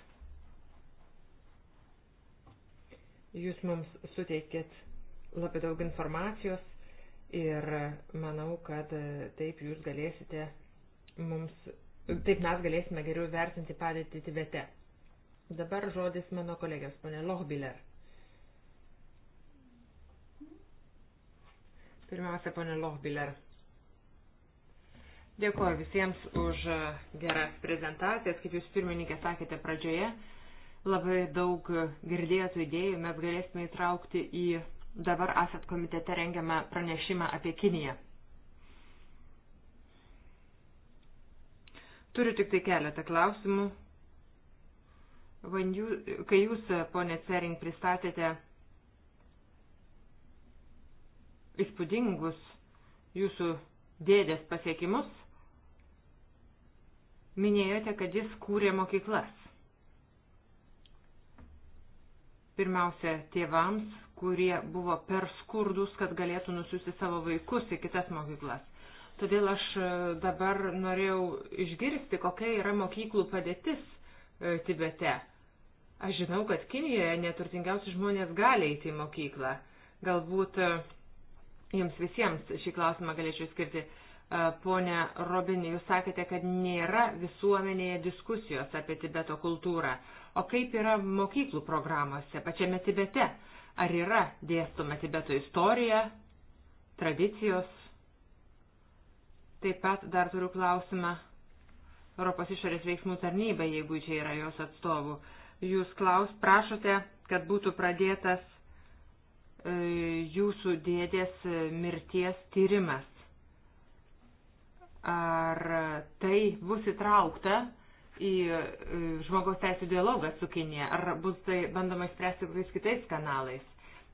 Jūs mums suteikėt labai daug informacijos ir manau, kad taip jūs galėsite mums, taip mes galėsime geriau vertinti padėtį Tibete. Dabar žodis mano kolegės, ponė Lohbiller. Pirmiausia, ponė Lohbiller. Dėkuoju visiems už e, geras prezentacijas. Kaip jūs pirmininkė sakėte pradžioje, labai daug girdėtų idėjų mes galėsime įtraukti į dabar ASAT komitete rengiamą pranešimą apie Kiniją. Turiu tik tai keletą klausimų. Kai jūs, e, ponė Cering, pristatėte įspūdingus jūsų dėdės pasiekimus, Minėjote, kad jis kūrė mokyklas. Pirmiausia, tėvams, kurie buvo per skurdus, kad galėtų nusiųsti savo vaikus į kitas mokyklas. Todėl aš e, dabar norėjau išgirsti, kokia yra mokyklų padėtis e, Tibete. Aš žinau, kad Kinijoje neturtingiausi žmonės gali eiti į mokyklą. Galbūt e, jums visiems šį klausimą galėčiau skirti. Pone Robinė, jūs sakėte, kad nėra visuomenėje diskusijos apie Tibeto kultūrą. O kaip yra mokyklų programuose pačiame Tibete? Ar yra dėstoma Tibeto istorija, tradicijos? Taip pat dar turiu klausimą Europos išorės veiksmų tarnybai, jeigu čia yra jos atstovų. Jūs klaus, prašote, kad būtų pradėtas e, jūsų dėdės e, mirties tyrimas Ar tai bus įtraukta į e, žmogaus teisų dialogą su Kinėje, ar bus tai bandoma išspręsti kokiais kitais kanalais?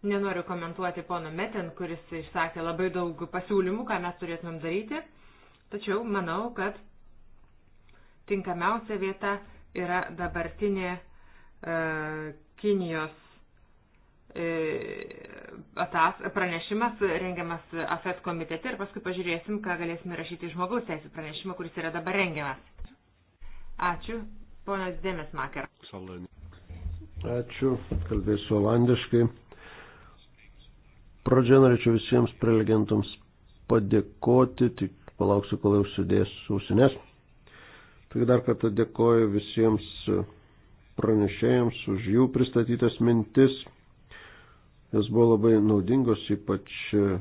Nenoriu komentuoti pono Metin, kuris išsakė labai daug pasiūlymų, ką mes turėtumėm daryti, tačiau manau, kad tinkamiausia vieta yra dabartinė e, Kinijos E, atas, pranešimas rengiamas AFET komitete ir paskui pažiūrėsim, ką galėsime rašyti žmogaus teisų pranešimą, kuris yra dabar rengiamas. Ačiū, ponas Dėmes Maker. Ačiū, kalbėsiu olandiškai. Pradžioje norėčiau visiems prelegentams padėkoti, tik palauksiu, kol jau sudės ausinės. Taigi dar kartą dėkoju visiems pranešėjams už jų pristatytas mintis. Jos buvo labai naudingos, ypač e,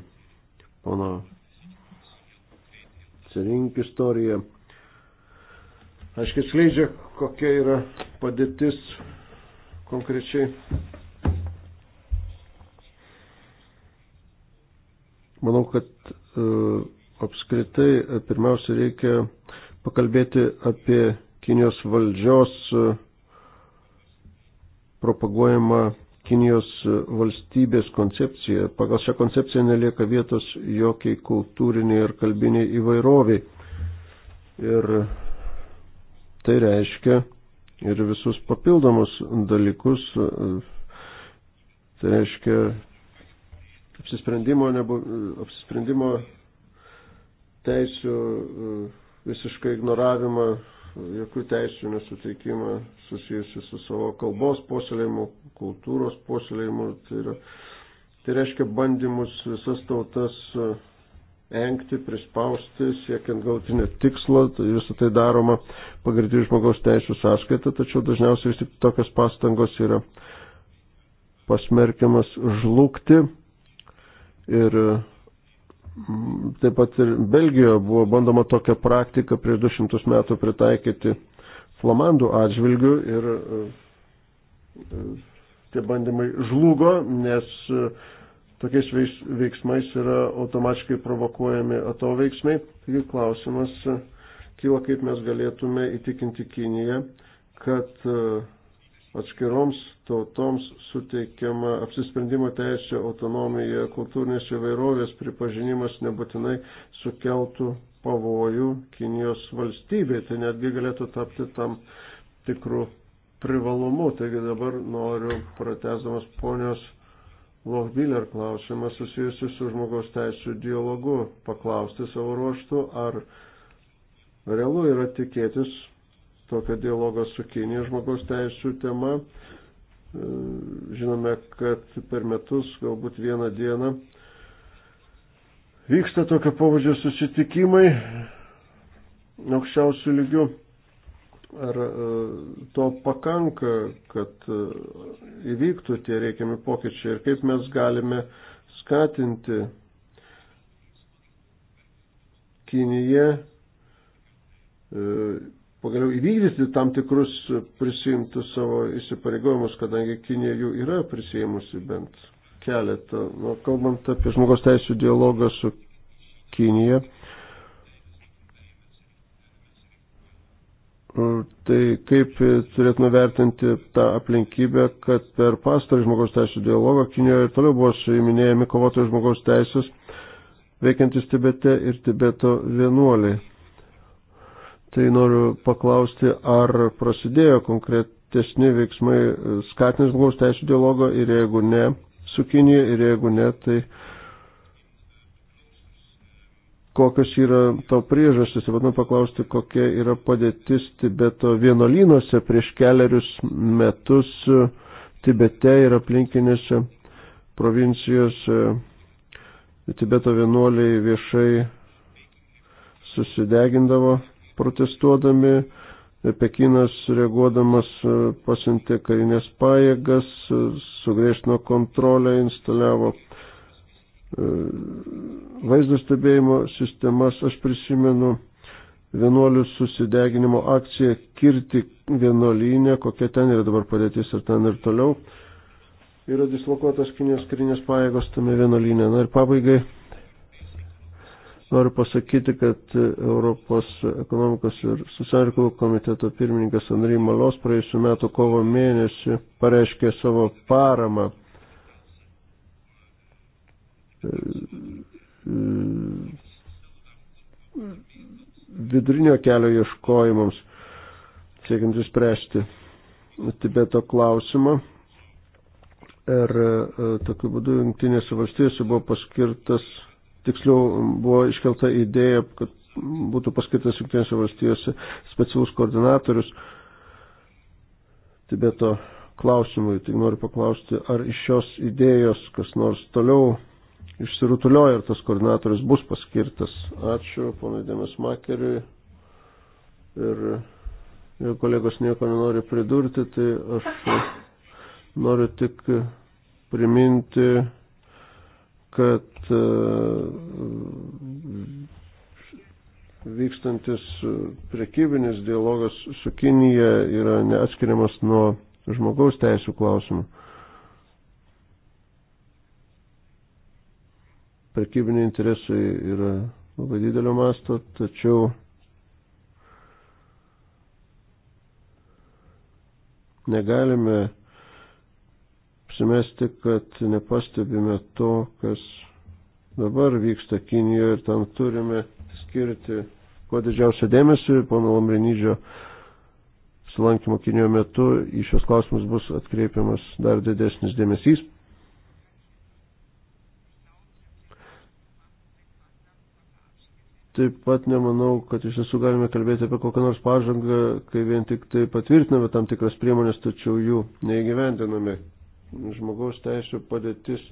pono Cerink istorija. Aiškiai skleidžia, kokia yra padėtis konkrečiai. Manau, kad uh, apskritai e, pirmiausia reikia pakalbėti apie Kinijos valdžios propaguojama Kinijos valstybės koncepcija. Pagal šią koncepciją nelieka vietos jokiai kultūriniai ir kalbiniai įvairoviai. Ir tai reiškia ir visus papildomus dalykus. Tai reiškia apsisprendimo, nebu, apsisprendimo teisių visiškai ignoravimą jokių teisų nesuteikimą susijusi su savo kalbos puoselėjimu, kultūros puoselėjimu. Tai, yra, tai reiškia bandymus visas tautas e, engti, prispausti, siekiant gauti net tikslą, tai visą tai daroma pagrindinių žmogaus teisų sąskaita, tačiau dažniausiai vis tik tokios pastangos yra pasmerkiamas žlugti ir e, Taip pat ir Belgijoje buvo bandoma tokią praktiką prieš 200 metų pritaikyti flamandų atžvilgių ir e, e, tie bandymai žlugo, nes e, tokiais veiksmais yra automatiškai provokuojami atoveiksmai. Taigi klausimas kyla, kaip mes galėtume įtikinti Kiniją, kad atskiroms tautoms suteikiama apsisprendimo teisė, autonomija, kultūrinės įvairovės pripažinimas nebūtinai sukeltų pavojų Kinijos valstybei, tai netgi galėtų tapti tam tikrų privalumų. Taigi dabar noriu, pratesdamas ponios Lochbiller klausimą susijusiu su žmogaus teisų dialogu, paklausti savo ruoštų, ar realu yra tikėtis tokio dialogo su Kinija žmogaus teisų tema, E, žinome, kad per metus galbūt vieną dieną vyksta tokio pavadžio susitikimai aukščiausių lygių. Ar e, to pakanka, kad e, įvyktų tie reikiami pokyčiai ir kaip mes galime skatinti Kiniją pagaliau įvykdyti tam tikrus prisijimtus savo įsipareigojimus, kadangi Kinė jų yra prisijėmusi bent keletą. Nu, kalbant apie žmogaus teisų dialogą su Kinija, tai kaip turėtume vertinti tą aplinkybę, kad per pastarį žmogaus teisų dialogą Kinijoje ir toliau buvo suiminėjami kovotojų žmogaus teisės veikiantis Tibete ir Tibeto vienuoliai tai noriu paklausti, ar prasidėjo konkretesni veiksmai e, skatinant žmogaus teisų dialogą ir jeigu ne, su Kinija ir jeigu ne, tai kokios yra to priežastis. Vadinu paklausti, kokia yra padėtis Tibeto vienolynuose prieš keliarius metus e, Tibete ir aplinkinėse provincijose. Tibeto vienuoliai viešai susidegindavo protestuodami. Pekinas reaguodamas e, pasiuntė karinės pajėgas, e, sugriežtino kontrolę, instaliavo e, vaizdo stebėjimo sistemas. Aš prisimenu vienuolių susideginimo akciją kirti vienuolynę, kokia ten yra dabar padėtis ir ten ir toliau. Yra dislokuotas Kinijos karinės pajėgos tame vienuolynė. Na ir pabaigai Noriu pasakyti, kad Europos ekonomikos ir socialinių komiteto pirmininkas Andrij Malos praėjusiu metu kovo mėnesį pareiškė savo paramą vidurinio kelio ieškojimams, siekiant išspręsti Tibeto klausimą. Ir e, tokiu būdu jungtinėse valstijose buvo paskirtas tiksliau buvo iškelta idėja, kad būtų paskirtas Junktinėse valstijose specialus koordinatorius Tibeto klausimui. Tik noriu paklausti, ar iš šios idėjos kas nors toliau išsirutulioja, ar tas koordinatorius bus paskirtas. Ačiū, ponai Dėmes Makeriui. Ir jeigu kolegos nieko nenori pridurti, tai aš noriu tik priminti kad e, vykstantis prekybinis dialogas su Kinija yra neatskiriamas nuo žmogaus teisų klausimų. Prekybiniai interesai yra labai didelio masto, tačiau negalime apsimesti, kad nepastebime to, kas dabar vyksta Kinijoje ir tam turime skirti kuo didžiausią dėmesį. Pono Lamrinydžio apsilankimo Kinijoje metu į šios klausimus bus atkreipiamas dar didesnis dėmesys. Taip pat nemanau, kad iš tiesų galime kalbėti apie kokią nors pažangą, kai vien tik tai patvirtiname tam tikras priemonės, tačiau jų neįgyvendiname žmogaus teisų padėtis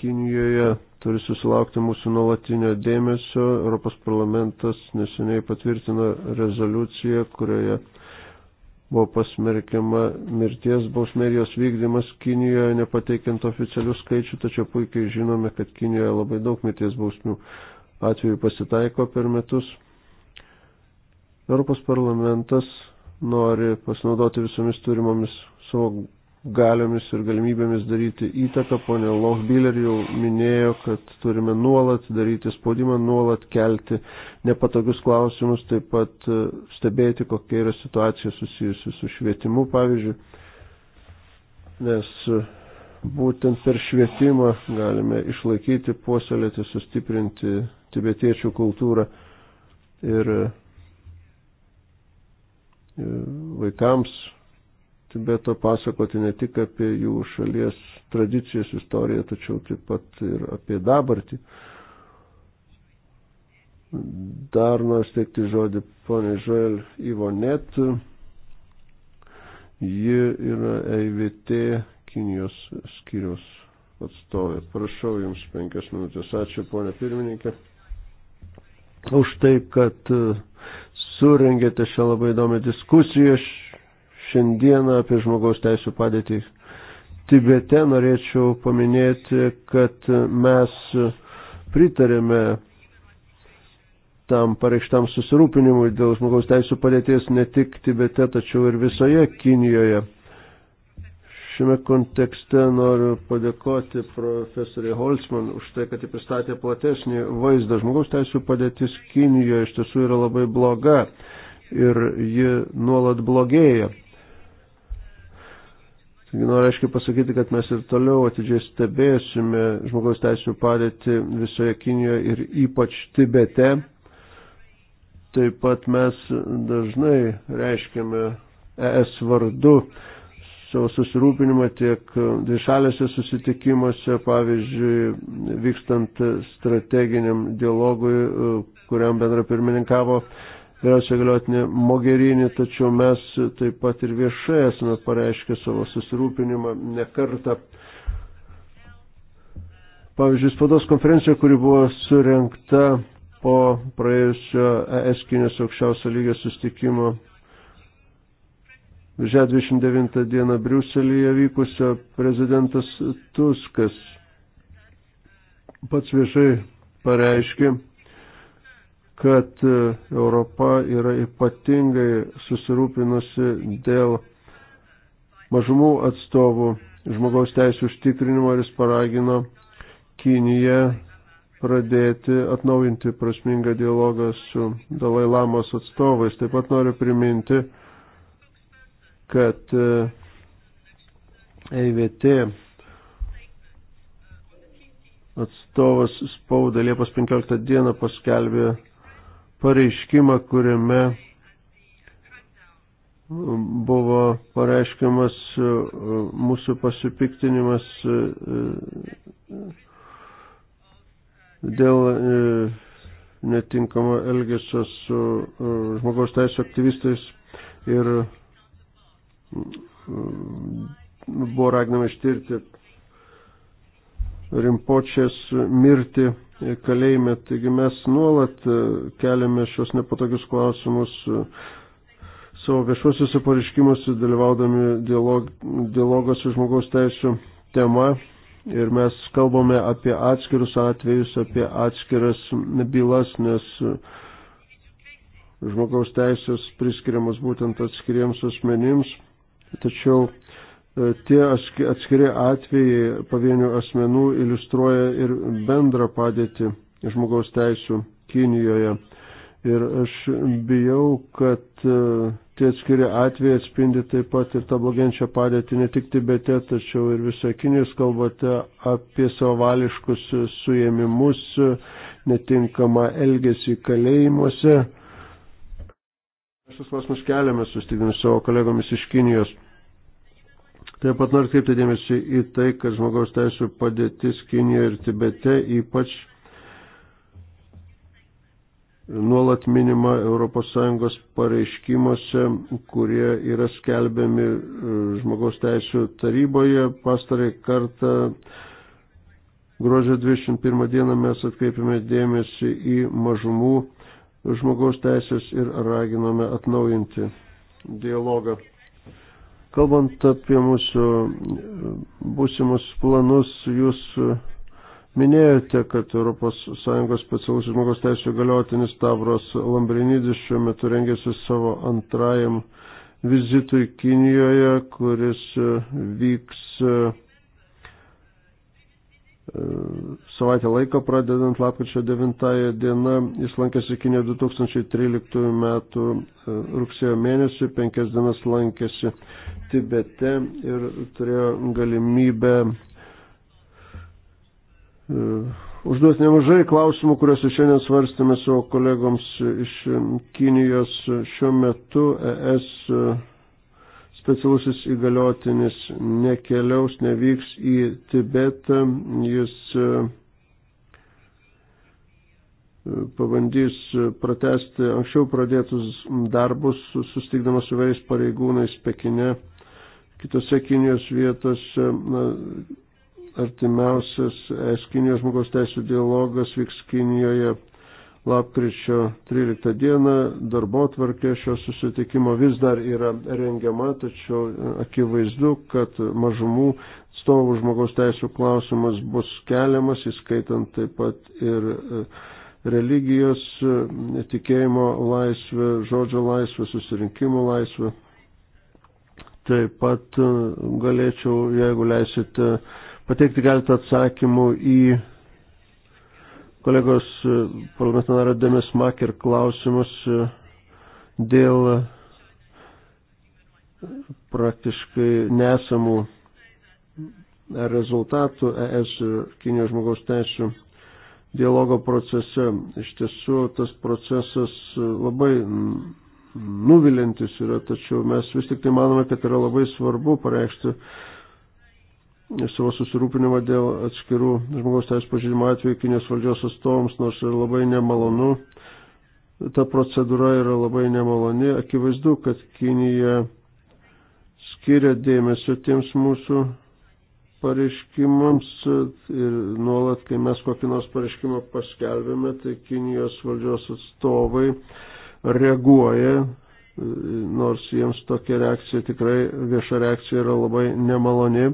Kinijoje turi susilaukti mūsų nuolatinio dėmesio. Europos parlamentas neseniai patvirtino rezoliuciją, kurioje buvo pasmerkiama mirties bausmė ir jos vykdymas Kinijoje, nepateikiant oficialių skaičių, tačiau puikiai žinome, kad Kinijoje labai daug mirties bausmių atvejų pasitaiko per metus. Europos parlamentas nori pasinaudoti visomis turimomis savo galiomis ir galimybėmis daryti įtaką. Pone Lochbiller jau minėjo, kad turime nuolat daryti spaudimą, nuolat kelti nepatogius klausimus, taip pat e, stebėti, kokia yra situacija susijusi su švietimu, pavyzdžiui, nes e, būtent per švietimą galime išlaikyti, puoselėti, sustiprinti tibetiečių kultūrą ir e, vaikams Tibeto pasakoti ne tik apie jų šalies tradicijas, istoriją, tačiau taip pat ir apie dabartį. Dar noriu steigti žodį ponė Žoel Ivonet. Ji yra EIVT Kinijos skyrius atstovė. Prašau Jums penkias minutės. Ačiū ponė pirmininkė už tai, kad e, surengėte šią labai įdomią diskusiją šiandieną apie žmogaus teisų padėtį Tibete, norėčiau paminėti, kad mes pritarėme tam pareikštam susirūpinimui dėl žmogaus teisų padėties ne tik Tibete, tačiau ir visoje Kinijoje. Šiame kontekste noriu padėkoti profesoriai Holzman už tai, kad jį pristatė platesnį vaizdą. Žmogaus teisų padėtis Kinijoje iš tiesų yra labai bloga ir ji nuolat blogėja. Taigi noriu aiškiai pasakyti, kad mes ir toliau atidžiai stebėsime žmogaus teisų padėti visoje Kinijoje ir ypač Tibete. Taip pat mes dažnai reiškiame ES vardu savo susirūpinimą tiek dvišalėse susitikimuose, pavyzdžiui, vykstant strateginiam dialogui, kuriam bendra pirmininkavo vyriausiai galiotinė Mogerinė, tačiau mes taip pat ir viešai esame pareiškę savo susirūpinimą nekartą. Pavyzdžiui, spaudos konferencija, kuri buvo surenkta po praėjusio ES Kinės aukščiausio lygio sustikimo Žia 29 dieną Briuselėje vykusio prezidentas Tuskas pats viešai pareiškė, kad e, Europa yra ypatingai susirūpinusi dėl mažumų atstovų žmogaus teisų užtikrinimo ir jis paragino Kiniją pradėti atnaujinti prasmingą dialogą su Dalai Lamos atstovais. Taip pat noriu priminti, kad EIVT atstovas spauda Liepos 15 dieną paskelbė pareiškimą, kuriame buvo pareiškiamas e, mūsų pasipiktinimas e, e, dėl netinkamo elgesio su žmogaus teisų aktyvistais ir buvo raginama ištirti rimpočias mirti kalėjime. Taigi mes nuolat e, keliame šios nepatogius klausimus e, savo viešuosiuose pareiškimuose, dalyvaudami dialog, dialogos su žmogaus teisų tema. Ir mes kalbame apie atskirus atvejus, apie atskiras bylas, nes e, žmogaus teisės priskiriamas būtent atskiriems asmenims. Tačiau E, tie atskiri atvejai pavienių asmenų iliustruoja ir bendrą padėtį žmogaus teisų Kinijoje. Ir aš bijau, kad e, tie atskiri atvejai atspindi taip pat ir tą blogiančią padėtį ne tik Tibete, tačiau ir visoje Kinijos kalbate apie savališkus suėmimus, netinkamą elgesį kalėjimuose. Šis klausimas keliame su savo kolegomis iš Kinijos. Taip pat noriu kreipti dėmesį į tai, kad žmogaus teisų padėtis Kinijoje ir Tibete ypač nuolat minima ES pareiškimuose, kurie yra skelbiami e, žmogaus teisų taryboje. Pastarai kartą gruodžio 21 dieną mes atkreipėme dėmesį į mažumų žmogaus teisės ir raginome atnaujinti dialogą. Kalbant apie mūsų e, būsimus planus, jūs minėjote, kad ES specialus žmogaus teisų galiotinis Tavros Lambrinidis šiuo metu rengėsi savo antrajam vizitui Kinijoje, kuris vyks savaitę laiko pradedant lapkričio 9 dieną. Jis lankėsi Kinė 2013 metų e, rugsėjo mėnesį, penkias dienas lankėsi Tibete ir turėjo galimybę e, užduos nemažai klausimų, kuriuos šiandien svarstėme savo kolegoms iš Kinijos šiuo metu ES specialusis įgaliotinis nekeliaus, nevyks į Tibetą, jis e, pabandys pratesti anksčiau pradėtus darbus, sustikdamas su vėjais pareigūnais Pekine, kitose Kinijos vietose. Na, artimiausias es Kinijos žmogaus teisų dialogas vyks Kinijoje lapkričio 13 dieną darbo tvarkė šio susitikimo vis dar yra rengiama, tačiau akivaizdu, kad mažumų atstovų žmogaus teisų klausimas bus keliamas, įskaitant taip pat ir e, religijos, e, tikėjimo laisvė, žodžio laisvė, susirinkimo laisvė. Taip pat e, galėčiau, jeigu leisite, pateikti keletą atsakymų į kolegos e, parlamentarą Demes Maker klausimus e, dėl praktiškai nesamų rezultatų ES ir Kinijos žmogaus teisų dialogo procese. Iš tiesų tas procesas labai nuvilintis yra, tačiau mes vis tik tai manome, kad yra labai svarbu pareikšti savo susirūpinimą dėl atskirų žmogaus teisų pažydimo atveju Kinijos valdžios atstovams, nors ir labai nemalonu. Ta procedūra yra labai nemaloni. Akivaizdu, kad Kinija skiria dėmesio tiems mūsų pareiškimams ir nuolat, kai mes kokį nors pareiškimą paskelbėme, tai Kinijos valdžios atstovai reaguoja, nors jiems tokia reakcija tikrai vieša reakcija yra labai nemaloni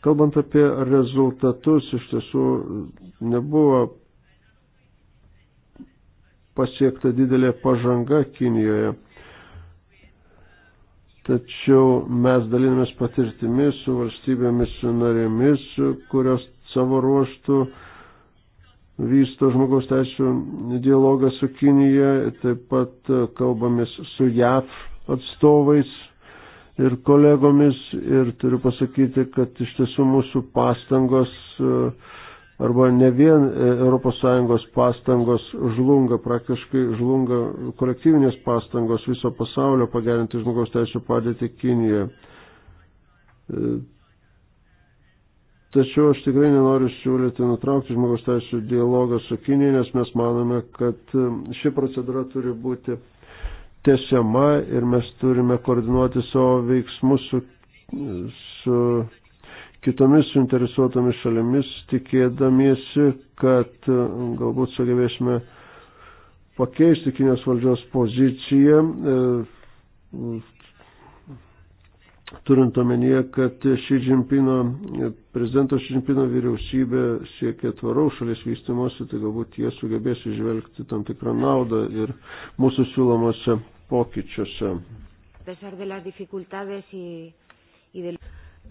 Kalbant apie rezultatus, iš tiesų nebuvo pasiekta didelė pažanga Kinijoje. Tačiau mes dalinamės patirtimis su valstybėmis su narėmis, kurios savo ruoštų vysto žmogaus teisų dialogą su Kinija, taip pat kalbamės su JAV atstovais ir kolegomis ir turiu pasakyti, kad iš tiesų mūsų pastangos e, arba ne vien ES pastangos žlunga, praktiškai žlunga kolektyvinės pastangos viso pasaulio pagerinti žmogaus teisų padėtį Kinijoje. E, tačiau aš tikrai nenoriu siūlyti nutraukti žmogaus teisų dialogą su Kinija, nes mes manome, kad e, ši procedūra turi būti tesiama ir mes turime koordinuoti savo veiksmus su, su kitomis suinteresuotomis šalimis, tikėdamiesi, kad e, galbūt sugebėsime pakeisti Kinijos valdžios poziciją, e, turint omenyje, kad Šidžimpino, prezidento Šidžimpino vyriausybė siekia tvaraus šalies vystimosi, tai galbūt jie sugebės išvelgti tam tikrą naudą ir mūsų siūlomose pokyčiuose.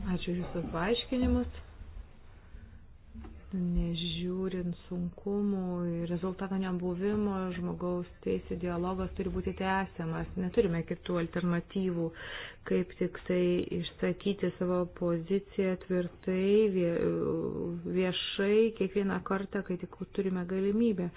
Ačiū Jūsų paaiškinimus nežiūrint sunkumų ir rezultato nebuvimo, žmogaus teisų dialogas turi būti tęsiamas. Neturime kitų alternatyvų, kaip tik tai išsakyti savo poziciją tvirtai, viešai, kiekvieną kartą, kai tik turime galimybę.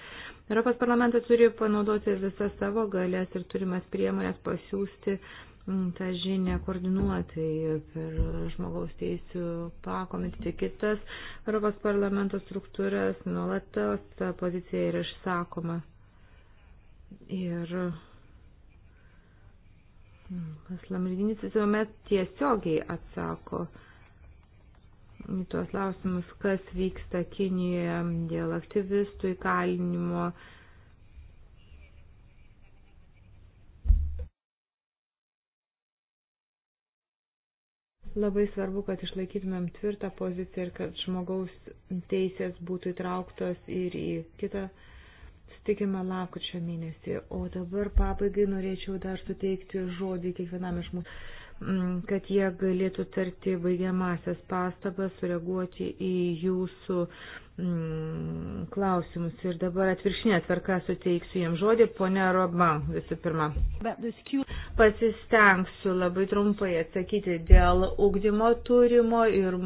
Europos parlamentas turi panaudoti visas savo galės ir turimas priemonės pasiūsti uh, Mm, tą žinią koordinuotai per žmogaus teisų pakomitį kitas Europos parlamento struktūras, nuolatos ta pozicija yra išsakoma. Ir pas mm, Lamridinis visuomet tiesiogiai atsako į tuos klausimus, kas vyksta Kinijoje dėl aktyvistų įkalinimo, Labai svarbu, kad išlaikytumėm tvirtą poziciją ir kad žmogaus teisės būtų įtrauktos ir į kitą susitikimą lakučio mėnesį. O dabar pabaigai norėčiau dar suteikti žodį kiekvienam iš mūsų, mm, kad jie galėtų tarti baigiamasias pastabas, sureaguoti į jūsų uh, mm, klausimus. Ir dabar atviršinė tvarka suteiksiu jam žodį, ponia Roba, visų pirma. Pasistengsiu labai trumpai atsakyti dėl ugdymo turimo ir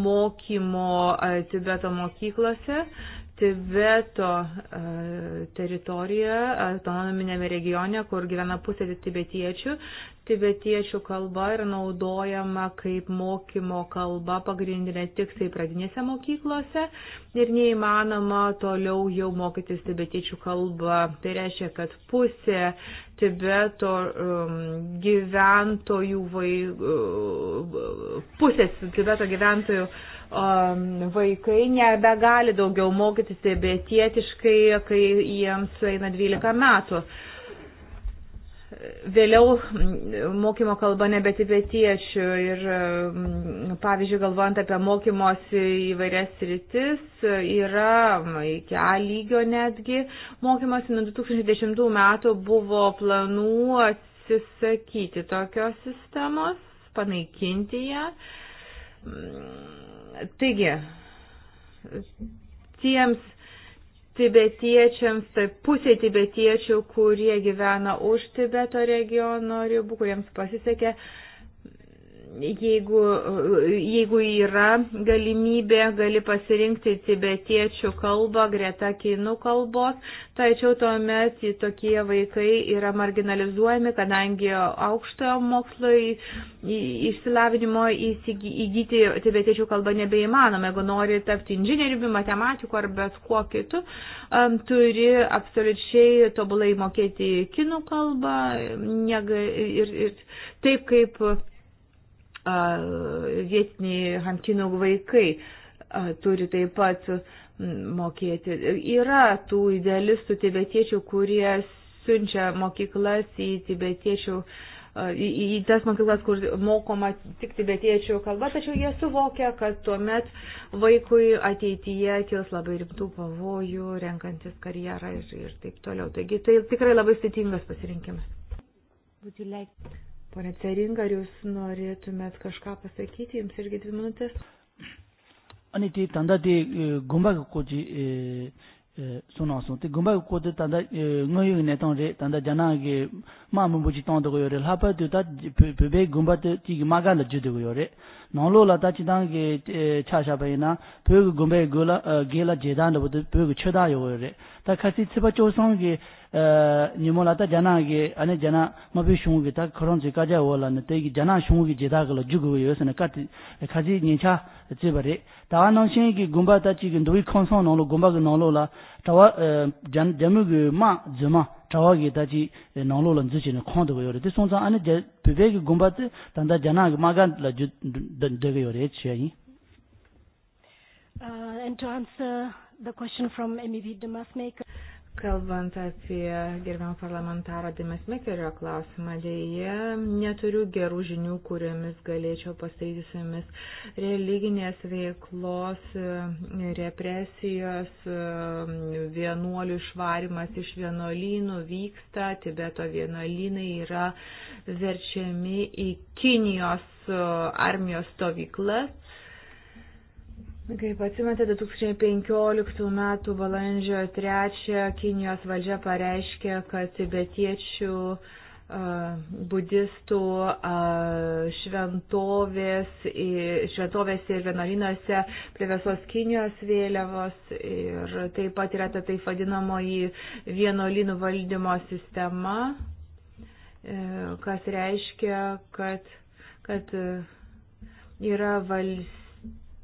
mokymo Tibeto mokyklose. Tibeto e, teritoriją, autonominėme regione, kur gyvena pusė tibetiečių. Tibetiečių kalba yra naudojama kaip mokymo kalba pagrindinė tik tai pradinėse mokyklose ir neįmanoma toliau jau mokytis tibetiečių kalbą. Tai reiškia, kad pusė Tibeto um, gyventojų, vai, uh, pusės Tibeto gyventojų uh, Um, vaikai nebegali daugiau mokytis tibetietiškai, kai jiems sueina 12 metų. Vėliau mm, mokymo kalba nebe tibetiečių ir, mm, pavyzdžiui, galvojant apie mokymosi įvairias rytis, yra mm, iki A lygio netgi mokymosi nuo 2010 metų buvo planų atsisakyti tokios sistemos, panaikinti ją Taigi, tiems tibetiečiams, tai pusė tibetiečių, kurie gyvena už Tibeto regiono ribų, kuriems pasisekė, uh, jeigu, jeigu yra galimybė, gali pasirinkti tibetiečių kalbą greta kinų kalbos, tačiau tuomet tokie vaikai yra marginalizuojami, kadangi aukštojo mokslo išsilavinimo įgyti tibetiečių kalbą nebeįmanoma. Jeigu nori tapti inžinieriumi, matematiku ar bet kuo kitu, turi absoliučiai tobulai mokėti kinų kalbą ir, ir taip kaip vietiniai Hamkinų vaikai turi taip pat mokėti. Yra tų idealistų tibetiečių, kurie siunčia mokyklas į tibetiečių į, į tas mokyklas, kur mokoma tik tibetiečių kalba, tačiau jie suvokia, kad tuomet vaikui ateityje kils labai rimtų pavojų, renkantis karjerą ir, ir taip toliau. Taigi tai tikrai labai sudėtingas pasirinkimas. Like... Pone Ceringa, ar jūs norėtumėt kažką pasakyti, jums irgi dvi minutės. Ani tai tanda tai e, gumba koji e, e, suna sun. Tai gumba koji tanda ngoyu netan re, tanda jana ge ma mumbuji tanda go yore. Lhapa tu ta pebe gumba te tiki maga la jude go yore. Nolo la ta chidang ge cha sha bayi na pebe gumba ge la jedan la bote pebe cheda yo yore. Ta kasi tsipa chosang ge nimola ta jana ge ane jana mabi shungu ge ta khorong chi kaja wala ne tegi jana shungu ge jeda gala jugu yo sene kati khaji nyincha chibare tawa nangshin ge gumba ta chi ge ndui khonsong nolo gumba ge nolo la tawa jamu ge ma jama tawa ge ta chi nolo lan zu chi ne khond go yore te songsa ane pibe ge gumba te tanda jana ge ma gan la ju de ge yore chi Uh, and to answer the question from MEB Damasmaker. Kalbant apie gerbiamą parlamentarą Dimesmekerio klausimą, dėje neturiu gerų žinių, kuriomis galėčiau pasakyti su jumis. Religinės veiklos, represijos, vienuolių išvarimas iš vienuolynų vyksta, Tibeto vienuolynai yra verčiami į Kinijos armijos stovyklas Kaip atsimate, 2015 m. balandžio 3 Kinijos valdžia pareiškė, kad tibetiečių budistų šventovės, šventovės ir vienuolynuose plėvesos Kinijos vėliavos ir taip pat yra ta taip vadinamoji vienuolynų valdymo sistema, e, kas reiškia, kad, kad e, yra valstybė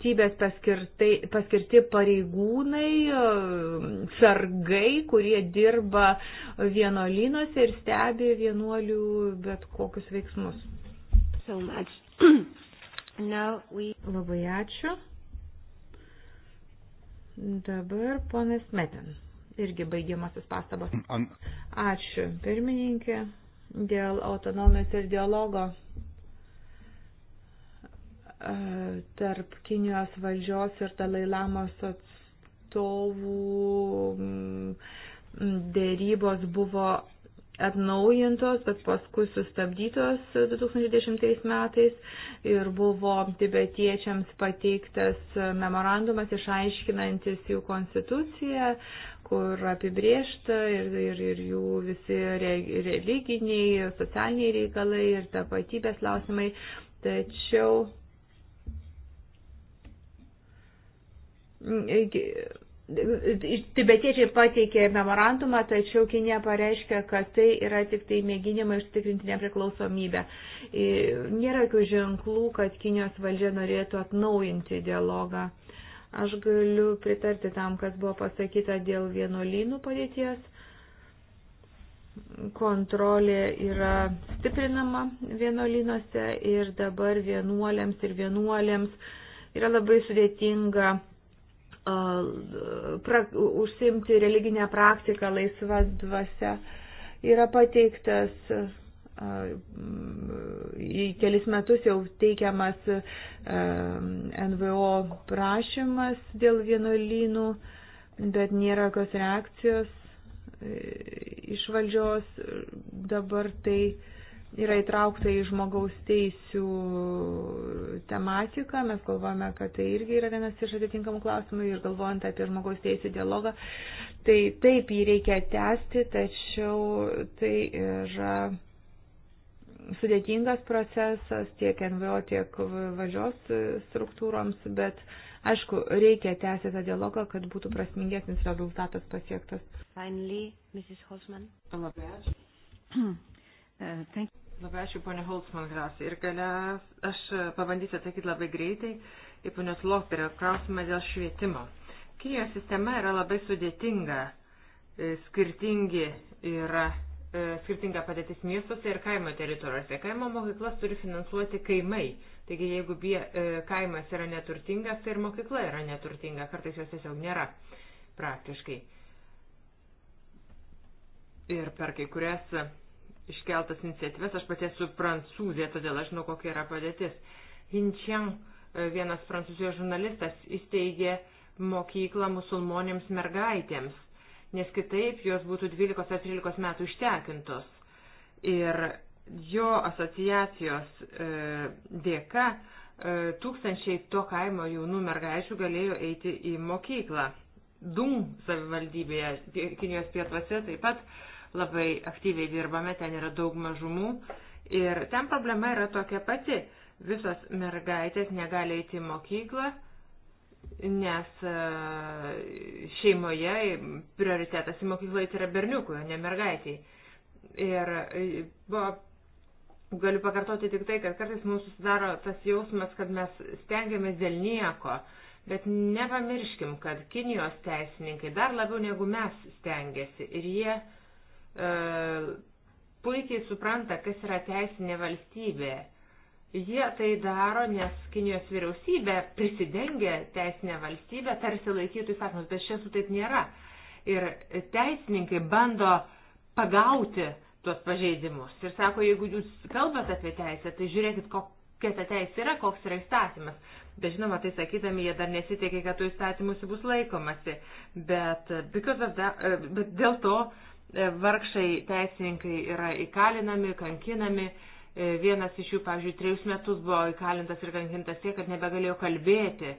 valstybės paskirti pareigūnai, e, sargai, kurie dirba vienuolynuose ir stebi vienuolių bet kokius veiksmus. So we... Labai ačiū. Dabar ponas Metin. Irgi baigiamasis pastabas. Ačiū, pirmininkė, dėl autonomijos ir dialogo tarp Kinijos valdžios ir Dalailamos atstovų mm, dėrybos buvo atnaujintos, bet paskui sustabdytos 2010 metais ir buvo tibetiečiams pateiktas memorandumas išaiškinantis jų konstituciją, kur apibriešta ir, ir, ir jų visi religiniai, socialiniai reikalai ir tapatybės klausimai. Tačiau Tibetiečiai pateikė memorandumą, tačiau Kinė pareiškia, kad tai yra tik tai mėginimai užtikrinti nepriklausomybę. Nėra jokių ženklų, kad Kinijos valdžia norėtų atnaujinti dialogą. Aš galiu pritarti tam, kas buvo pasakyta dėl vienuolynų padėties. Kontrolė yra stiprinama vienuolynuose ir dabar vienuoliams ir vienuolėms yra labai sudėtinga pra, užsimti religinę praktiką laisvą dvasę. Yra pateiktas į kelis metus jau teikiamas NVO prašymas dėl vienuolynų, bet nėra jokios reakcijos e, iš valdžios. Dabar tai uh, yra įtraukta į žmogaus teisių tematiką. Mes galvojame, kad tai irgi yra vienas iš atitinkamų klausimų ir galvojant apie žmogaus teisų dialogą, tai taip jį reikia tęsti, tačiau tai yra sudėtingas procesas tiek NVO, tiek valdžios struktūroms, bet aišku, reikia tęsti tą dialogą, kad būtų prasmingesnis rezultatas pasiektas. Finally, Mrs. Hosman. Labai ačiū. Uh, thank you. Labai ačiū, ponė Holtzman, grasai. Ir galia, aš pabandysiu atsakyti labai greitai į ponios Loperio klausimą dėl švietimo. Kinijos sistema yra labai sudėtinga, e, skirtingi yra e, skirtinga padėtis miestuose ir kaimo teritorijose. Kaimo mokyklas turi finansuoti kaimai. Taigi, jeigu bie, e, kaimas yra neturtingas, tai ir mokykla yra neturtinga. Kartais jos tiesiog nėra praktiškai. Ir per kai kurias iškeltas iniciatyvas. Aš pati esu prancūzė, todėl aš žinau, kokia yra padėtis. Hinčiang, e, vienas prancūzijos žurnalistas, įsteigė mokyklą musulmonėms mergaitėms, nes kitaip jos būtų 12 ar 13 metų ištekintos. Ir jo asociacijos e, dėka e, tūkstančiai to kaimo jaunų mergaičių galėjo eiti į mokyklą. Dung savivaldybėje, Kinijos pietuose, taip pat labai aktyviai dirbame, ten yra daug mažumų. Ir ten problema yra tokia pati. Visos mergaitės negali eiti į mokyklą, nes e, šeimoje prioritetas į mokyklą eiti yra berniukui, o ne mergaitiai. Ir e, buvo galiu pakartoti tik tai, kad kartais mums susidaro tas jausmas, kad mes stengiamės dėl nieko, bet nepamirškim, kad Kinijos teisininkai dar labiau negu mes stengiasi ir jie E, puikiai supranta, kas yra teisinė valstybė. Jie tai daro, nes Kinijos vyriausybė prisidengia teisinę valstybę, tarsi laikytų įsakymus, bet šiandien taip nėra. Ir teisininkai bando pagauti tuos pažeidimus. Ir sako, jeigu jūs kalbate apie teisę, tai žiūrėkit, kokia ta teisė yra, koks yra įstatymas. Bet žinoma, tai sakydami, jie dar nesitikė, kad tų įstatymų bus laikomasi. Bet, that, e, bet dėl to E, vargšai teisininkai yra įkalinami, kankinami. E, vienas iš jų, pavyzdžiui, trejus metus buvo įkalintas ir kankintas tiek, kad nebegalėjo kalbėti.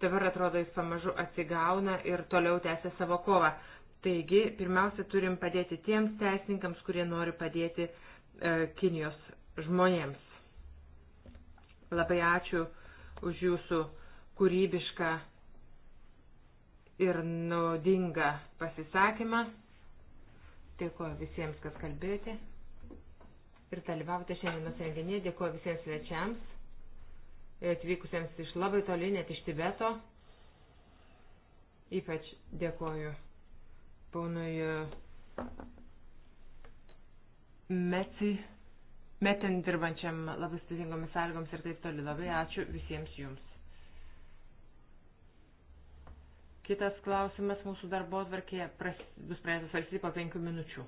Dabar atrodo, jis pamažu atsigauna ir toliau tęsia savo kovą. Taigi, pirmiausia, turim padėti tiems teisininkams, kurie nori padėti e, Kinijos žmonėms. Labai ačiū už jūsų kūrybišką ir naudingą pasisakymą. Dėkuoju visiems, kas kalbėjote ir dalyvavote šiandienos renginėje. Dėkuoju visiems svečiams, atvykusiems iš labai toli, net iš Tibeto. Ypač dėkuoju ponui e, Metsi, metin dirbančiam labai sudėtingomis sąlygoms ir taip toli. Labai ačiū visiems jums. Kitas klausimas mūsų darbo atvarkėje bus pradėtas svarstyti po penkių minučių.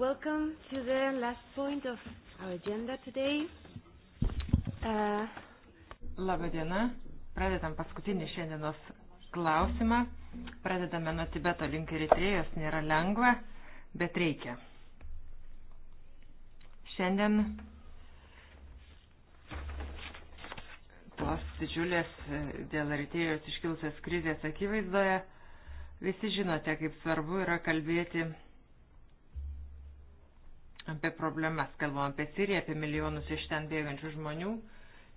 Welcome to the last point of our agenda today. Uh, Labadiena. Pradedam paskutinį šiandienos klausimą. Pradedame nuo Tibeto link Eritrėjos. Nėra lengva, bet reikia. Šiandien tos didžiulės e, dėl Eritrėjos iškilusios krizės akivaizdoje visi žinote, kaip svarbu yra kalbėti apie problemas. Kalbam apie Siriją, apie milijonus iš ten bėgančių žmonių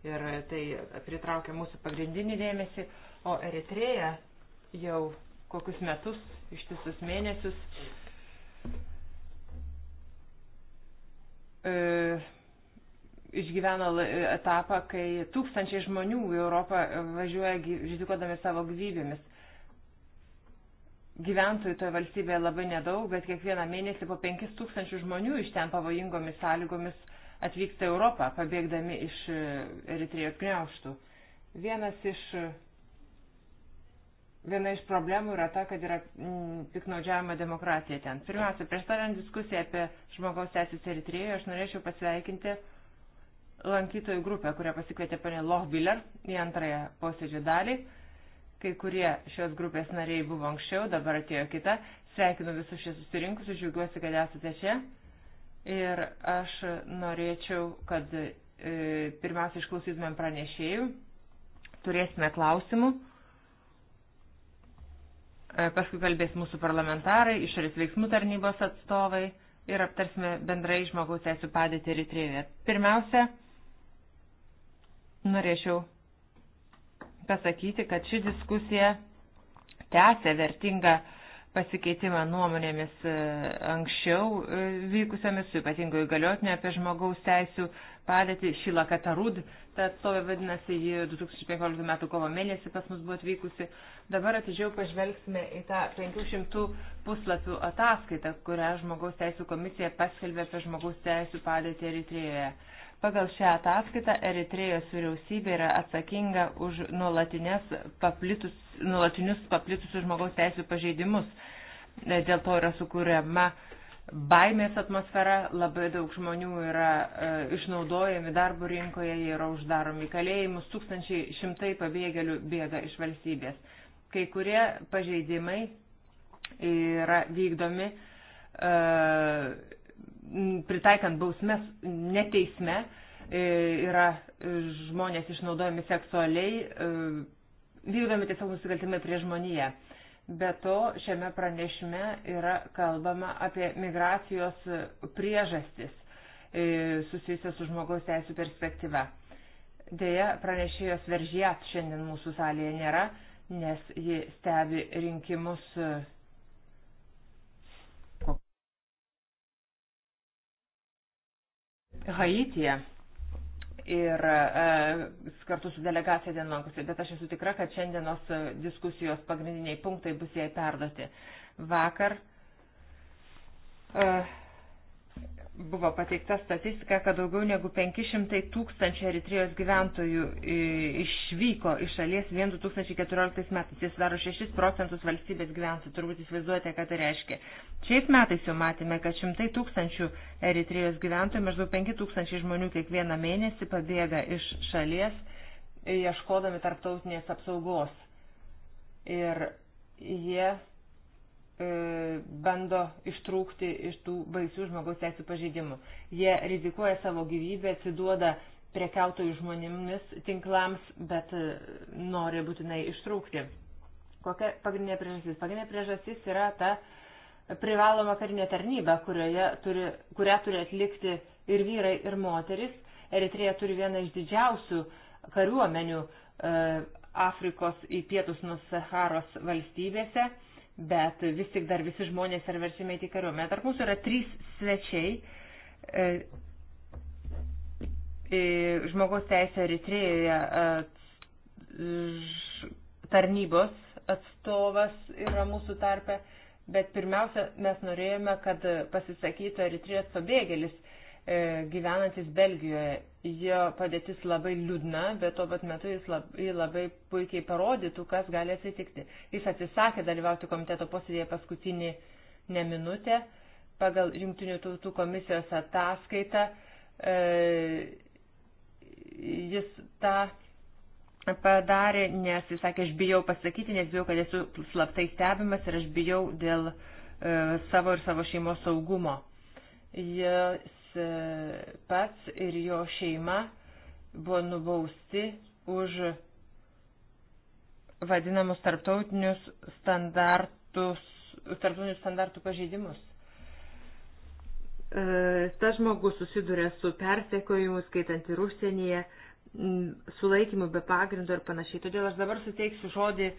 ir tai pritraukia mūsų pagrindinį dėmesį. O Eritreja jau kokius metus, ištisus mėnesius e, išgyveno etapą, kai tūkstančiai žmonių į Europą važiuoja rizikuodami savo gyvybėmis gyventojų toje valstybėje labai nedaug, bet kiekvieną mėnesį po 5000 žmonių iš ten pavojingomis sąlygomis atvyksta Europą, pabėgdami iš e, Eritrėjos gniauštų. Vienas iš, viena iš problemų yra ta, kad yra mm, piknaudžiavama demokratija ten. Pirmiausia, prieš tariant diskusiją apie žmogaus teisės Eritrėjoje, aš norėčiau pasveikinti lankytojų grupę, kurią pasikvietė panė Lohbiller į antrąją posėdžio dalį. Kai kurie šios grupės nariai buvo anksčiau, dabar atėjo kita. Sveikinu visus čia susirinkusius, džiaugiuosi, kad esate čia. Ir aš norėčiau, kad e, pirmiausia išklausytumėm pranešėjų, turėsime klausimų, e, paskui kalbės mūsų parlamentarai, išorės veiksmų tarnybos atstovai ir aptarsime bendrai žmogaus teisų padėtį Eritrėje. Pirmiausia, norėčiau pasakyti, kad ši diskusija tęsia vertingą pasikeitimą nuomonėmis e, anksčiau e, vykusiamis su ypatingo įgaliotinė apie žmogaus teisų padėtį. Šila Katarud, ta atstovė vadinasi, ji 2015 m. kovo mėnesį pas mus buvo atvykusi. Dabar atidžiau pažvelgsime į tą 500 puslapių ataskaitą, kurią žmogaus teisų komisija paskelbė apie žmogaus teisų padėtį Eritrėjoje. Pagal šią ataskaitą Eritrėjos vyriausybė yra atsakinga už paplitus, nuolatinius paplitusius žmogaus teisų pažeidimus. Dėl to yra sukūriama baimės atmosfera, labai daug žmonių yra e, išnaudojami darbo rinkoje, jie yra uždaromi kalėjimus, tūkstančiai šimtai pabėgėlių bėga iš valstybės. Kai kurie pažeidimai yra vykdomi e, pritaikant bausmes neteisme e, yra e, žmonės išnaudojami seksualiai, e, vykdomi tiesiog nusikaltimai prie žmoniją. Be to, šiame pranešime yra kalbama apie migracijos priežastis susijusios su žmogaus teisų perspektyva. Deja, pranešėjos veržijat šiandien mūsų salėje nėra, nes ji stebi rinkimus Haityje ir e, kartu su delegacija dienokusi, bet aš esu tikra, kad šiandienos e, diskusijos pagrindiniai punktai bus jai perduoti. Vakar e, buvo pateikta statistika, kad daugiau negu 500 tūkstančių Eritrijos gyventojų e, išvyko iš šalies vien 2014 metais. Jis daro 6 procentus valstybės gyventojų. Turbūt įsivaizduojate, ką tai reiškia. Šiais metais jau matėme, kad šimtai tūkstančių Eritrijos gyventojų, maždaug 5 tūkstančiai žmonių kiekvieną mėnesį pabėga iš šalies, e, ieškodami tarptautinės apsaugos. Ir jie E, bando ištrūkti iš tų baisių žmogaus teisų pažeidimų. Jie rizikuoja savo gyvybę, atsiduoda prekiautojų žmonėmis tinklams, bet e, nori būtinai ištrūkti. Kokia pagrindinė priežastis? Pagrindinė priežastis yra ta privaloma karinė tarnyba, turi, kurią turi atlikti ir vyrai, ir moteris. Eritrėja turi vieną iš didžiausių kariuomenių e, Afrikos į pietus nuo Saharos valstybėse. E, bet vis tik dar visi žmonės yra verčiami į kariuomenę. Tarp mūsų yra trys svečiai. E, e, žmogaus teisė Eritrėjoje e, tarnybos atstovas yra mūsų tarpe, bet pirmiausia, mes norėjome, kad pasisakytų Eritrėjos pabėgėlis E, gyvenantis Belgijoje. Jo padėtis labai liūdna, bet tuo pat metu jis labai, labai puikiai parodytų, kas gali atsitikti. Jis atsisakė dalyvauti komiteto posėdėje paskutinį neminutę. Pagal Junktinių tautų komisijos ataskaitą e, jis tą padarė, nes jis sakė, aš bijau pasakyti, nes bijau, kad esu slaptai stebimas ir aš bijau dėl e, savo ir savo šeimos saugumo. Jis E, pats ir jo šeima buvo nubausti už vadinamus tarptautinius standartus, tarptautinius standartų pažeidimus. E, tas žmogus susiduria su persekojimu, skaitant ir užsienyje, sulaikymu be pagrindo ir panašiai. Todėl aš dabar suteiksiu žodį e,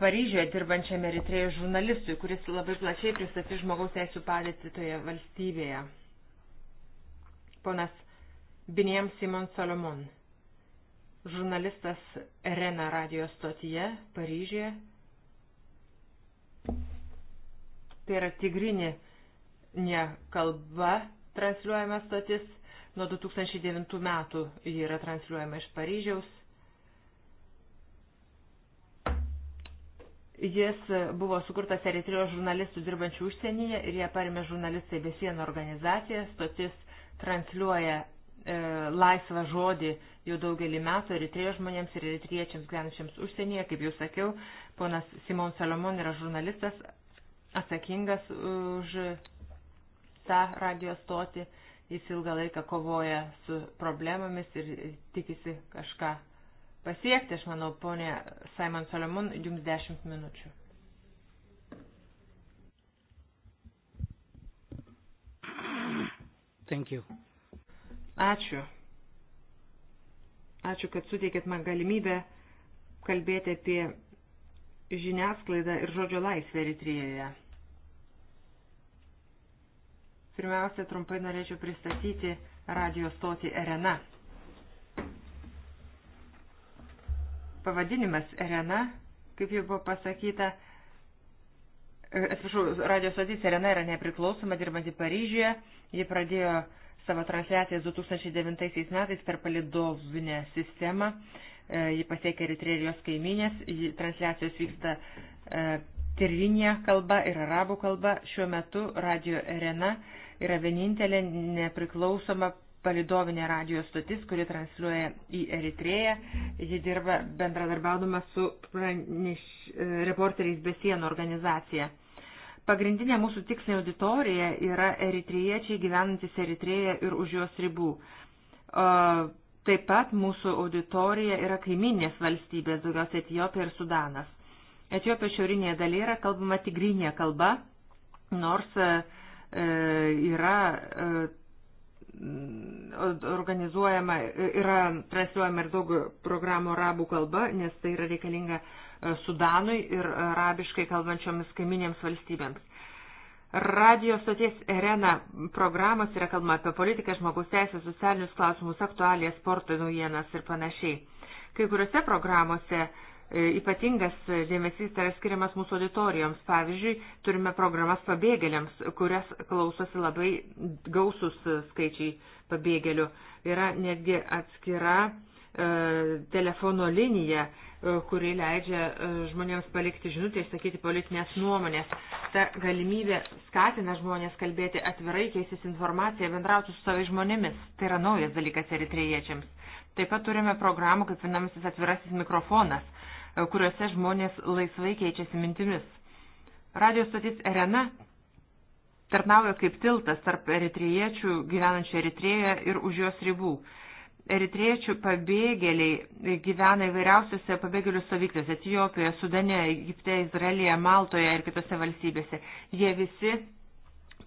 Paryžioje dirbančiam Eritrėjų žurnalistui, kuris labai plačiai pristatys žmogaus teisų padėtį toje valstybėje. Ponas Biniem Simon Solomon, žurnalistas Rena radijos stotyje Paryžėje. Tai yra tigrinė ne kalba transliuojama stotis. Nuo 2009 metų ji yra transliuojama iš Paryžiaus. Jis buvo sukurtas Eritrijos žurnalistų dirbančių užsienyje ir jie parėmė žurnalistai be sienų organizaciją. Stotis transliuoja e, laisvą žodį jau daugelį metų eritrėjos žmonėms ir eritriečiams gyvenančiams užsienyje. Kaip jau sakiau, ponas Simon Salomon yra žurnalistas atsakingas už tą radio stotį. Jis ilgą laiką kovoja su problemomis ir tikisi kažką pasiekti. Aš manau, ponė Simon Salomon, jums dešimt minučių. Thank you. Ačiū. Ačiū, kad suteikėt man galimybę kalbėti apie žiniasklaidą ir žodžio laisvę Eritrijoje. Pirmiausia, trumpai norėčiau pristatyti radio stotį Arena. Pavadinimas Arena, kaip jau buvo pasakyta, Э, atsiprašau, radio stotis Elena yra nepriklausoma, dirbanti Paryžiuje. Ji pradėjo savo transliacijas 2009 metais per palidovinę sistemą. Ji pasiekė Eritrėjos kaiminės. Ji transliacijos vyksta e, Tirinė kalba ir arabų kalba. Šiuo metu radio Arena yra vienintelė nepriklausoma palidovinė radio stotis, kuri transliuoja į Eritreją. Ji dirba bendradarbiaudama su praneš, e, reporteriais be sienų organizacija. Pagrindinė mūsų tikslinė auditorija yra eritriečiai gyvenantis Eritrėje ir už jos ribų. Taip pat mūsų auditorija yra kaiminės valstybės, daugiausiai Etijopija ir Sudanas. Etijopijos šiaurinėje dalyje yra kalbama tigrinė kalba, nors e, e, yra Mm, organizuojama, yra transliuojama ir daug programų arabų kalba, nes tai yra reikalinga e, Sudanui ir arabiškai kalbančiomis kaiminėms valstybėms. Radio stoties Arena programos yra kalbama apie politiką, žmogaus teisės, socialinius klausimus, aktualijas, sporto naujienas ir panašiai. Kai kuriuose programuose uh, E, ypatingas dėmesys tai yra skiriamas mūsų auditorijoms. Pavyzdžiui, turime programas pabėgėliams, kurias klausosi labai gausus skaičiai pabėgėlių. Yra netgi atskira e, telefono linija, e, kuri leidžia žmonėms palikti žinutę, išsakyti politinės nuomonės. Ta galimybė skatina žmonės kalbėti atvirai, keistis informaciją, bendrauti su savai žmonėmis. Tai yra naujas dalykas eritriečiams. Taip pat turime programų kaip finamis atvirasis mikrofonas, E, kuriuose žmonės laisvai keičiasi mintimis. Radio stotis Erena tarnauja kaip tiltas tarp eritriečių gyvenančių Eritrėje ir už jos ribų. Eritriečių pabėgėliai gyvena įvairiausiose pabėgėlių stovyklėse - Etijopijoje, Sudane, Egipte, Izraelyje, Maltoje ir kitose valstybėse. Jie visi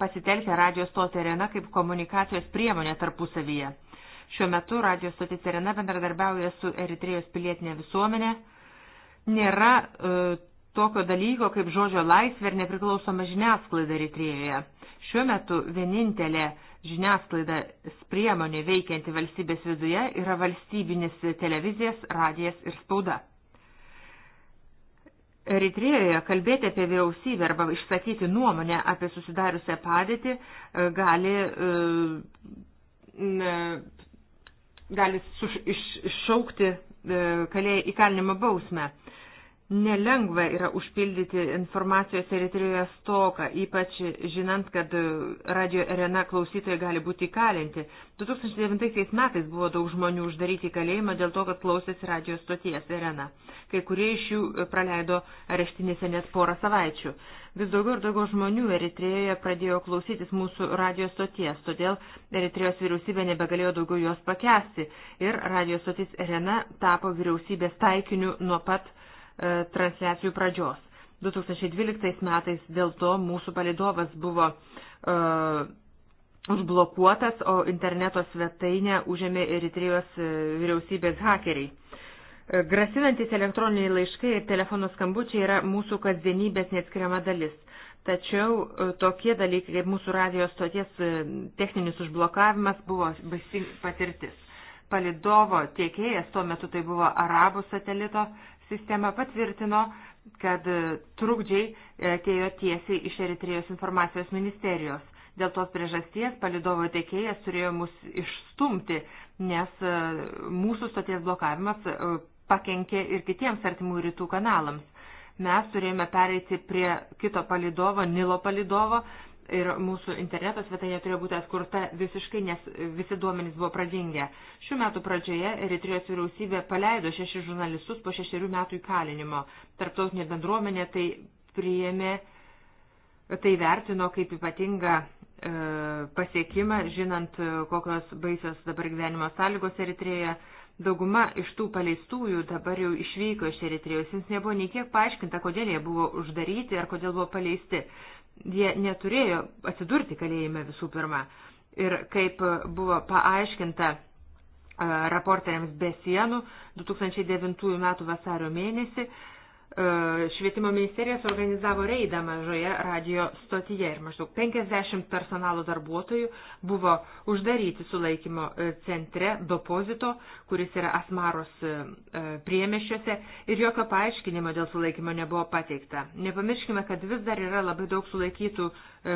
pasitelkia radio stotį Arena kaip komunikacijos priemonę tarpusavyje. Šiuo metu radio stotis Arena bendradarbiauja su Eritrėjos pilietinė visuomenė nėra e, tokio dalyko kaip žodžio laisvė ir nepriklausoma žiniasklaida Eritrėjoje. Šiuo metu vienintelė žiniasklaida priemonė veikianti valstybės viduje yra valstybinis televizijas, radijas ir spauda. Eritrėjoje kalbėti apie vyriausybę arba išsakyti nuomonę apie susidariusią padėtį e, gali, e, e, gali suš, iš, iššaukti kalė, įkalinimo bausmę. Nelengva yra užpildyti informacijos Eritrijoje stoką, ypač žinant, kad radio Arena klausytojai gali būti įkalinti. 2009 metais buvo daug žmonių uždaryti į kalėjimą dėl to, kad klausėsi radio stoties Arena. Kai kurie iš jų praleido areštinėse net porą savaičių. Vis daugiau ir daugiau žmonių Eritrijoje pradėjo klausytis mūsų radio stoties, todėl Eritrijos vyriausybė nebegalėjo daugiau jos pakesti ir radio stotis Arena tapo vyriausybės taikiniu nuo pat E, transliacijų pradžios. 2012 metais dėl to mūsų palidovas buvo uh, užblokuotas, o interneto svetainę užėmė Eritrijos e, vyriausybės hakeriai. Grasinantis elektroniniai laiškai ir telefono skambučiai yra mūsų kasdienybės neatskiriama dalis. Tačiau tokie dalykai kaip mūsų radijos stoties techninis užblokavimas buvo baisi patirtis. Palidovo tiekėjas tuo metu tai buvo arabų satelito sistema patvirtino, kad e, trukdžiai e, atėjo tiesiai iš Eritrėjos informacijos ministerijos. Dėl tos priežasties palidovo tiekėjas turėjo mus išstumti, nes e, mūsų stoties blokavimas pakenkė ir kitiems artimų rytų kanalams. Mes turėjome pereiti prie kito palidovo, Nilo palidovo, ir mūsų interneto svetainė turėjo būti atkurta visiškai, nes visi duomenys buvo pradingę. Šių metų pradžioje Eritrijos vyriausybė paleido šešis žurnalistus po šešerių metų įkalinimo. Tarptautinė bendruomenė tai priėmė, tai vertino kaip ypatingą e, pasiekimą, žinant, e, kokios baisios dabar gyvenimo sąlygos Eritrijoje. Dauguma iš tų paleistųjų dabar jau išvyko iš Eritrijos, jiems nebuvo nei kiek paaiškinta, kodėl jie buvo uždaryti ar kodėl buvo paleisti jie neturėjo atsidurti kalėjime visų pirma. Ir kaip buvo paaiškinta e, raporteriams be sienų 2009 m. vasario mėnesį, E, švietimo ministerija suorganizavo reidą mažoje radio stotyje ir maždaug 50 personalo darbuotojų buvo uždaryti sulaikymo e, centre depozito, kuris yra Asmaros e, priemeščiuose ir jokio paaiškinimo dėl sulaikymo nebuvo pateikta. Nepamirškime, kad vis dar yra labai daug sulaikytų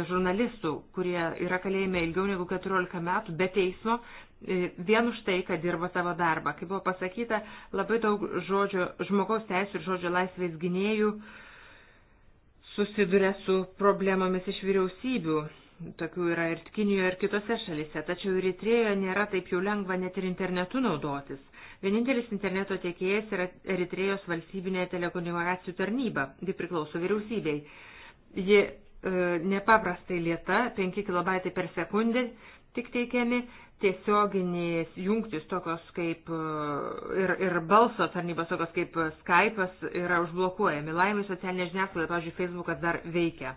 žurnalistų, kurie yra kalėjime ilgiau negu 14 metų be teismo E, vien už tai, kad dirbo savo darbą. Kaip buvo pasakyta, labai daug žodžio, žmogaus teisų ir žodžio laisvės gynėjų susiduria su problemomis iš vyriausybių. Tokių yra ir Kinijoje, ir kitose šalise, tačiau ir Eritrėjoje nėra taip jau lengva net ir internetu naudotis. Vienintelis interneto tiekėjas yra Eritrėjos valstybinė telekomunikacijų tarnyba, ji priklauso vyriausybei. Ji e, nepaprastai lieta, 5 kB per sekundę tik teikiami tiesioginės jungtis tokios kaip e, ir, ir balso tarnybos tokios kaip Skype'as yra užblokuojami. Laimė socialinė žiniasklaida, pavyzdžiui, Facebookas dar veikia.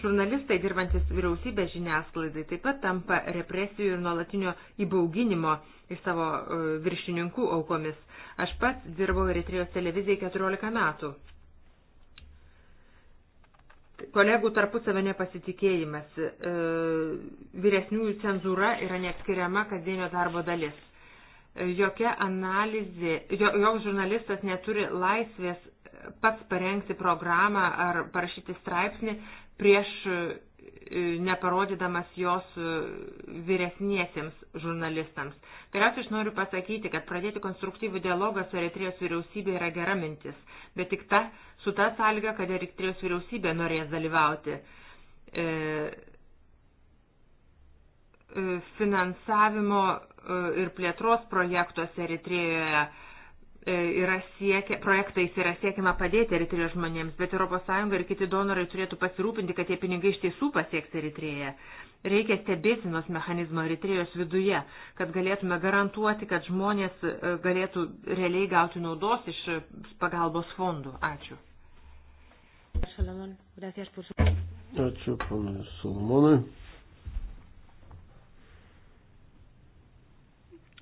Žurnalistai dirbantis vyriausybės žiniasklaidai taip pat tampa represijų ir nuolatinio įbauginimo iš savo e, viršininkų aukomis. Aš pats dirbau Eritrejos televizijai 14 metų kolegų tarpusavio nepasitikėjimas, e, vyresniųjų cenzūra yra neatskiriama kasdienio darbo dalis. E, jokia analizė, joks žurnalistas neturi laisvės pats parengti programą ar parašyti straipsnį prieš E, neparodydamas jos e, vyresniesiems žurnalistams. Galiausiai aš noriu pasakyti, kad pradėti konstruktyvų dialogą su Eritrėjos vyriausybė yra gera mintis, bet tik ta, su ta sąlyga, kad Eritrėjos vyriausybė norės dalyvauti. E, e finansavimo ir plėtros projektuose Eritrėjoje E, yra siekia, projektais yra siekiama padėti Eritrijos žmonėms, bet ES ir kiti donorai turėtų pasirūpinti, kad tie pinigai iš tiesų pasieks Eritriją. Reikia stebėsinos mechanizmo Eritrijos viduje, kad galėtume garantuoti, kad žmonės e, galėtų realiai gauti naudos iš pagalbos fondų. Ačiū. Ačiū, ponai Solomonai.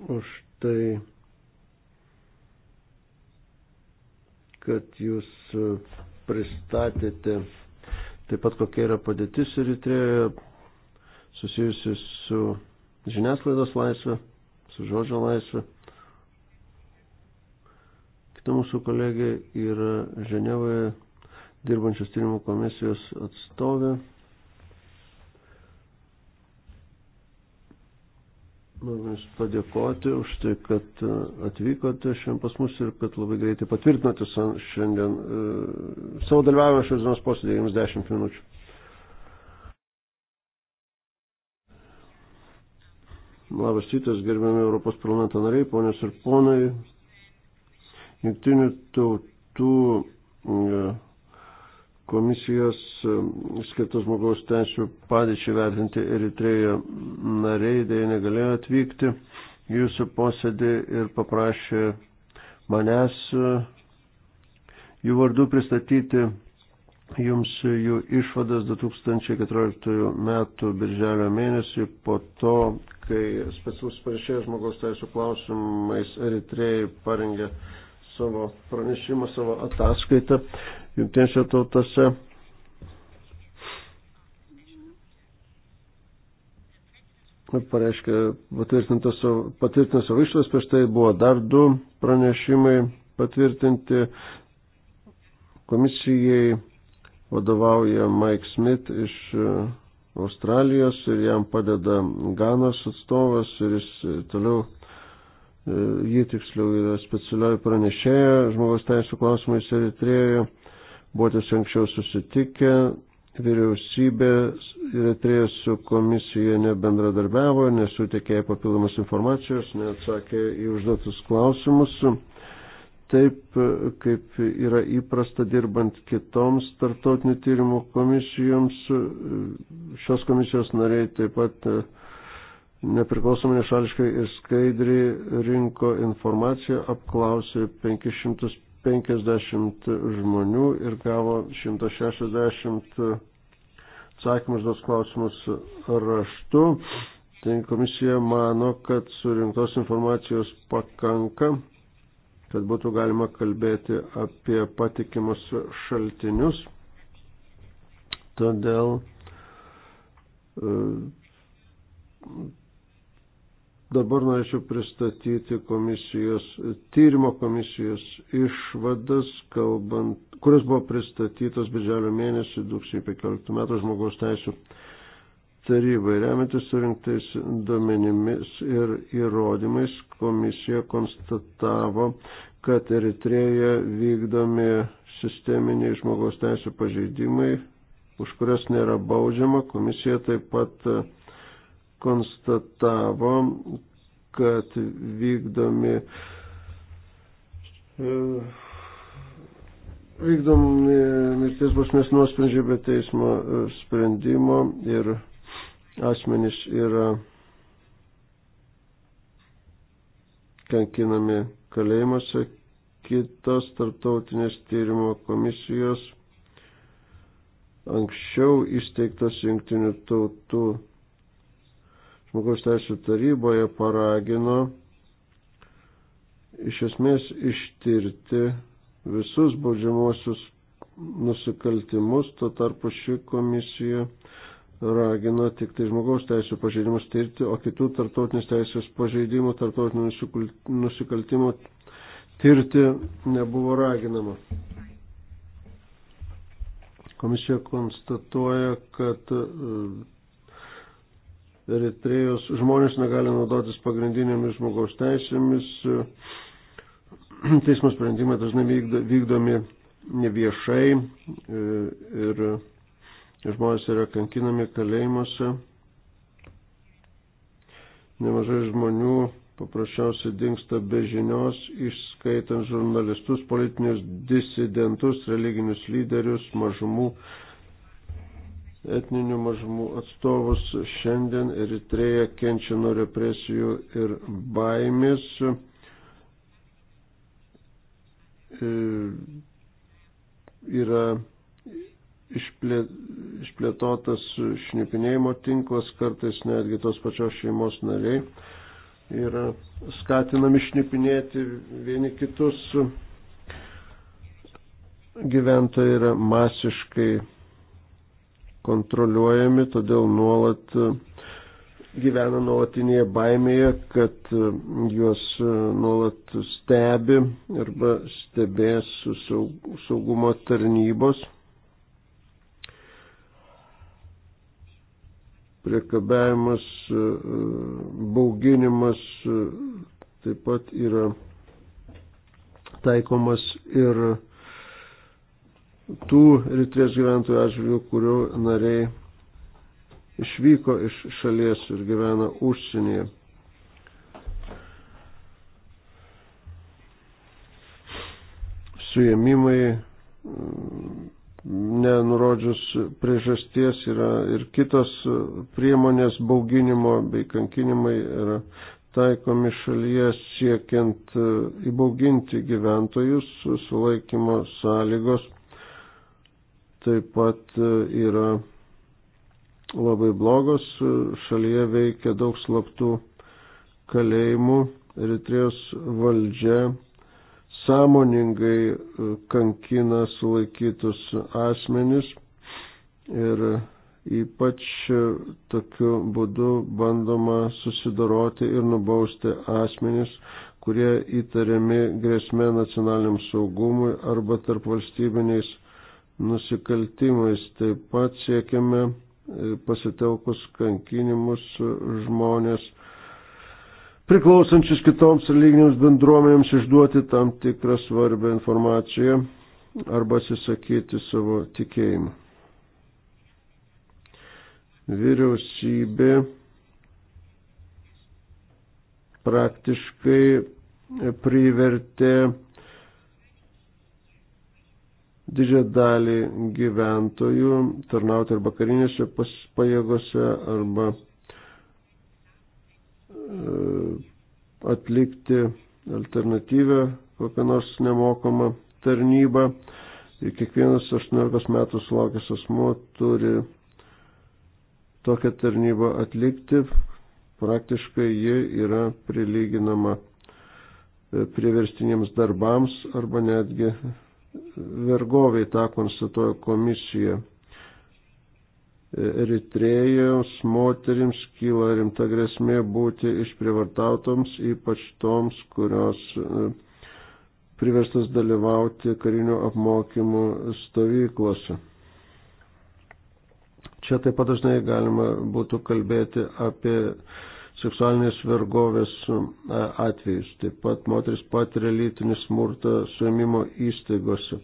Už tai kad jūs e, pristatėte taip pat kokia yra padėtis Eritrėjoje susijusi su žiniasklaidos laisvė, su žodžio laisvė. Kita mūsų kolegė yra Ženevoje dirbančios tyrimų komisijos atstovė. Noriu Jums padėkoti už tai, kad e, atvykote šiandien pas mus ir kad labai greitai patvirtinote šiandien e, savo dalyvavimą šios dienos posėdėje Jums 10 minučių. Labas rytas, gerbiami Europos parlamento nariai, ponios ir ponai. Jungtinių tautų e, komisijos skirtos žmogaus teisų padėčiai vertinti Eritrejo nariai dėja negalėjo atvykti jūsų posėdį ir paprašė manęs e, jų vardu pristatyti jums jų išvadas 2014 metų birželio mėnesį po to, kai specialus pranešėjas žmogaus teisų klausimais Eritrejai parengė savo pranešimą, savo ataskaitą jungtinėse tautose. Pareiškia, patvirtino savo išvas, prieš tai buvo dar du pranešimai patvirtinti komisijai vadovauja Mike Smith iš uh, Australijos ir jam padeda Ganos atstovas ir jis uh, toliau, uh, jį tiksliau yra specialioji pranešėja žmogaus teisų klausimais Eritrėjoje buvote čia anksčiau susitikę, vyriausybė ir atrėjęs su komisija nebendradarbiavo, nesutikė papildomas informacijos, neatsakė į užduotus klausimus. Taip, kaip yra įprasta dirbant kitoms tarptautinių tyrimų komisijoms, šios komisijos nariai taip pat e, nepriklausomai nešališkai ir skaidriai rinko informaciją, apklausė 500 50 žmonių ir gavo 160 atsakymų užduos klausimus raštu. Tai komisija mano, kad surinktos informacijos pakanka, kad būtų galima kalbėti apie patikimus šaltinius. Todėl e, Dabar norėčiau pristatyti komisijos, tyrimo komisijos išvadas, kalbant, kuris buvo pristatytas birželio mėnesį 2015 metų žmogaus teisų tarybai. Remiantis surinktais duomenimis ir įrodymais, komisija konstatavo, kad Eritrėje vykdomi sisteminiai žmogaus teisų pažeidimai, už kurias nėra baudžiama. Komisija taip pat konstatavo, kad vykdomi, e, vykdomi mirties bausmės nuosprendžiai be teismo sprendimo ir asmenys yra kankinami kalėjimuose. Kitos tarptautinės tyrimo komisijos anksčiau įsteigtas jungtinių tautų žmogaus teisų taryboje paragino iš esmės ištirti visus baudžiamosius nusikaltimus, to tarpu ši komisija ragina tik tai žmogaus teisų pažeidimus tirti, o kitų tarptautinės teisės pažeidimų, tarptautinių nusikaltimų tirti nebuvo raginama. Komisija konstatuoja, kad e, Eritrejos žmonės negali naudotis pagrindinėmis žmogaus teisėmis. Teismo sprendimai dažnai vykdomi neviešai e, ir žmonės yra kankinami kalėjimuose. Nemažai žmonių paprasčiausiai dinksta be žinios, išskaitant žurnalistus, politinius disidentus, religinius lyderius, mažumų etninių mažumų atstovus. Šiandien Eritreja kenčia nuo represijų ir baimės. E, yra išplėtotas šnipinėjimo tinklas, kartais netgi tos pačios šeimos nariai yra skatinami šnipinėti vieni kitus. Gyventojai yra masiškai kontroliuojami, todėl nuolat e, gyvena nuolatinėje baimėje, kad e, juos e, nuolat stebi arba stebės saugumo tarnybos. Priekabiavimas, bauginimas taip pat yra taikomas ir tų Eritrės gyventojų atžvilgių, kurių nariai išvyko iš šalies ir gyvena užsienyje. Suėmimai, mm, nenurodžius priežasties, yra ir kitos priemonės bauginimo bei kankinimai yra taikomi šalyje siekiant e, įbauginti gyventojus, sulaikymo sąlygos taip pat e, yra labai blogos. Šalyje veikia daug slaptų kalėjimų. Eritrėjos valdžia sąmoningai e, kankina sulaikytus asmenis ir e, ypač tokiu būdu bandoma susidoroti ir nubausti asmenis, kurie įtariami grėsme nacionaliniam saugumui arba tarp valstybiniais nusikaltimais. Taip pat siekiame e, pasitelkus kankinimus e, žmonės priklausančius kitoms religinėms bendruomenėms išduoti tam tikrą svarbę informaciją arba atsisakyti savo tikėjimą. Vyriausybė praktiškai privertė didžiąją dalį gyventojų tarnauti arba karinėse pajėgose, arba e, atlikti alternatyvę kokią nors nemokamą tarnybą. Ir kiekvienas 18 metų sulaukęs asmo turi tokią tarnybą atlikti. Praktiškai ji yra prilyginama e, priverstiniams darbams arba netgi vergoviai, tą konstatuoja komisija. Eritrėjos moterims kyla rimta grėsmė būti išprivartautoms, ypač toms, kurios e, priverstas dalyvauti karinių apmokymų stovyklose. Čia taip pat dažnai galima būtų kalbėti apie seksualinės vergovės e, atvejus. Taip pat moteris patiria lytinį smurtą suėmimo įstaigose.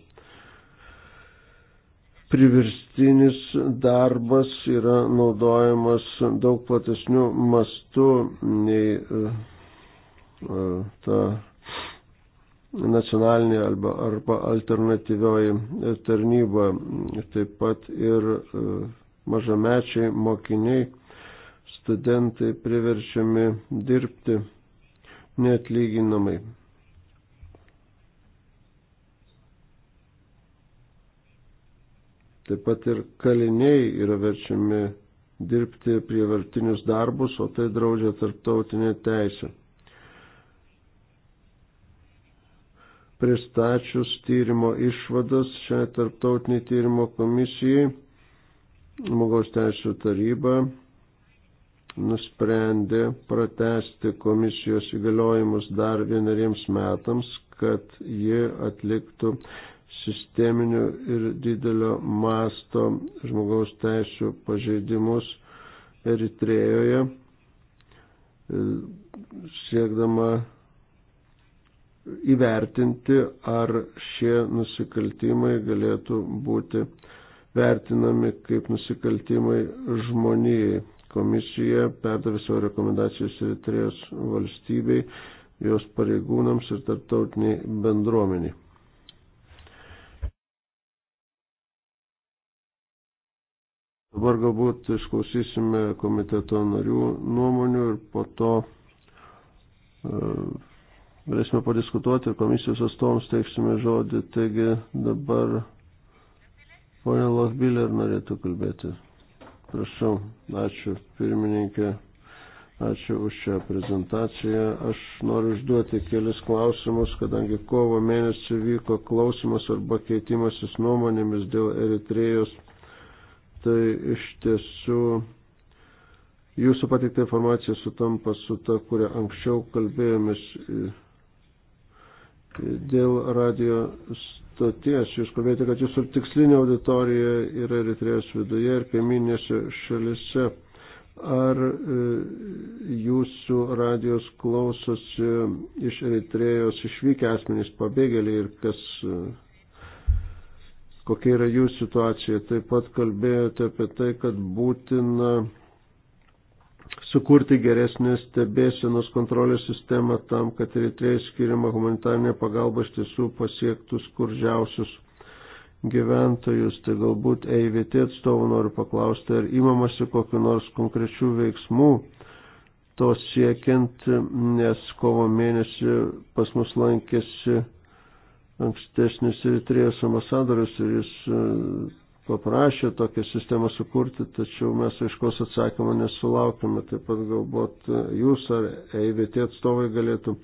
Priverstinis darbas yra naudojamas daug platesnių mastų nei e, e, ta nacionalinė arba, arba alternatyvioji tarnyba. Taip pat ir mažamečiai mokiniai studentai priverčiami dirbti neatlyginamai. Taip pat ir kaliniai yra verčiami dirbti prievartinius darbus, o tai draudžia tarptautinė teisė. Pristačius tyrimo išvadas šiai tarptautiniai tyrimo komisijai, žmogaus teisų taryba nusprendė pratesti komisijos įgaliojimus dar vieneriems metams, kad ji atliktų sisteminių ir didelio masto žmogaus teisų pažeidimus Eritrėjoje, siekdama įvertinti, ar šie nusikaltimai galėtų būti vertinami kaip nusikaltimai žmonijai. Komisija perdavė savo rekomendacijas Eritrejos valstybei, jos pareigūnams ir tarptautiniai bendruomeniai. Dabar galbūt išklausysime komiteto narių nuomonių ir po to e, galėsime padiskutuoti ir komisijos atstovams teiksime žodį. Taigi dabar ponia Lohbiller norėtų kalbėti. Prašau, ačiū pirmininkė, ačiū už šią prezentaciją. Aš noriu užduoti kelis klausimus, kadangi kovo mėnesį vyko klausimas arba keitimasis nuomonėmis dėl Eritrėjos. Tai iš tiesų jūsų pateikta informacija sutampa su ta, kurią anksčiau kalbėjomės e, e, dėl radio stoties. Jūs kalbėjote, kad jūsų tikslinė auditorija yra Eritrejos viduje ir kaiminėse šalise. Ar e, jūsų radijos klausosi iš Eritrejos išvykę asmenys pabėgėliai ir kas, e, kokia yra jų situacija? Taip pat kalbėjote apie tai, kad būtina sukurti geresnę stebėsienos kontrolės sistemą tam, kad Eritrėjai skiriama humanitarinė pagalba iš tiesų pasiektų skurdžiausius gyventojus. Tai galbūt EIVT atstovų noriu paklausti, ar įmamasi kokiu nors konkrečių veiksmų to siekiant, nes kovo mėnesį pas mus lankėsi ankstesnis Eritrėjos ambasadorius ir jis paprašė tokią sistemą sukurti, tačiau mes aiškos atsakymą nesulaukime. Taip pat galbūt jūs ar EIVT atstovai galėtų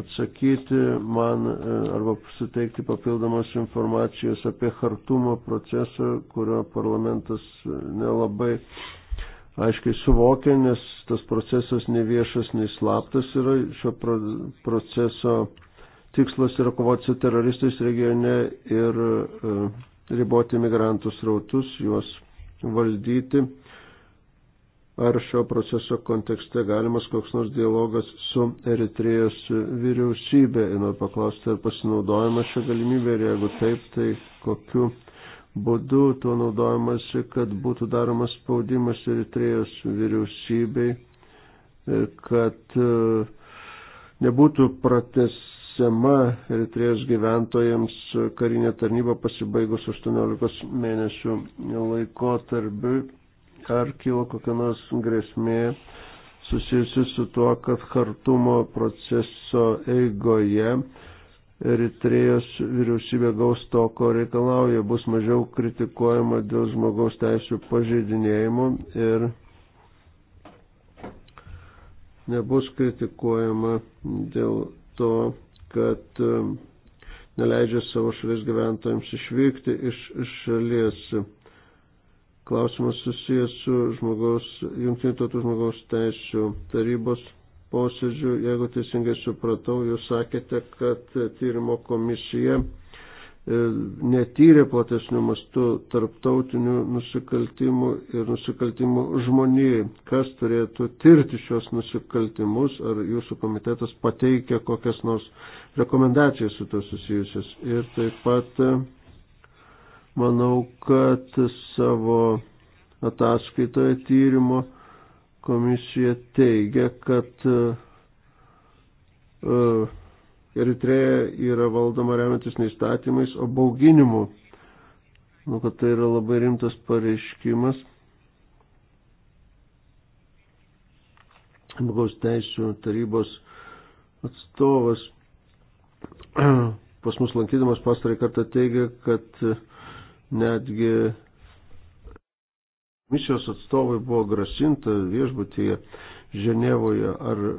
atsakyti man e, arba suteikti papildomas informacijos apie hartumo procesą, kurio parlamentas nelabai aiškiai suvokia, nes tas procesas nei viešas, nei slaptas yra šio proceso tikslas yra kovoti su teroristais regione ir e, riboti migrantų srautus, juos valdyti. Ar šio proceso kontekste galimas koks nors dialogas su Eritrėjos vyriausybė? Noriu paklausti, ar pasinaudojama šią galimybę ir jeigu taip, tai kokiu būdu tuo naudojamasi, kad būtų daromas spaudimas Eritrėjos vyriausybei, kad e, nebūtų prates tesiama Eritrėjos gyventojams karinė tarnyba pasibaigus 18 mėnesių laikotarpiu. Ar kilo kokia nors grėsmė susijusi su tuo, kad hartumo proceso eigoje Eritrėjos vyriausybė gaus to, ko reikalauja, bus mažiau kritikuojama dėl žmogaus teisų pažeidinėjimų ir nebus kritikuojama dėl to, kad e, neleidžia savo šalies gyventojams išvykti iš šalies. Klausimas susijęs su žmogaus, jungtinių tautų žmogaus teisų tarybos posėdžių, jeigu teisingai supratau, jūs sakėte, kad tyrimo komisija e, netyrė platesnių mastų tarptautinių nusikaltimų ir nusikaltimų žmonijai. Kas turėtų tirti šios nusikaltimus? Ar jūsų komitetas pateikė kokias nors rekomendacijas su to susijusias. Ir taip pat e, manau, kad savo ataskaitoje tyrimo komisija teigia, kad uh, Eritreja yra valdoma remiantis neįstatymais, o bauginimu. Nu, kad tai yra labai rimtas pareiškimas. Žmogaus teisų tarybos atstovas pas mus lankydamas pastarį kartą teigia, kad e, netgi misijos atstovai buvo grasinta viešbutyje Ženevoje, ar e,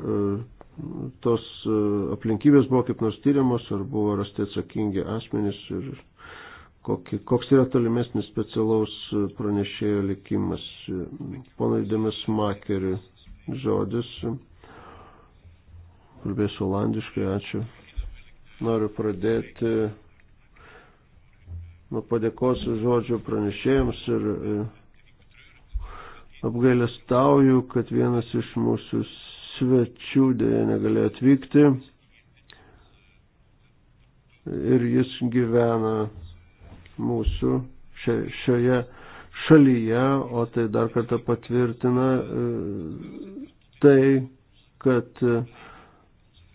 tos e, aplinkybės buvo kaip nors tyriamos, ar buvo rasti atsakingi asmenys ir kokį, koks yra tolimesnis specialaus pranešėjo likimas. Ponai Dėmes Makeri žodis. Kalbėsiu olandiškai, ačiū. Noriu pradėti nuo padėkos žodžių pranešėjams ir e, apgailestauju, kad vienas iš mūsų svečių dėja negalėjo atvykti ir jis gyvena mūsų šioje šalyje, o tai dar kartą patvirtina e, tai, kad uh,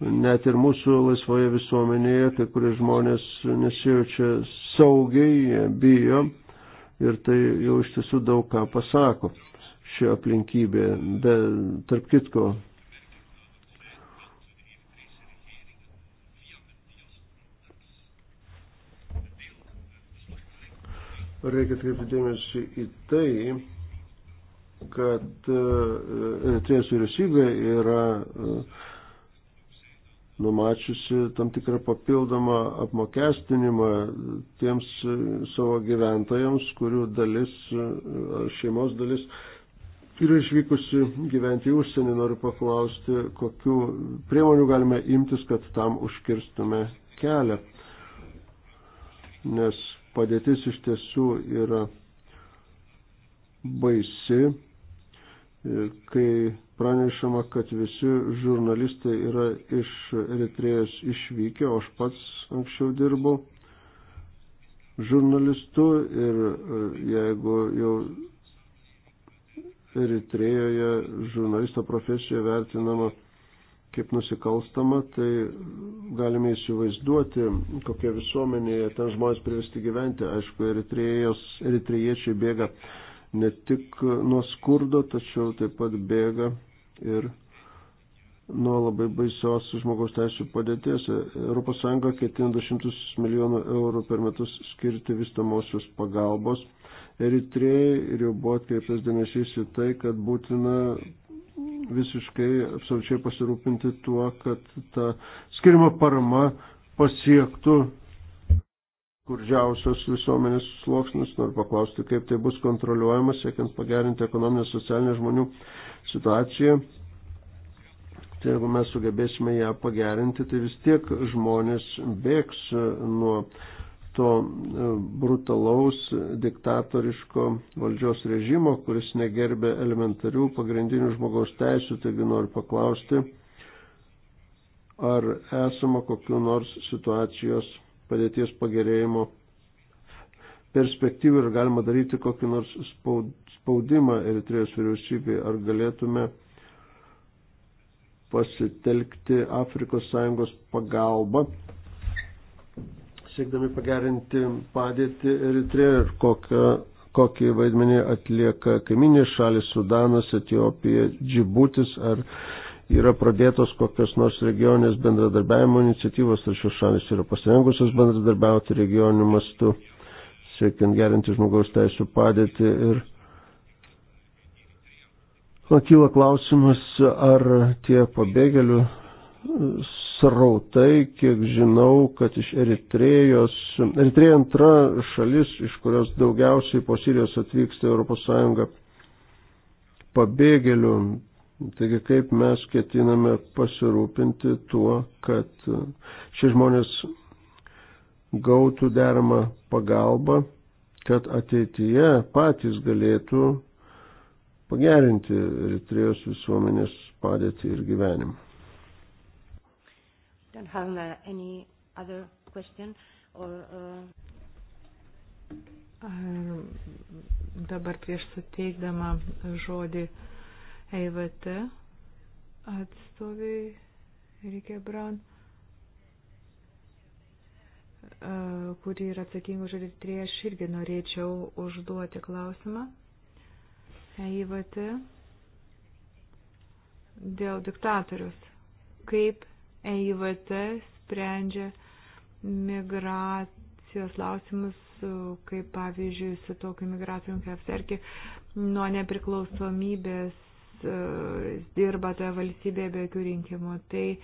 Net ir mūsų laisvoje visuomenėje kai kurie žmonės nesijaučia saugiai, bijo ir tai jau iš tiesų daug ką pasako ši aplinkybė. Be, tarp kitko, reikia atkreipti dėmesį į tai, kad Eritrės e, vyriausybė yra uh, numačiusi tam tikrą papildomą apmokestinimą tiems e, savo gyventojams, kurių dalis, e, šeimos dalis yra išvykusi gyventi į užsienį. Noriu paklausti, kokiu priemonių galime imtis, kad tam užkirstume kelią. Nes padėtis iš tiesų yra baisi, e, kai pranešama, kad visi žurnalistai yra iš Eritrėjos išvykę, o aš pats anksčiau dirbau žurnalistu ir e, jeigu jau Eritrėjoje žurnalisto profesija vertinama kaip nusikalstama, tai galime įsivaizduoti, kokie visuomenėje ten žmonės privesti gyventi. Aišku, eritrėjiečiai bėga ne tik nuo skurdo, tačiau taip pat bėga ir nuo labai baisios žmogaus teisų padėties. ES ketina 200 milijonų eurų per metus skirti vystamosios pagalbos Eritrėjai ir jau buvo atkreiptas dėmesys į tai, kad būtina visiškai absoliučiai pasirūpinti tuo, kad ta skirima parama pasiektų skurdžiausios visuomenės sluoksnius. Noriu paklausti, kaip tai bus kontroliuojama, siekiant pagerinti ekonominę socialinę žmonių situaciją. Tai jeigu mes sugebėsime ją pagerinti, tai vis tiek žmonės bėgs nuo to e, brutalaus diktatoriško valdžios režimo, kuris negerbė elementarių pagrindinių žmogaus teisų. Taigi noriu paklausti, ar esama kokiu nors situacijos padėties pagerėjimo perspektyvų ir galima daryti kokį nors spaudimą Eritrėjos vyriausybei, ar galėtume pasitelkti Afrikos Sąjungos pagalbą, siekdami pagerinti padėtį Eritrėje ir kokią, kokį vaidmenį atlieka kaiminės šalis Sudanas, Etijopija, Džibutis ar yra pradėtos kokios nors regioninės bendradarbiavimo iniciatyvos, ar šios šalis yra pasirengusios bendradarbiauti regioniniu mastu, siekiant gerinti žmogaus teisų padėtį ir Kyla klausimas, ar tie pabėgėlių srautai, kiek žinau, kad iš Eritrėjos, Eritrėja antra šalis, iš kurios daugiausiai po Sirijos atvyksta ES pabėgėlių, Taigi kaip mes ketiname pasirūpinti tuo, kad šie žmonės gautų deramą pagalbą, kad ateityje patys galėtų pagerinti Eritrejos visuomenės padėtį ir gyvenimą. Uh, or, uh... Dabar prieš suteikdama žodį uh, EIVT atstoviai Rikė Braun, e, kuri yra atsakinga už Eritriją, aš irgi norėčiau užduoti klausimą. EIVT dėl diktatorius. Kaip EIVT sprendžia migracijos klausimus, kaip pavyzdžiui, su tokiu migracijom kaip Serki, nuo nepriklausomybės jūs e, dirbate valstybėje be jokių rinkimų. Tai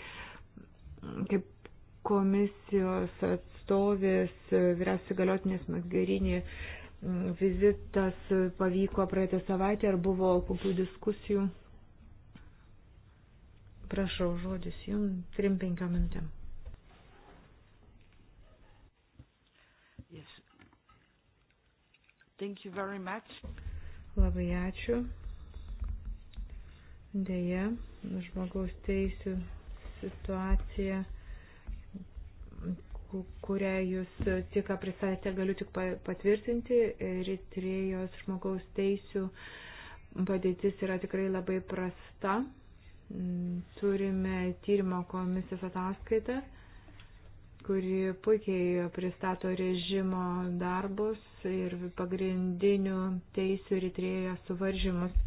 kaip komisijos atstovės e, vyriausiai galiotinės Magerinė vizitas pavyko praeitą savaitę, ar buvo kokių diskusijų? Prašau, žodis jums trim penkiom minutėm. Yes. Thank you very much. Labai ačiū. Deja, žmogaus teisų situacija, kurią jūs tik pristatėte, galiu tik patvirtinti, Eritrėjos žmogaus teisų padėtis yra tikrai labai prasta. Turime tyrimo komisijos ataskaitą, kuri puikiai pristato režimo darbus ir pagrindinių teisų Eritrėjos suvaržymus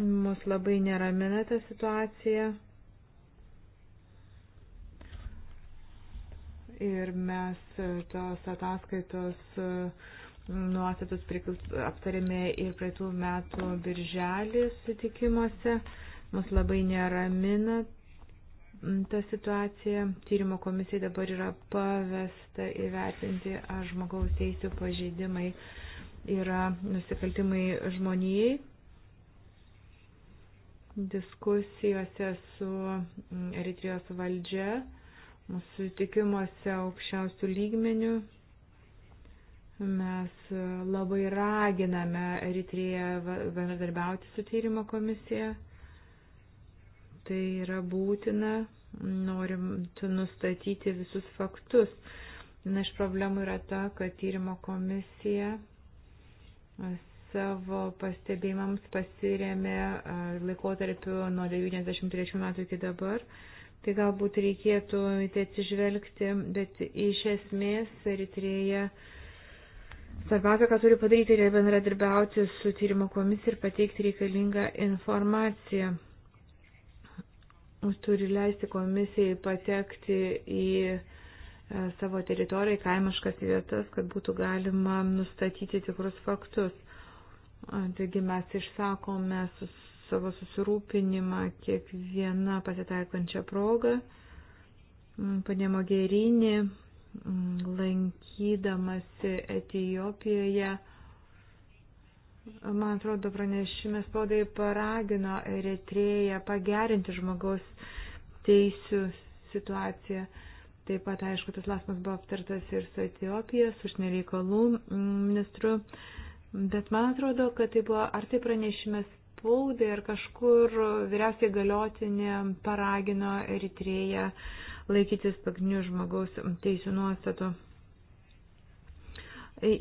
mus labai neramina ta situacija. Ir mes tos ataskaitos e, nuostatus aptarėme ir praeitų metų birželį sutikimuose. Mus labai neramina ta situacija. Tyrimo komisija dabar yra pavesta įvertinti, ar žmogaus teisų pažeidimai yra nusikaltimai žmonijai diskusijose su mm, Eritrijos valdžia, mūsų sutikimuose aukščiausių lygmenių. Mes e, labai raginame Eritriją bendradarbiauti su tyrimo komisija. Tai yra būtina, norim nustatyti visus faktus. Viena iš problemų yra ta, kad tyrimo komisija savo pastebėjimams pasiremė laikotarpiu nuo 93 metų iki dabar. Tai galbūt reikėtų į tai atsižvelgti, bet iš esmės Eritrėje svarbiausia, ką turi padaryti, yra bendradarbiauti su tyrimo komisija ir pateikti reikalingą informaciją. Turi leisti komisijai patekti į e, savo teritoriją, kaimiškas vietas, kad būtų galima nustatyti tikrus faktus. Taigi mes išsakome sus, savo susirūpinimą kiekvieną pasitaikančią progą. Mm, Pane Mogerinį, mm, lankydamasi Etijopijoje, man atrodo, pranešime spaudai paragino Eritreją pagerinti žmogaus teisų situaciją. Taip pat, aišku, tas lasmas buvo aptartas ir su Etijopijos užsienio reikalų mm, ministru. Mm, Bet man atrodo, kad tai buvo ar tai pranešimas spaudai, ar kažkur vyriausiai galiotinė paragino Eritreją laikytis pagrindinių žmogaus teisų nuostatų.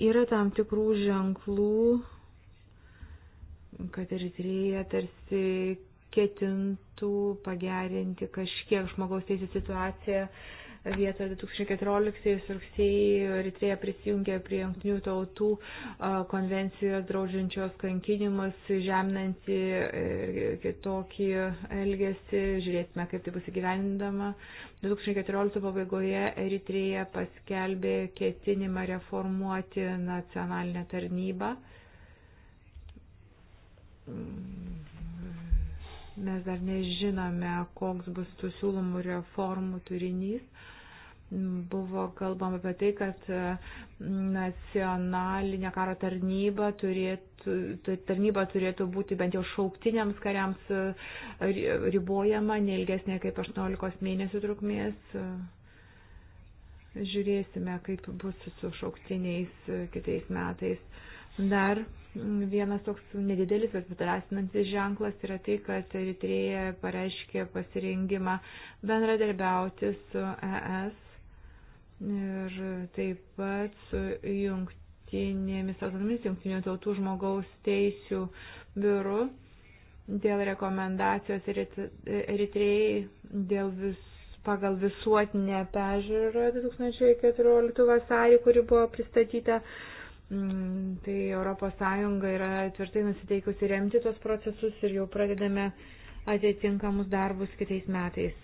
Yra tam tikrų ženklų, kad Eritrėja tarsi ketintų pagerinti kažkiek žmogaus teisų situaciją vietoje 2014 rugsėjai Eritreja prisijungė prie jungtinių tautų konvencijos draudžiančios kankinimus, žeminantį e, kitokį elgesį. Žiūrėsime, kaip tai bus įgyvendama. 2014 pabaigoje Eritreja paskelbė ketinimą reformuoti nacionalinę tarnybą. Mm Mes dar nežinome, koks bus tų siūlomų reformų turinys. Buvo kalbam apie tai, kad e, nacionalinė karo tarnyba turėtų, tarnyba turėtų būti bent jau šauktiniams kariams e, ribojama, neilgesnė kaip 18 mėnesių trukmės žiūrėsime, kaip bus su šauktiniais e, kitais metais. Dar Vienas toks nedidelis, bet drąsinantis ženklas yra tai, kad Eritrėja pareiškė pasirengimą bendradarbiauti su ES ir taip pat su jungtinėmis tautomis, jungtinių tautų žmogaus teisių biuru dėl rekomendacijos Eritrėjai dėl vis, pagal visuotinę pežiūrą 2014 vasarį, kuri buvo pristatyta uh, Mm, tai ES yra tvirtai nusiteikusi remti tos procesus ir jau pradedame atitinkamus darbus kitais metais.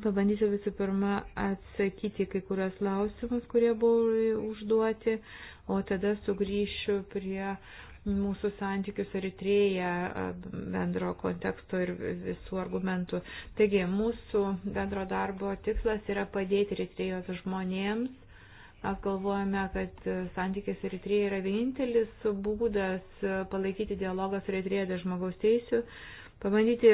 Pabandysiu visų pirma atsakyti kai kurios klausimus, kurie buvo užduoti, o tada sugrįšiu prie mūsų santykius Eritrėje bendro konteksto ir visų argumentų. Taigi, mūsų bendro darbo tikslas yra padėti Eritrėjos žmonėms. Mes galvojame, kad santykis Eritrėje yra vienintelis būdas palaikyti dialogą su Eritrėje dėl žmogaus teisių, pabandyti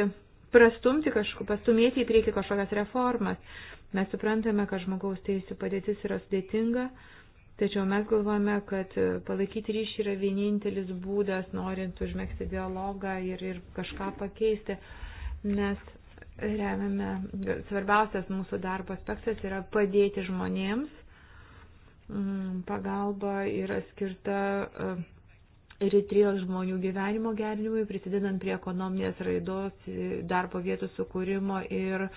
prastumti kažkur, pastumėti į priekį kažkokias reformas. Mes suprantame, kad žmogaus teisų padėtis yra sudėtinga. Uh, Tačiau mes galvojame, kad palaikyti ryšį yra vienintelis būdas, norint užmėgsti dialogą ir, ir kažką pakeisti. Mes remiame, svarbiausias mūsų darbo aspektas yra padėti žmonėms. Mm, pagalba yra skirta e, Eritrijos žmonių gyvenimo gerinimui, prisidedant prie ekonominės raidos, e, darbo vietų sukūrimo ir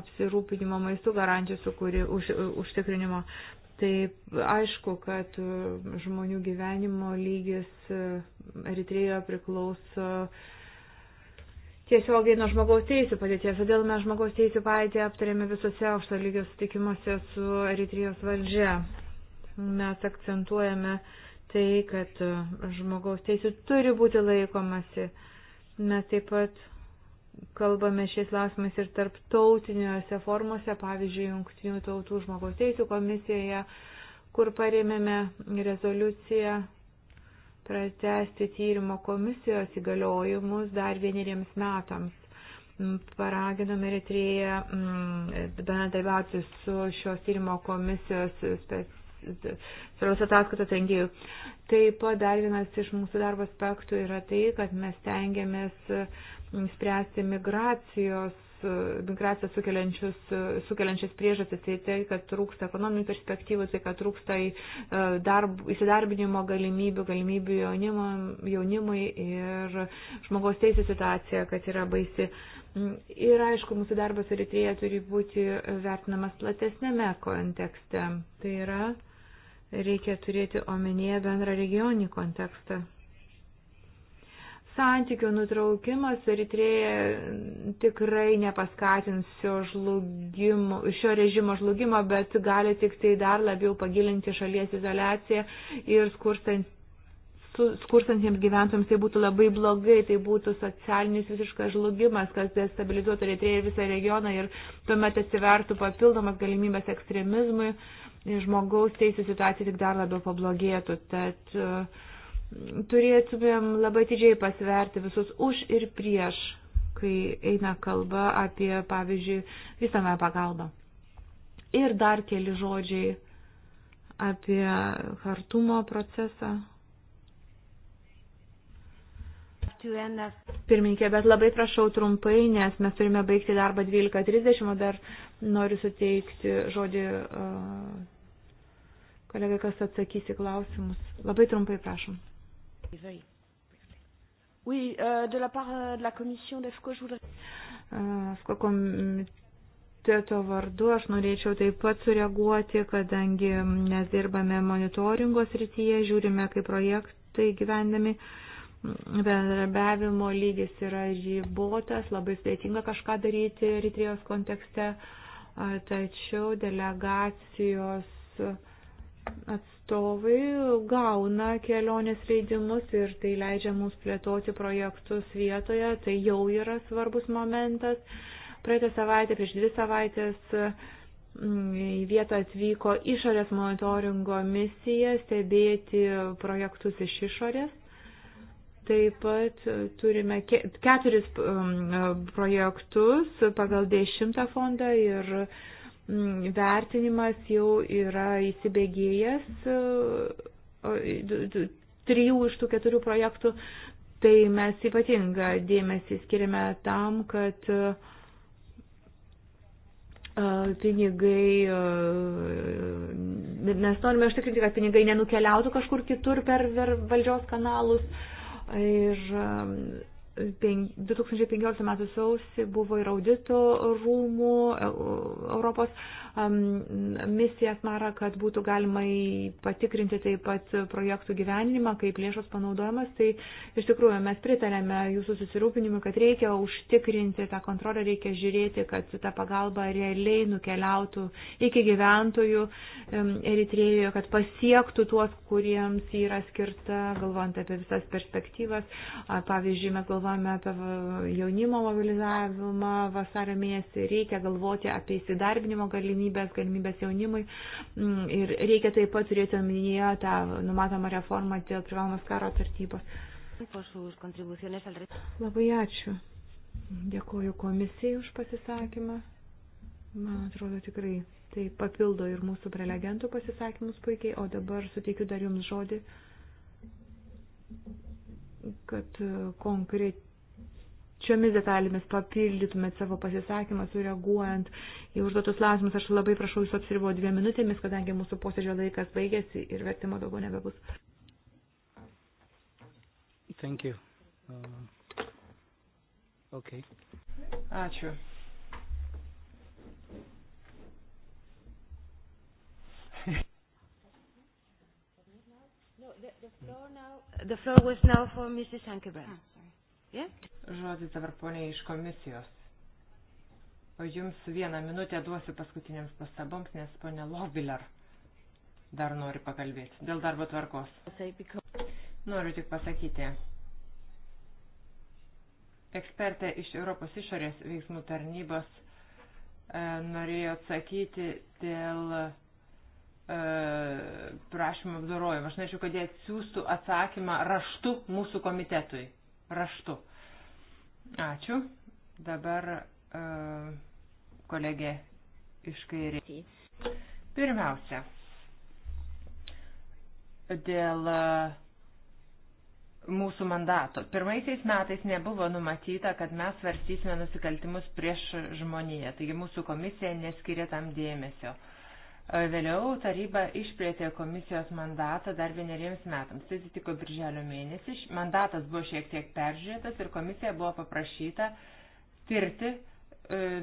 apsirūpinimo maistų garantijų sukūri, už, užtikrinimo. Tai aišku, kad e, žmonių gyvenimo lygis e, Eritrėjoje priklauso tiesiogiai nuo žmogaus teisų padėties. Todėl mes žmogaus teisų padėtį aptarėme visose aukšto lygio sutikimuose su Eritrijos valdžia. Mes akcentuojame tai, kad e, žmogaus teisų turi būti laikomasi. Mes taip pat kalbame šiais klausimais ir tarptautiniuose formuose, pavyzdžiui, Junktinių tautų žmogaus teisų komisijoje, kur parėmėme rezoliuciją pratesti tyrimo komisijos įgaliojimus dar vieneriems metams. Paraginome Eritrėje mm, bendradarbiauti su šios tyrimo komisijos svarbios ataskaitos rengėjų. Taip pat dar vienas iš mūsų darbo aspektų yra tai, kad mes tengiamės spręsti migracijos migraciją sukeliančias priežastis, tai tai, kad trūksta ekonominių perspektyvų, tai kad trūksta e, darb, įsidarbinimo galimybių, galimybių jaunimo, jaunimui ir žmogaus teisų situacija, kad yra baisi. Ir aišku, mūsų darbas Eritrėje turi būti vertinamas platesnėme kontekste. Tai yra, reikia turėti omenyje bendrą regioninį kontekstą. Santykių nutraukimas Eritrėje tikrai nepaskatins šio, žlugimo, šio režimo žlugimo, bet gali tik tai dar labiau pagilinti šalies izolaciją ir skurstant skurstantiems gyventojams tai būtų labai blogai, tai būtų socialinis visiškas žlugimas, kas destabilizuotų Eritreją ir visą regioną ir tuomet atsivertų papildomas galimybės ekstremizmui, žmogaus teisų situacija tik dar labiau pablogėtų. Tad uh, turėtumėm labai didžiai pasverti visus už ir prieš, kai eina kalba apie, pavyzdžiui, visame pagalbą. Ir dar keli žodžiai apie hartumo procesą. Pirminkė, bet labai prašau trumpai, nes mes turime baigti darbą 12.30, o dar noriu suteikti žodį uh, kolegai, kas atsakys į klausimus. Labai trumpai prašom. Oui, euh, de la part euh, de la commission d'EFCO, je voudrais. Euh, EFCO komiteto vardu aš norėčiau taip pat sureaguoti, kadangi mm, mes dirbame monitoringo srityje, žiūrime, kaip projektai gyvendami mm, bendrabiavimo lygis yra ribotas, labai sudėtinga kažką daryti Eritrijos kontekste, tačiau delegacijos atstovai gauna kelionės leidimus ir tai leidžia mums plėtoti projektus vietoje, tai jau yra svarbus momentas. Praeitą savaitę, prieš dvi savaitės mm, į vietą atvyko išorės monitoringo misija stebėti projektus iš išorės. Taip pat turime keturis mm, projektus pagal dešimtą fondą ir Mm, vertinimas jau yra įsibėgėjęs e, trijų iš tų keturių projektų, tai mes ypatingą dėmesį skiriame tam, kad e, e, pinigai, mes norime užtikrinti, kad pinigai nenukeliautų kažkur kitur per valdžios kanalus ir 2015 m. sausį buvo ir audito rūmų e, Europos misijas Mara, kad būtų galima patikrinti taip pat projektų gyvenimą, kaip lėšos panaudojamas. Tai iš tikrųjų mes pritarėme jūsų susirūpinimui, kad reikia užtikrinti tą kontrolę, reikia žiūrėti, kad ta pagalba realiai nukeliautų iki gyventojų Eritrėjoje, kad pasiektų tuos, kuriems yra skirta, galvojant apie visas perspektyvas. Pavyzdžiui, mes galvojame apie jaunimo mobilizavimą vasario mėnesį, reikia galvoti apie įsidarbinimo galimybę galimybės, galimybės jaunimui. Mm, ir reikia taip pat turėti omenyje tą numatomą reformą dėl privalomos karo tartybos. Labai ačiū. Dėkuoju komisijai už pasisakymą. Man atrodo tikrai tai papildo ir mūsų prelegentų pasisakymus puikiai, o dabar suteikiu dar jums žodį, kad konkrečiai šiomis detalėmis papildytumėt savo pasisakymą, sureaguojant į užduotus klausimus. Aš labai prašau jūsų apsiribuoti dviem minutėmis, kadangi mūsų posėdžio laikas baigėsi ir vertimo daugiau nebebus. Thank you. Uh, okay. Ačiū. The floor now, the floor was now for Mrs. Ankebrand. Ah. Žodis dabar poniai iš komisijos. O jums vieną minutę duosiu paskutiniams pastaboms, nes ponė Loviler dar nori pakalbėti dėl darbo tvarkos. Noriu tik pasakyti. Ekspertė iš Europos išorės veiksmų tarnybos e, norėjo atsakyti dėl e, prašymų apdorojimo. Aš norėčiau, kad jie atsiųstų atsakymą raštu mūsų komitetui raštu. Ačiū. Dabar uh, kolegė iš kairės. Pirmiausia, dėl e, mūsų mandato. Pirmaisiais metais nebuvo numatyta, kad mes svarstysime nusikaltimus prieš žmoniją, taigi mūsų komisija neskiria tam dėmesio. Uh, Vėliau taryba išplėtė komisijos mandatą dar vieneriems metams. Tai atsitiko birželio mėnesį. Mandatas buvo šiek tiek peržiūrėtas ir komisija buvo paprašyta tirti e,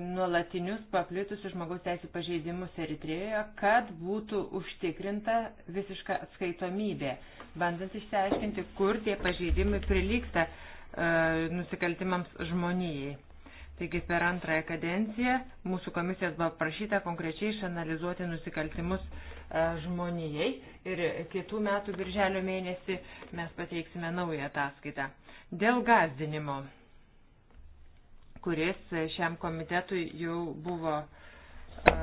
nuolatinius paplitusius žmogaus teisų pažeidimus Eritrėjoje, kad būtų užtikrinta visiška atskaitomybė, bandant išsiaiškinti, kur tie pažeidimai prilyksta e, nusikaltimams žmonijai. Taigi per antrąją kadenciją mūsų komisijos buvo prašyta konkrečiai išanalizuoti nusikaltimus e, žmonijai ir kitų metų birželio mėnesį mes pateiksime naują ataskaitą. Dėl gazdinimo, kuris šiam komitetui jau buvo, e,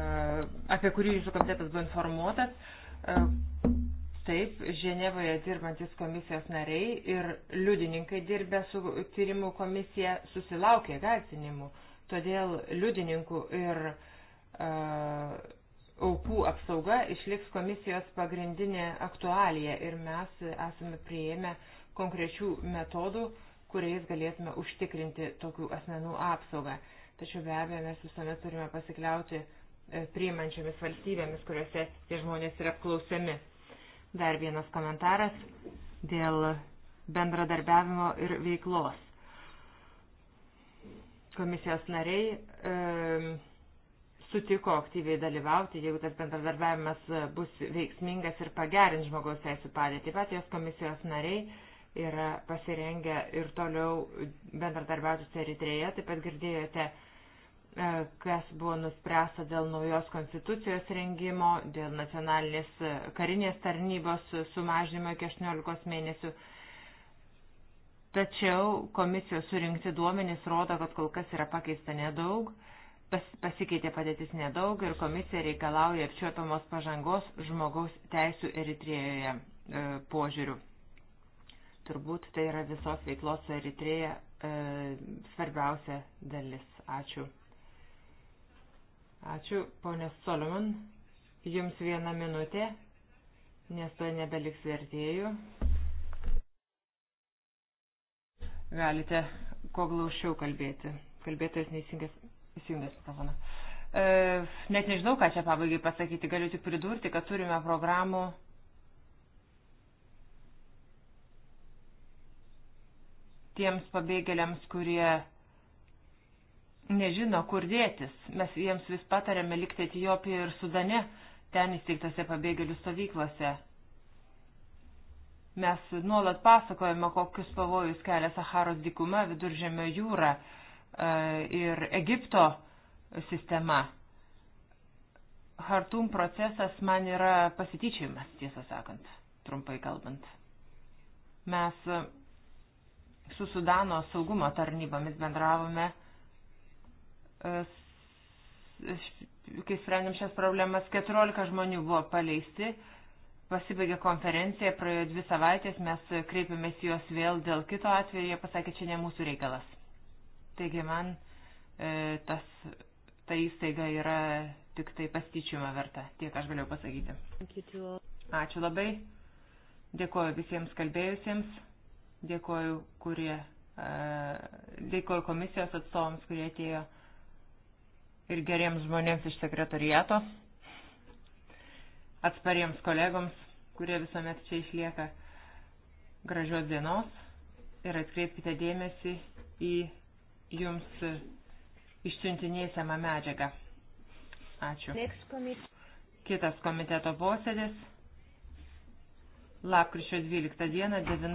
apie kurį jūsų komitetas buvo informuotas, e, Taip, Ženevoje dirbantis komisijos nariai ir liudininkai dirbę su tyrimų komisija susilaukė gąsdinimų. Todėl liudininkų ir uh, e, aukų apsauga išliks komisijos pagrindinė aktualija ir mes esame prieėmę konkrečių metodų, kuriais galėtume užtikrinti tokių asmenų apsaugą. Tačiau be abejo mes visuomet turime pasikliauti e, priimančiomis valstybėmis, kuriuose tie žmonės yra apklausiami. Dar vienas komentaras dėl bendradarbiavimo ir veiklos. Komisijos nariai e, sutiko aktyviai dalyvauti, jeigu tas bendradarbiavimas e, bus veiksmingas ir pagerins žmogaus teisų padėtį. Patys komisijos nariai yra pasirengę ir toliau bendradarbiauti su Eritreja. Taip pat girdėjote E, kas buvo nuspręsta dėl naujos konstitucijos rengimo, dėl nacionalinės e, karinės tarnybos sumažinimo iki 18 mėnesių. Tačiau komisijos surinkti duomenys rodo, kad kol kas yra pakeista nedaug, pas, pasikeitė padėtis nedaug ir komisija reikalauja apčiuopiamos pažangos žmogaus teisų Eritrėjoje e, požiūrių. Turbūt tai yra visos veiklos su Eritrėja e, svarbiausia dalis. Ačiū. Ačiū, ponė Solomon. Jums viena minutė, nes to nebeliks vertėjų. Galite kuo glaušiau kalbėti. Kalbėtojas neįsijungęs mikrofoną. E, net nežinau, ką čia pabaigai pasakyti. Galiu tik pridurti, kad turime programų tiems pabėgėliams, kurie nežino, kur dėtis. Mes jiems vis patarėme likti Etijopijoje ir Sudane, ten įsteigtose pabėgėlių stovyklose. Mes nuolat pasakojame, kokius pavojus kelia Saharos dykuma, viduržėmio jūra e, ir Egipto sistema. Hartum procesas man yra pasityčiamas, tiesą sakant, trumpai kalbant. Mes su Sudano saugumo tarnybomis bendravome kai sprendėm šias problemas, 14 žmonių buvo paleisti, pasibaigė konferencija, praėjo dvi savaitės, mes kreipėmės juos vėl dėl kito atveju, jie pasakė, čia ne mūsų reikalas. Taigi man e, tas, ta įstaiga yra tik tai pastyčiumą verta, tiek aš galiu pasakyti. Ačiū labai, dėkoju visiems kalbėjusiems, dėkoju, kurie, e, dėkoju komisijos atstovams, kurie atėjo ir geriems žmonėms iš sekretariato, atspariems kolegoms, kurie visuomet čia išlieka. Gražios dienos ir atkreipkite dėmesį į jums išsiuntinėsiamą medžiagą. Ačiū. Kitas komiteto posėdis. Lapkričio 12 dieną 9.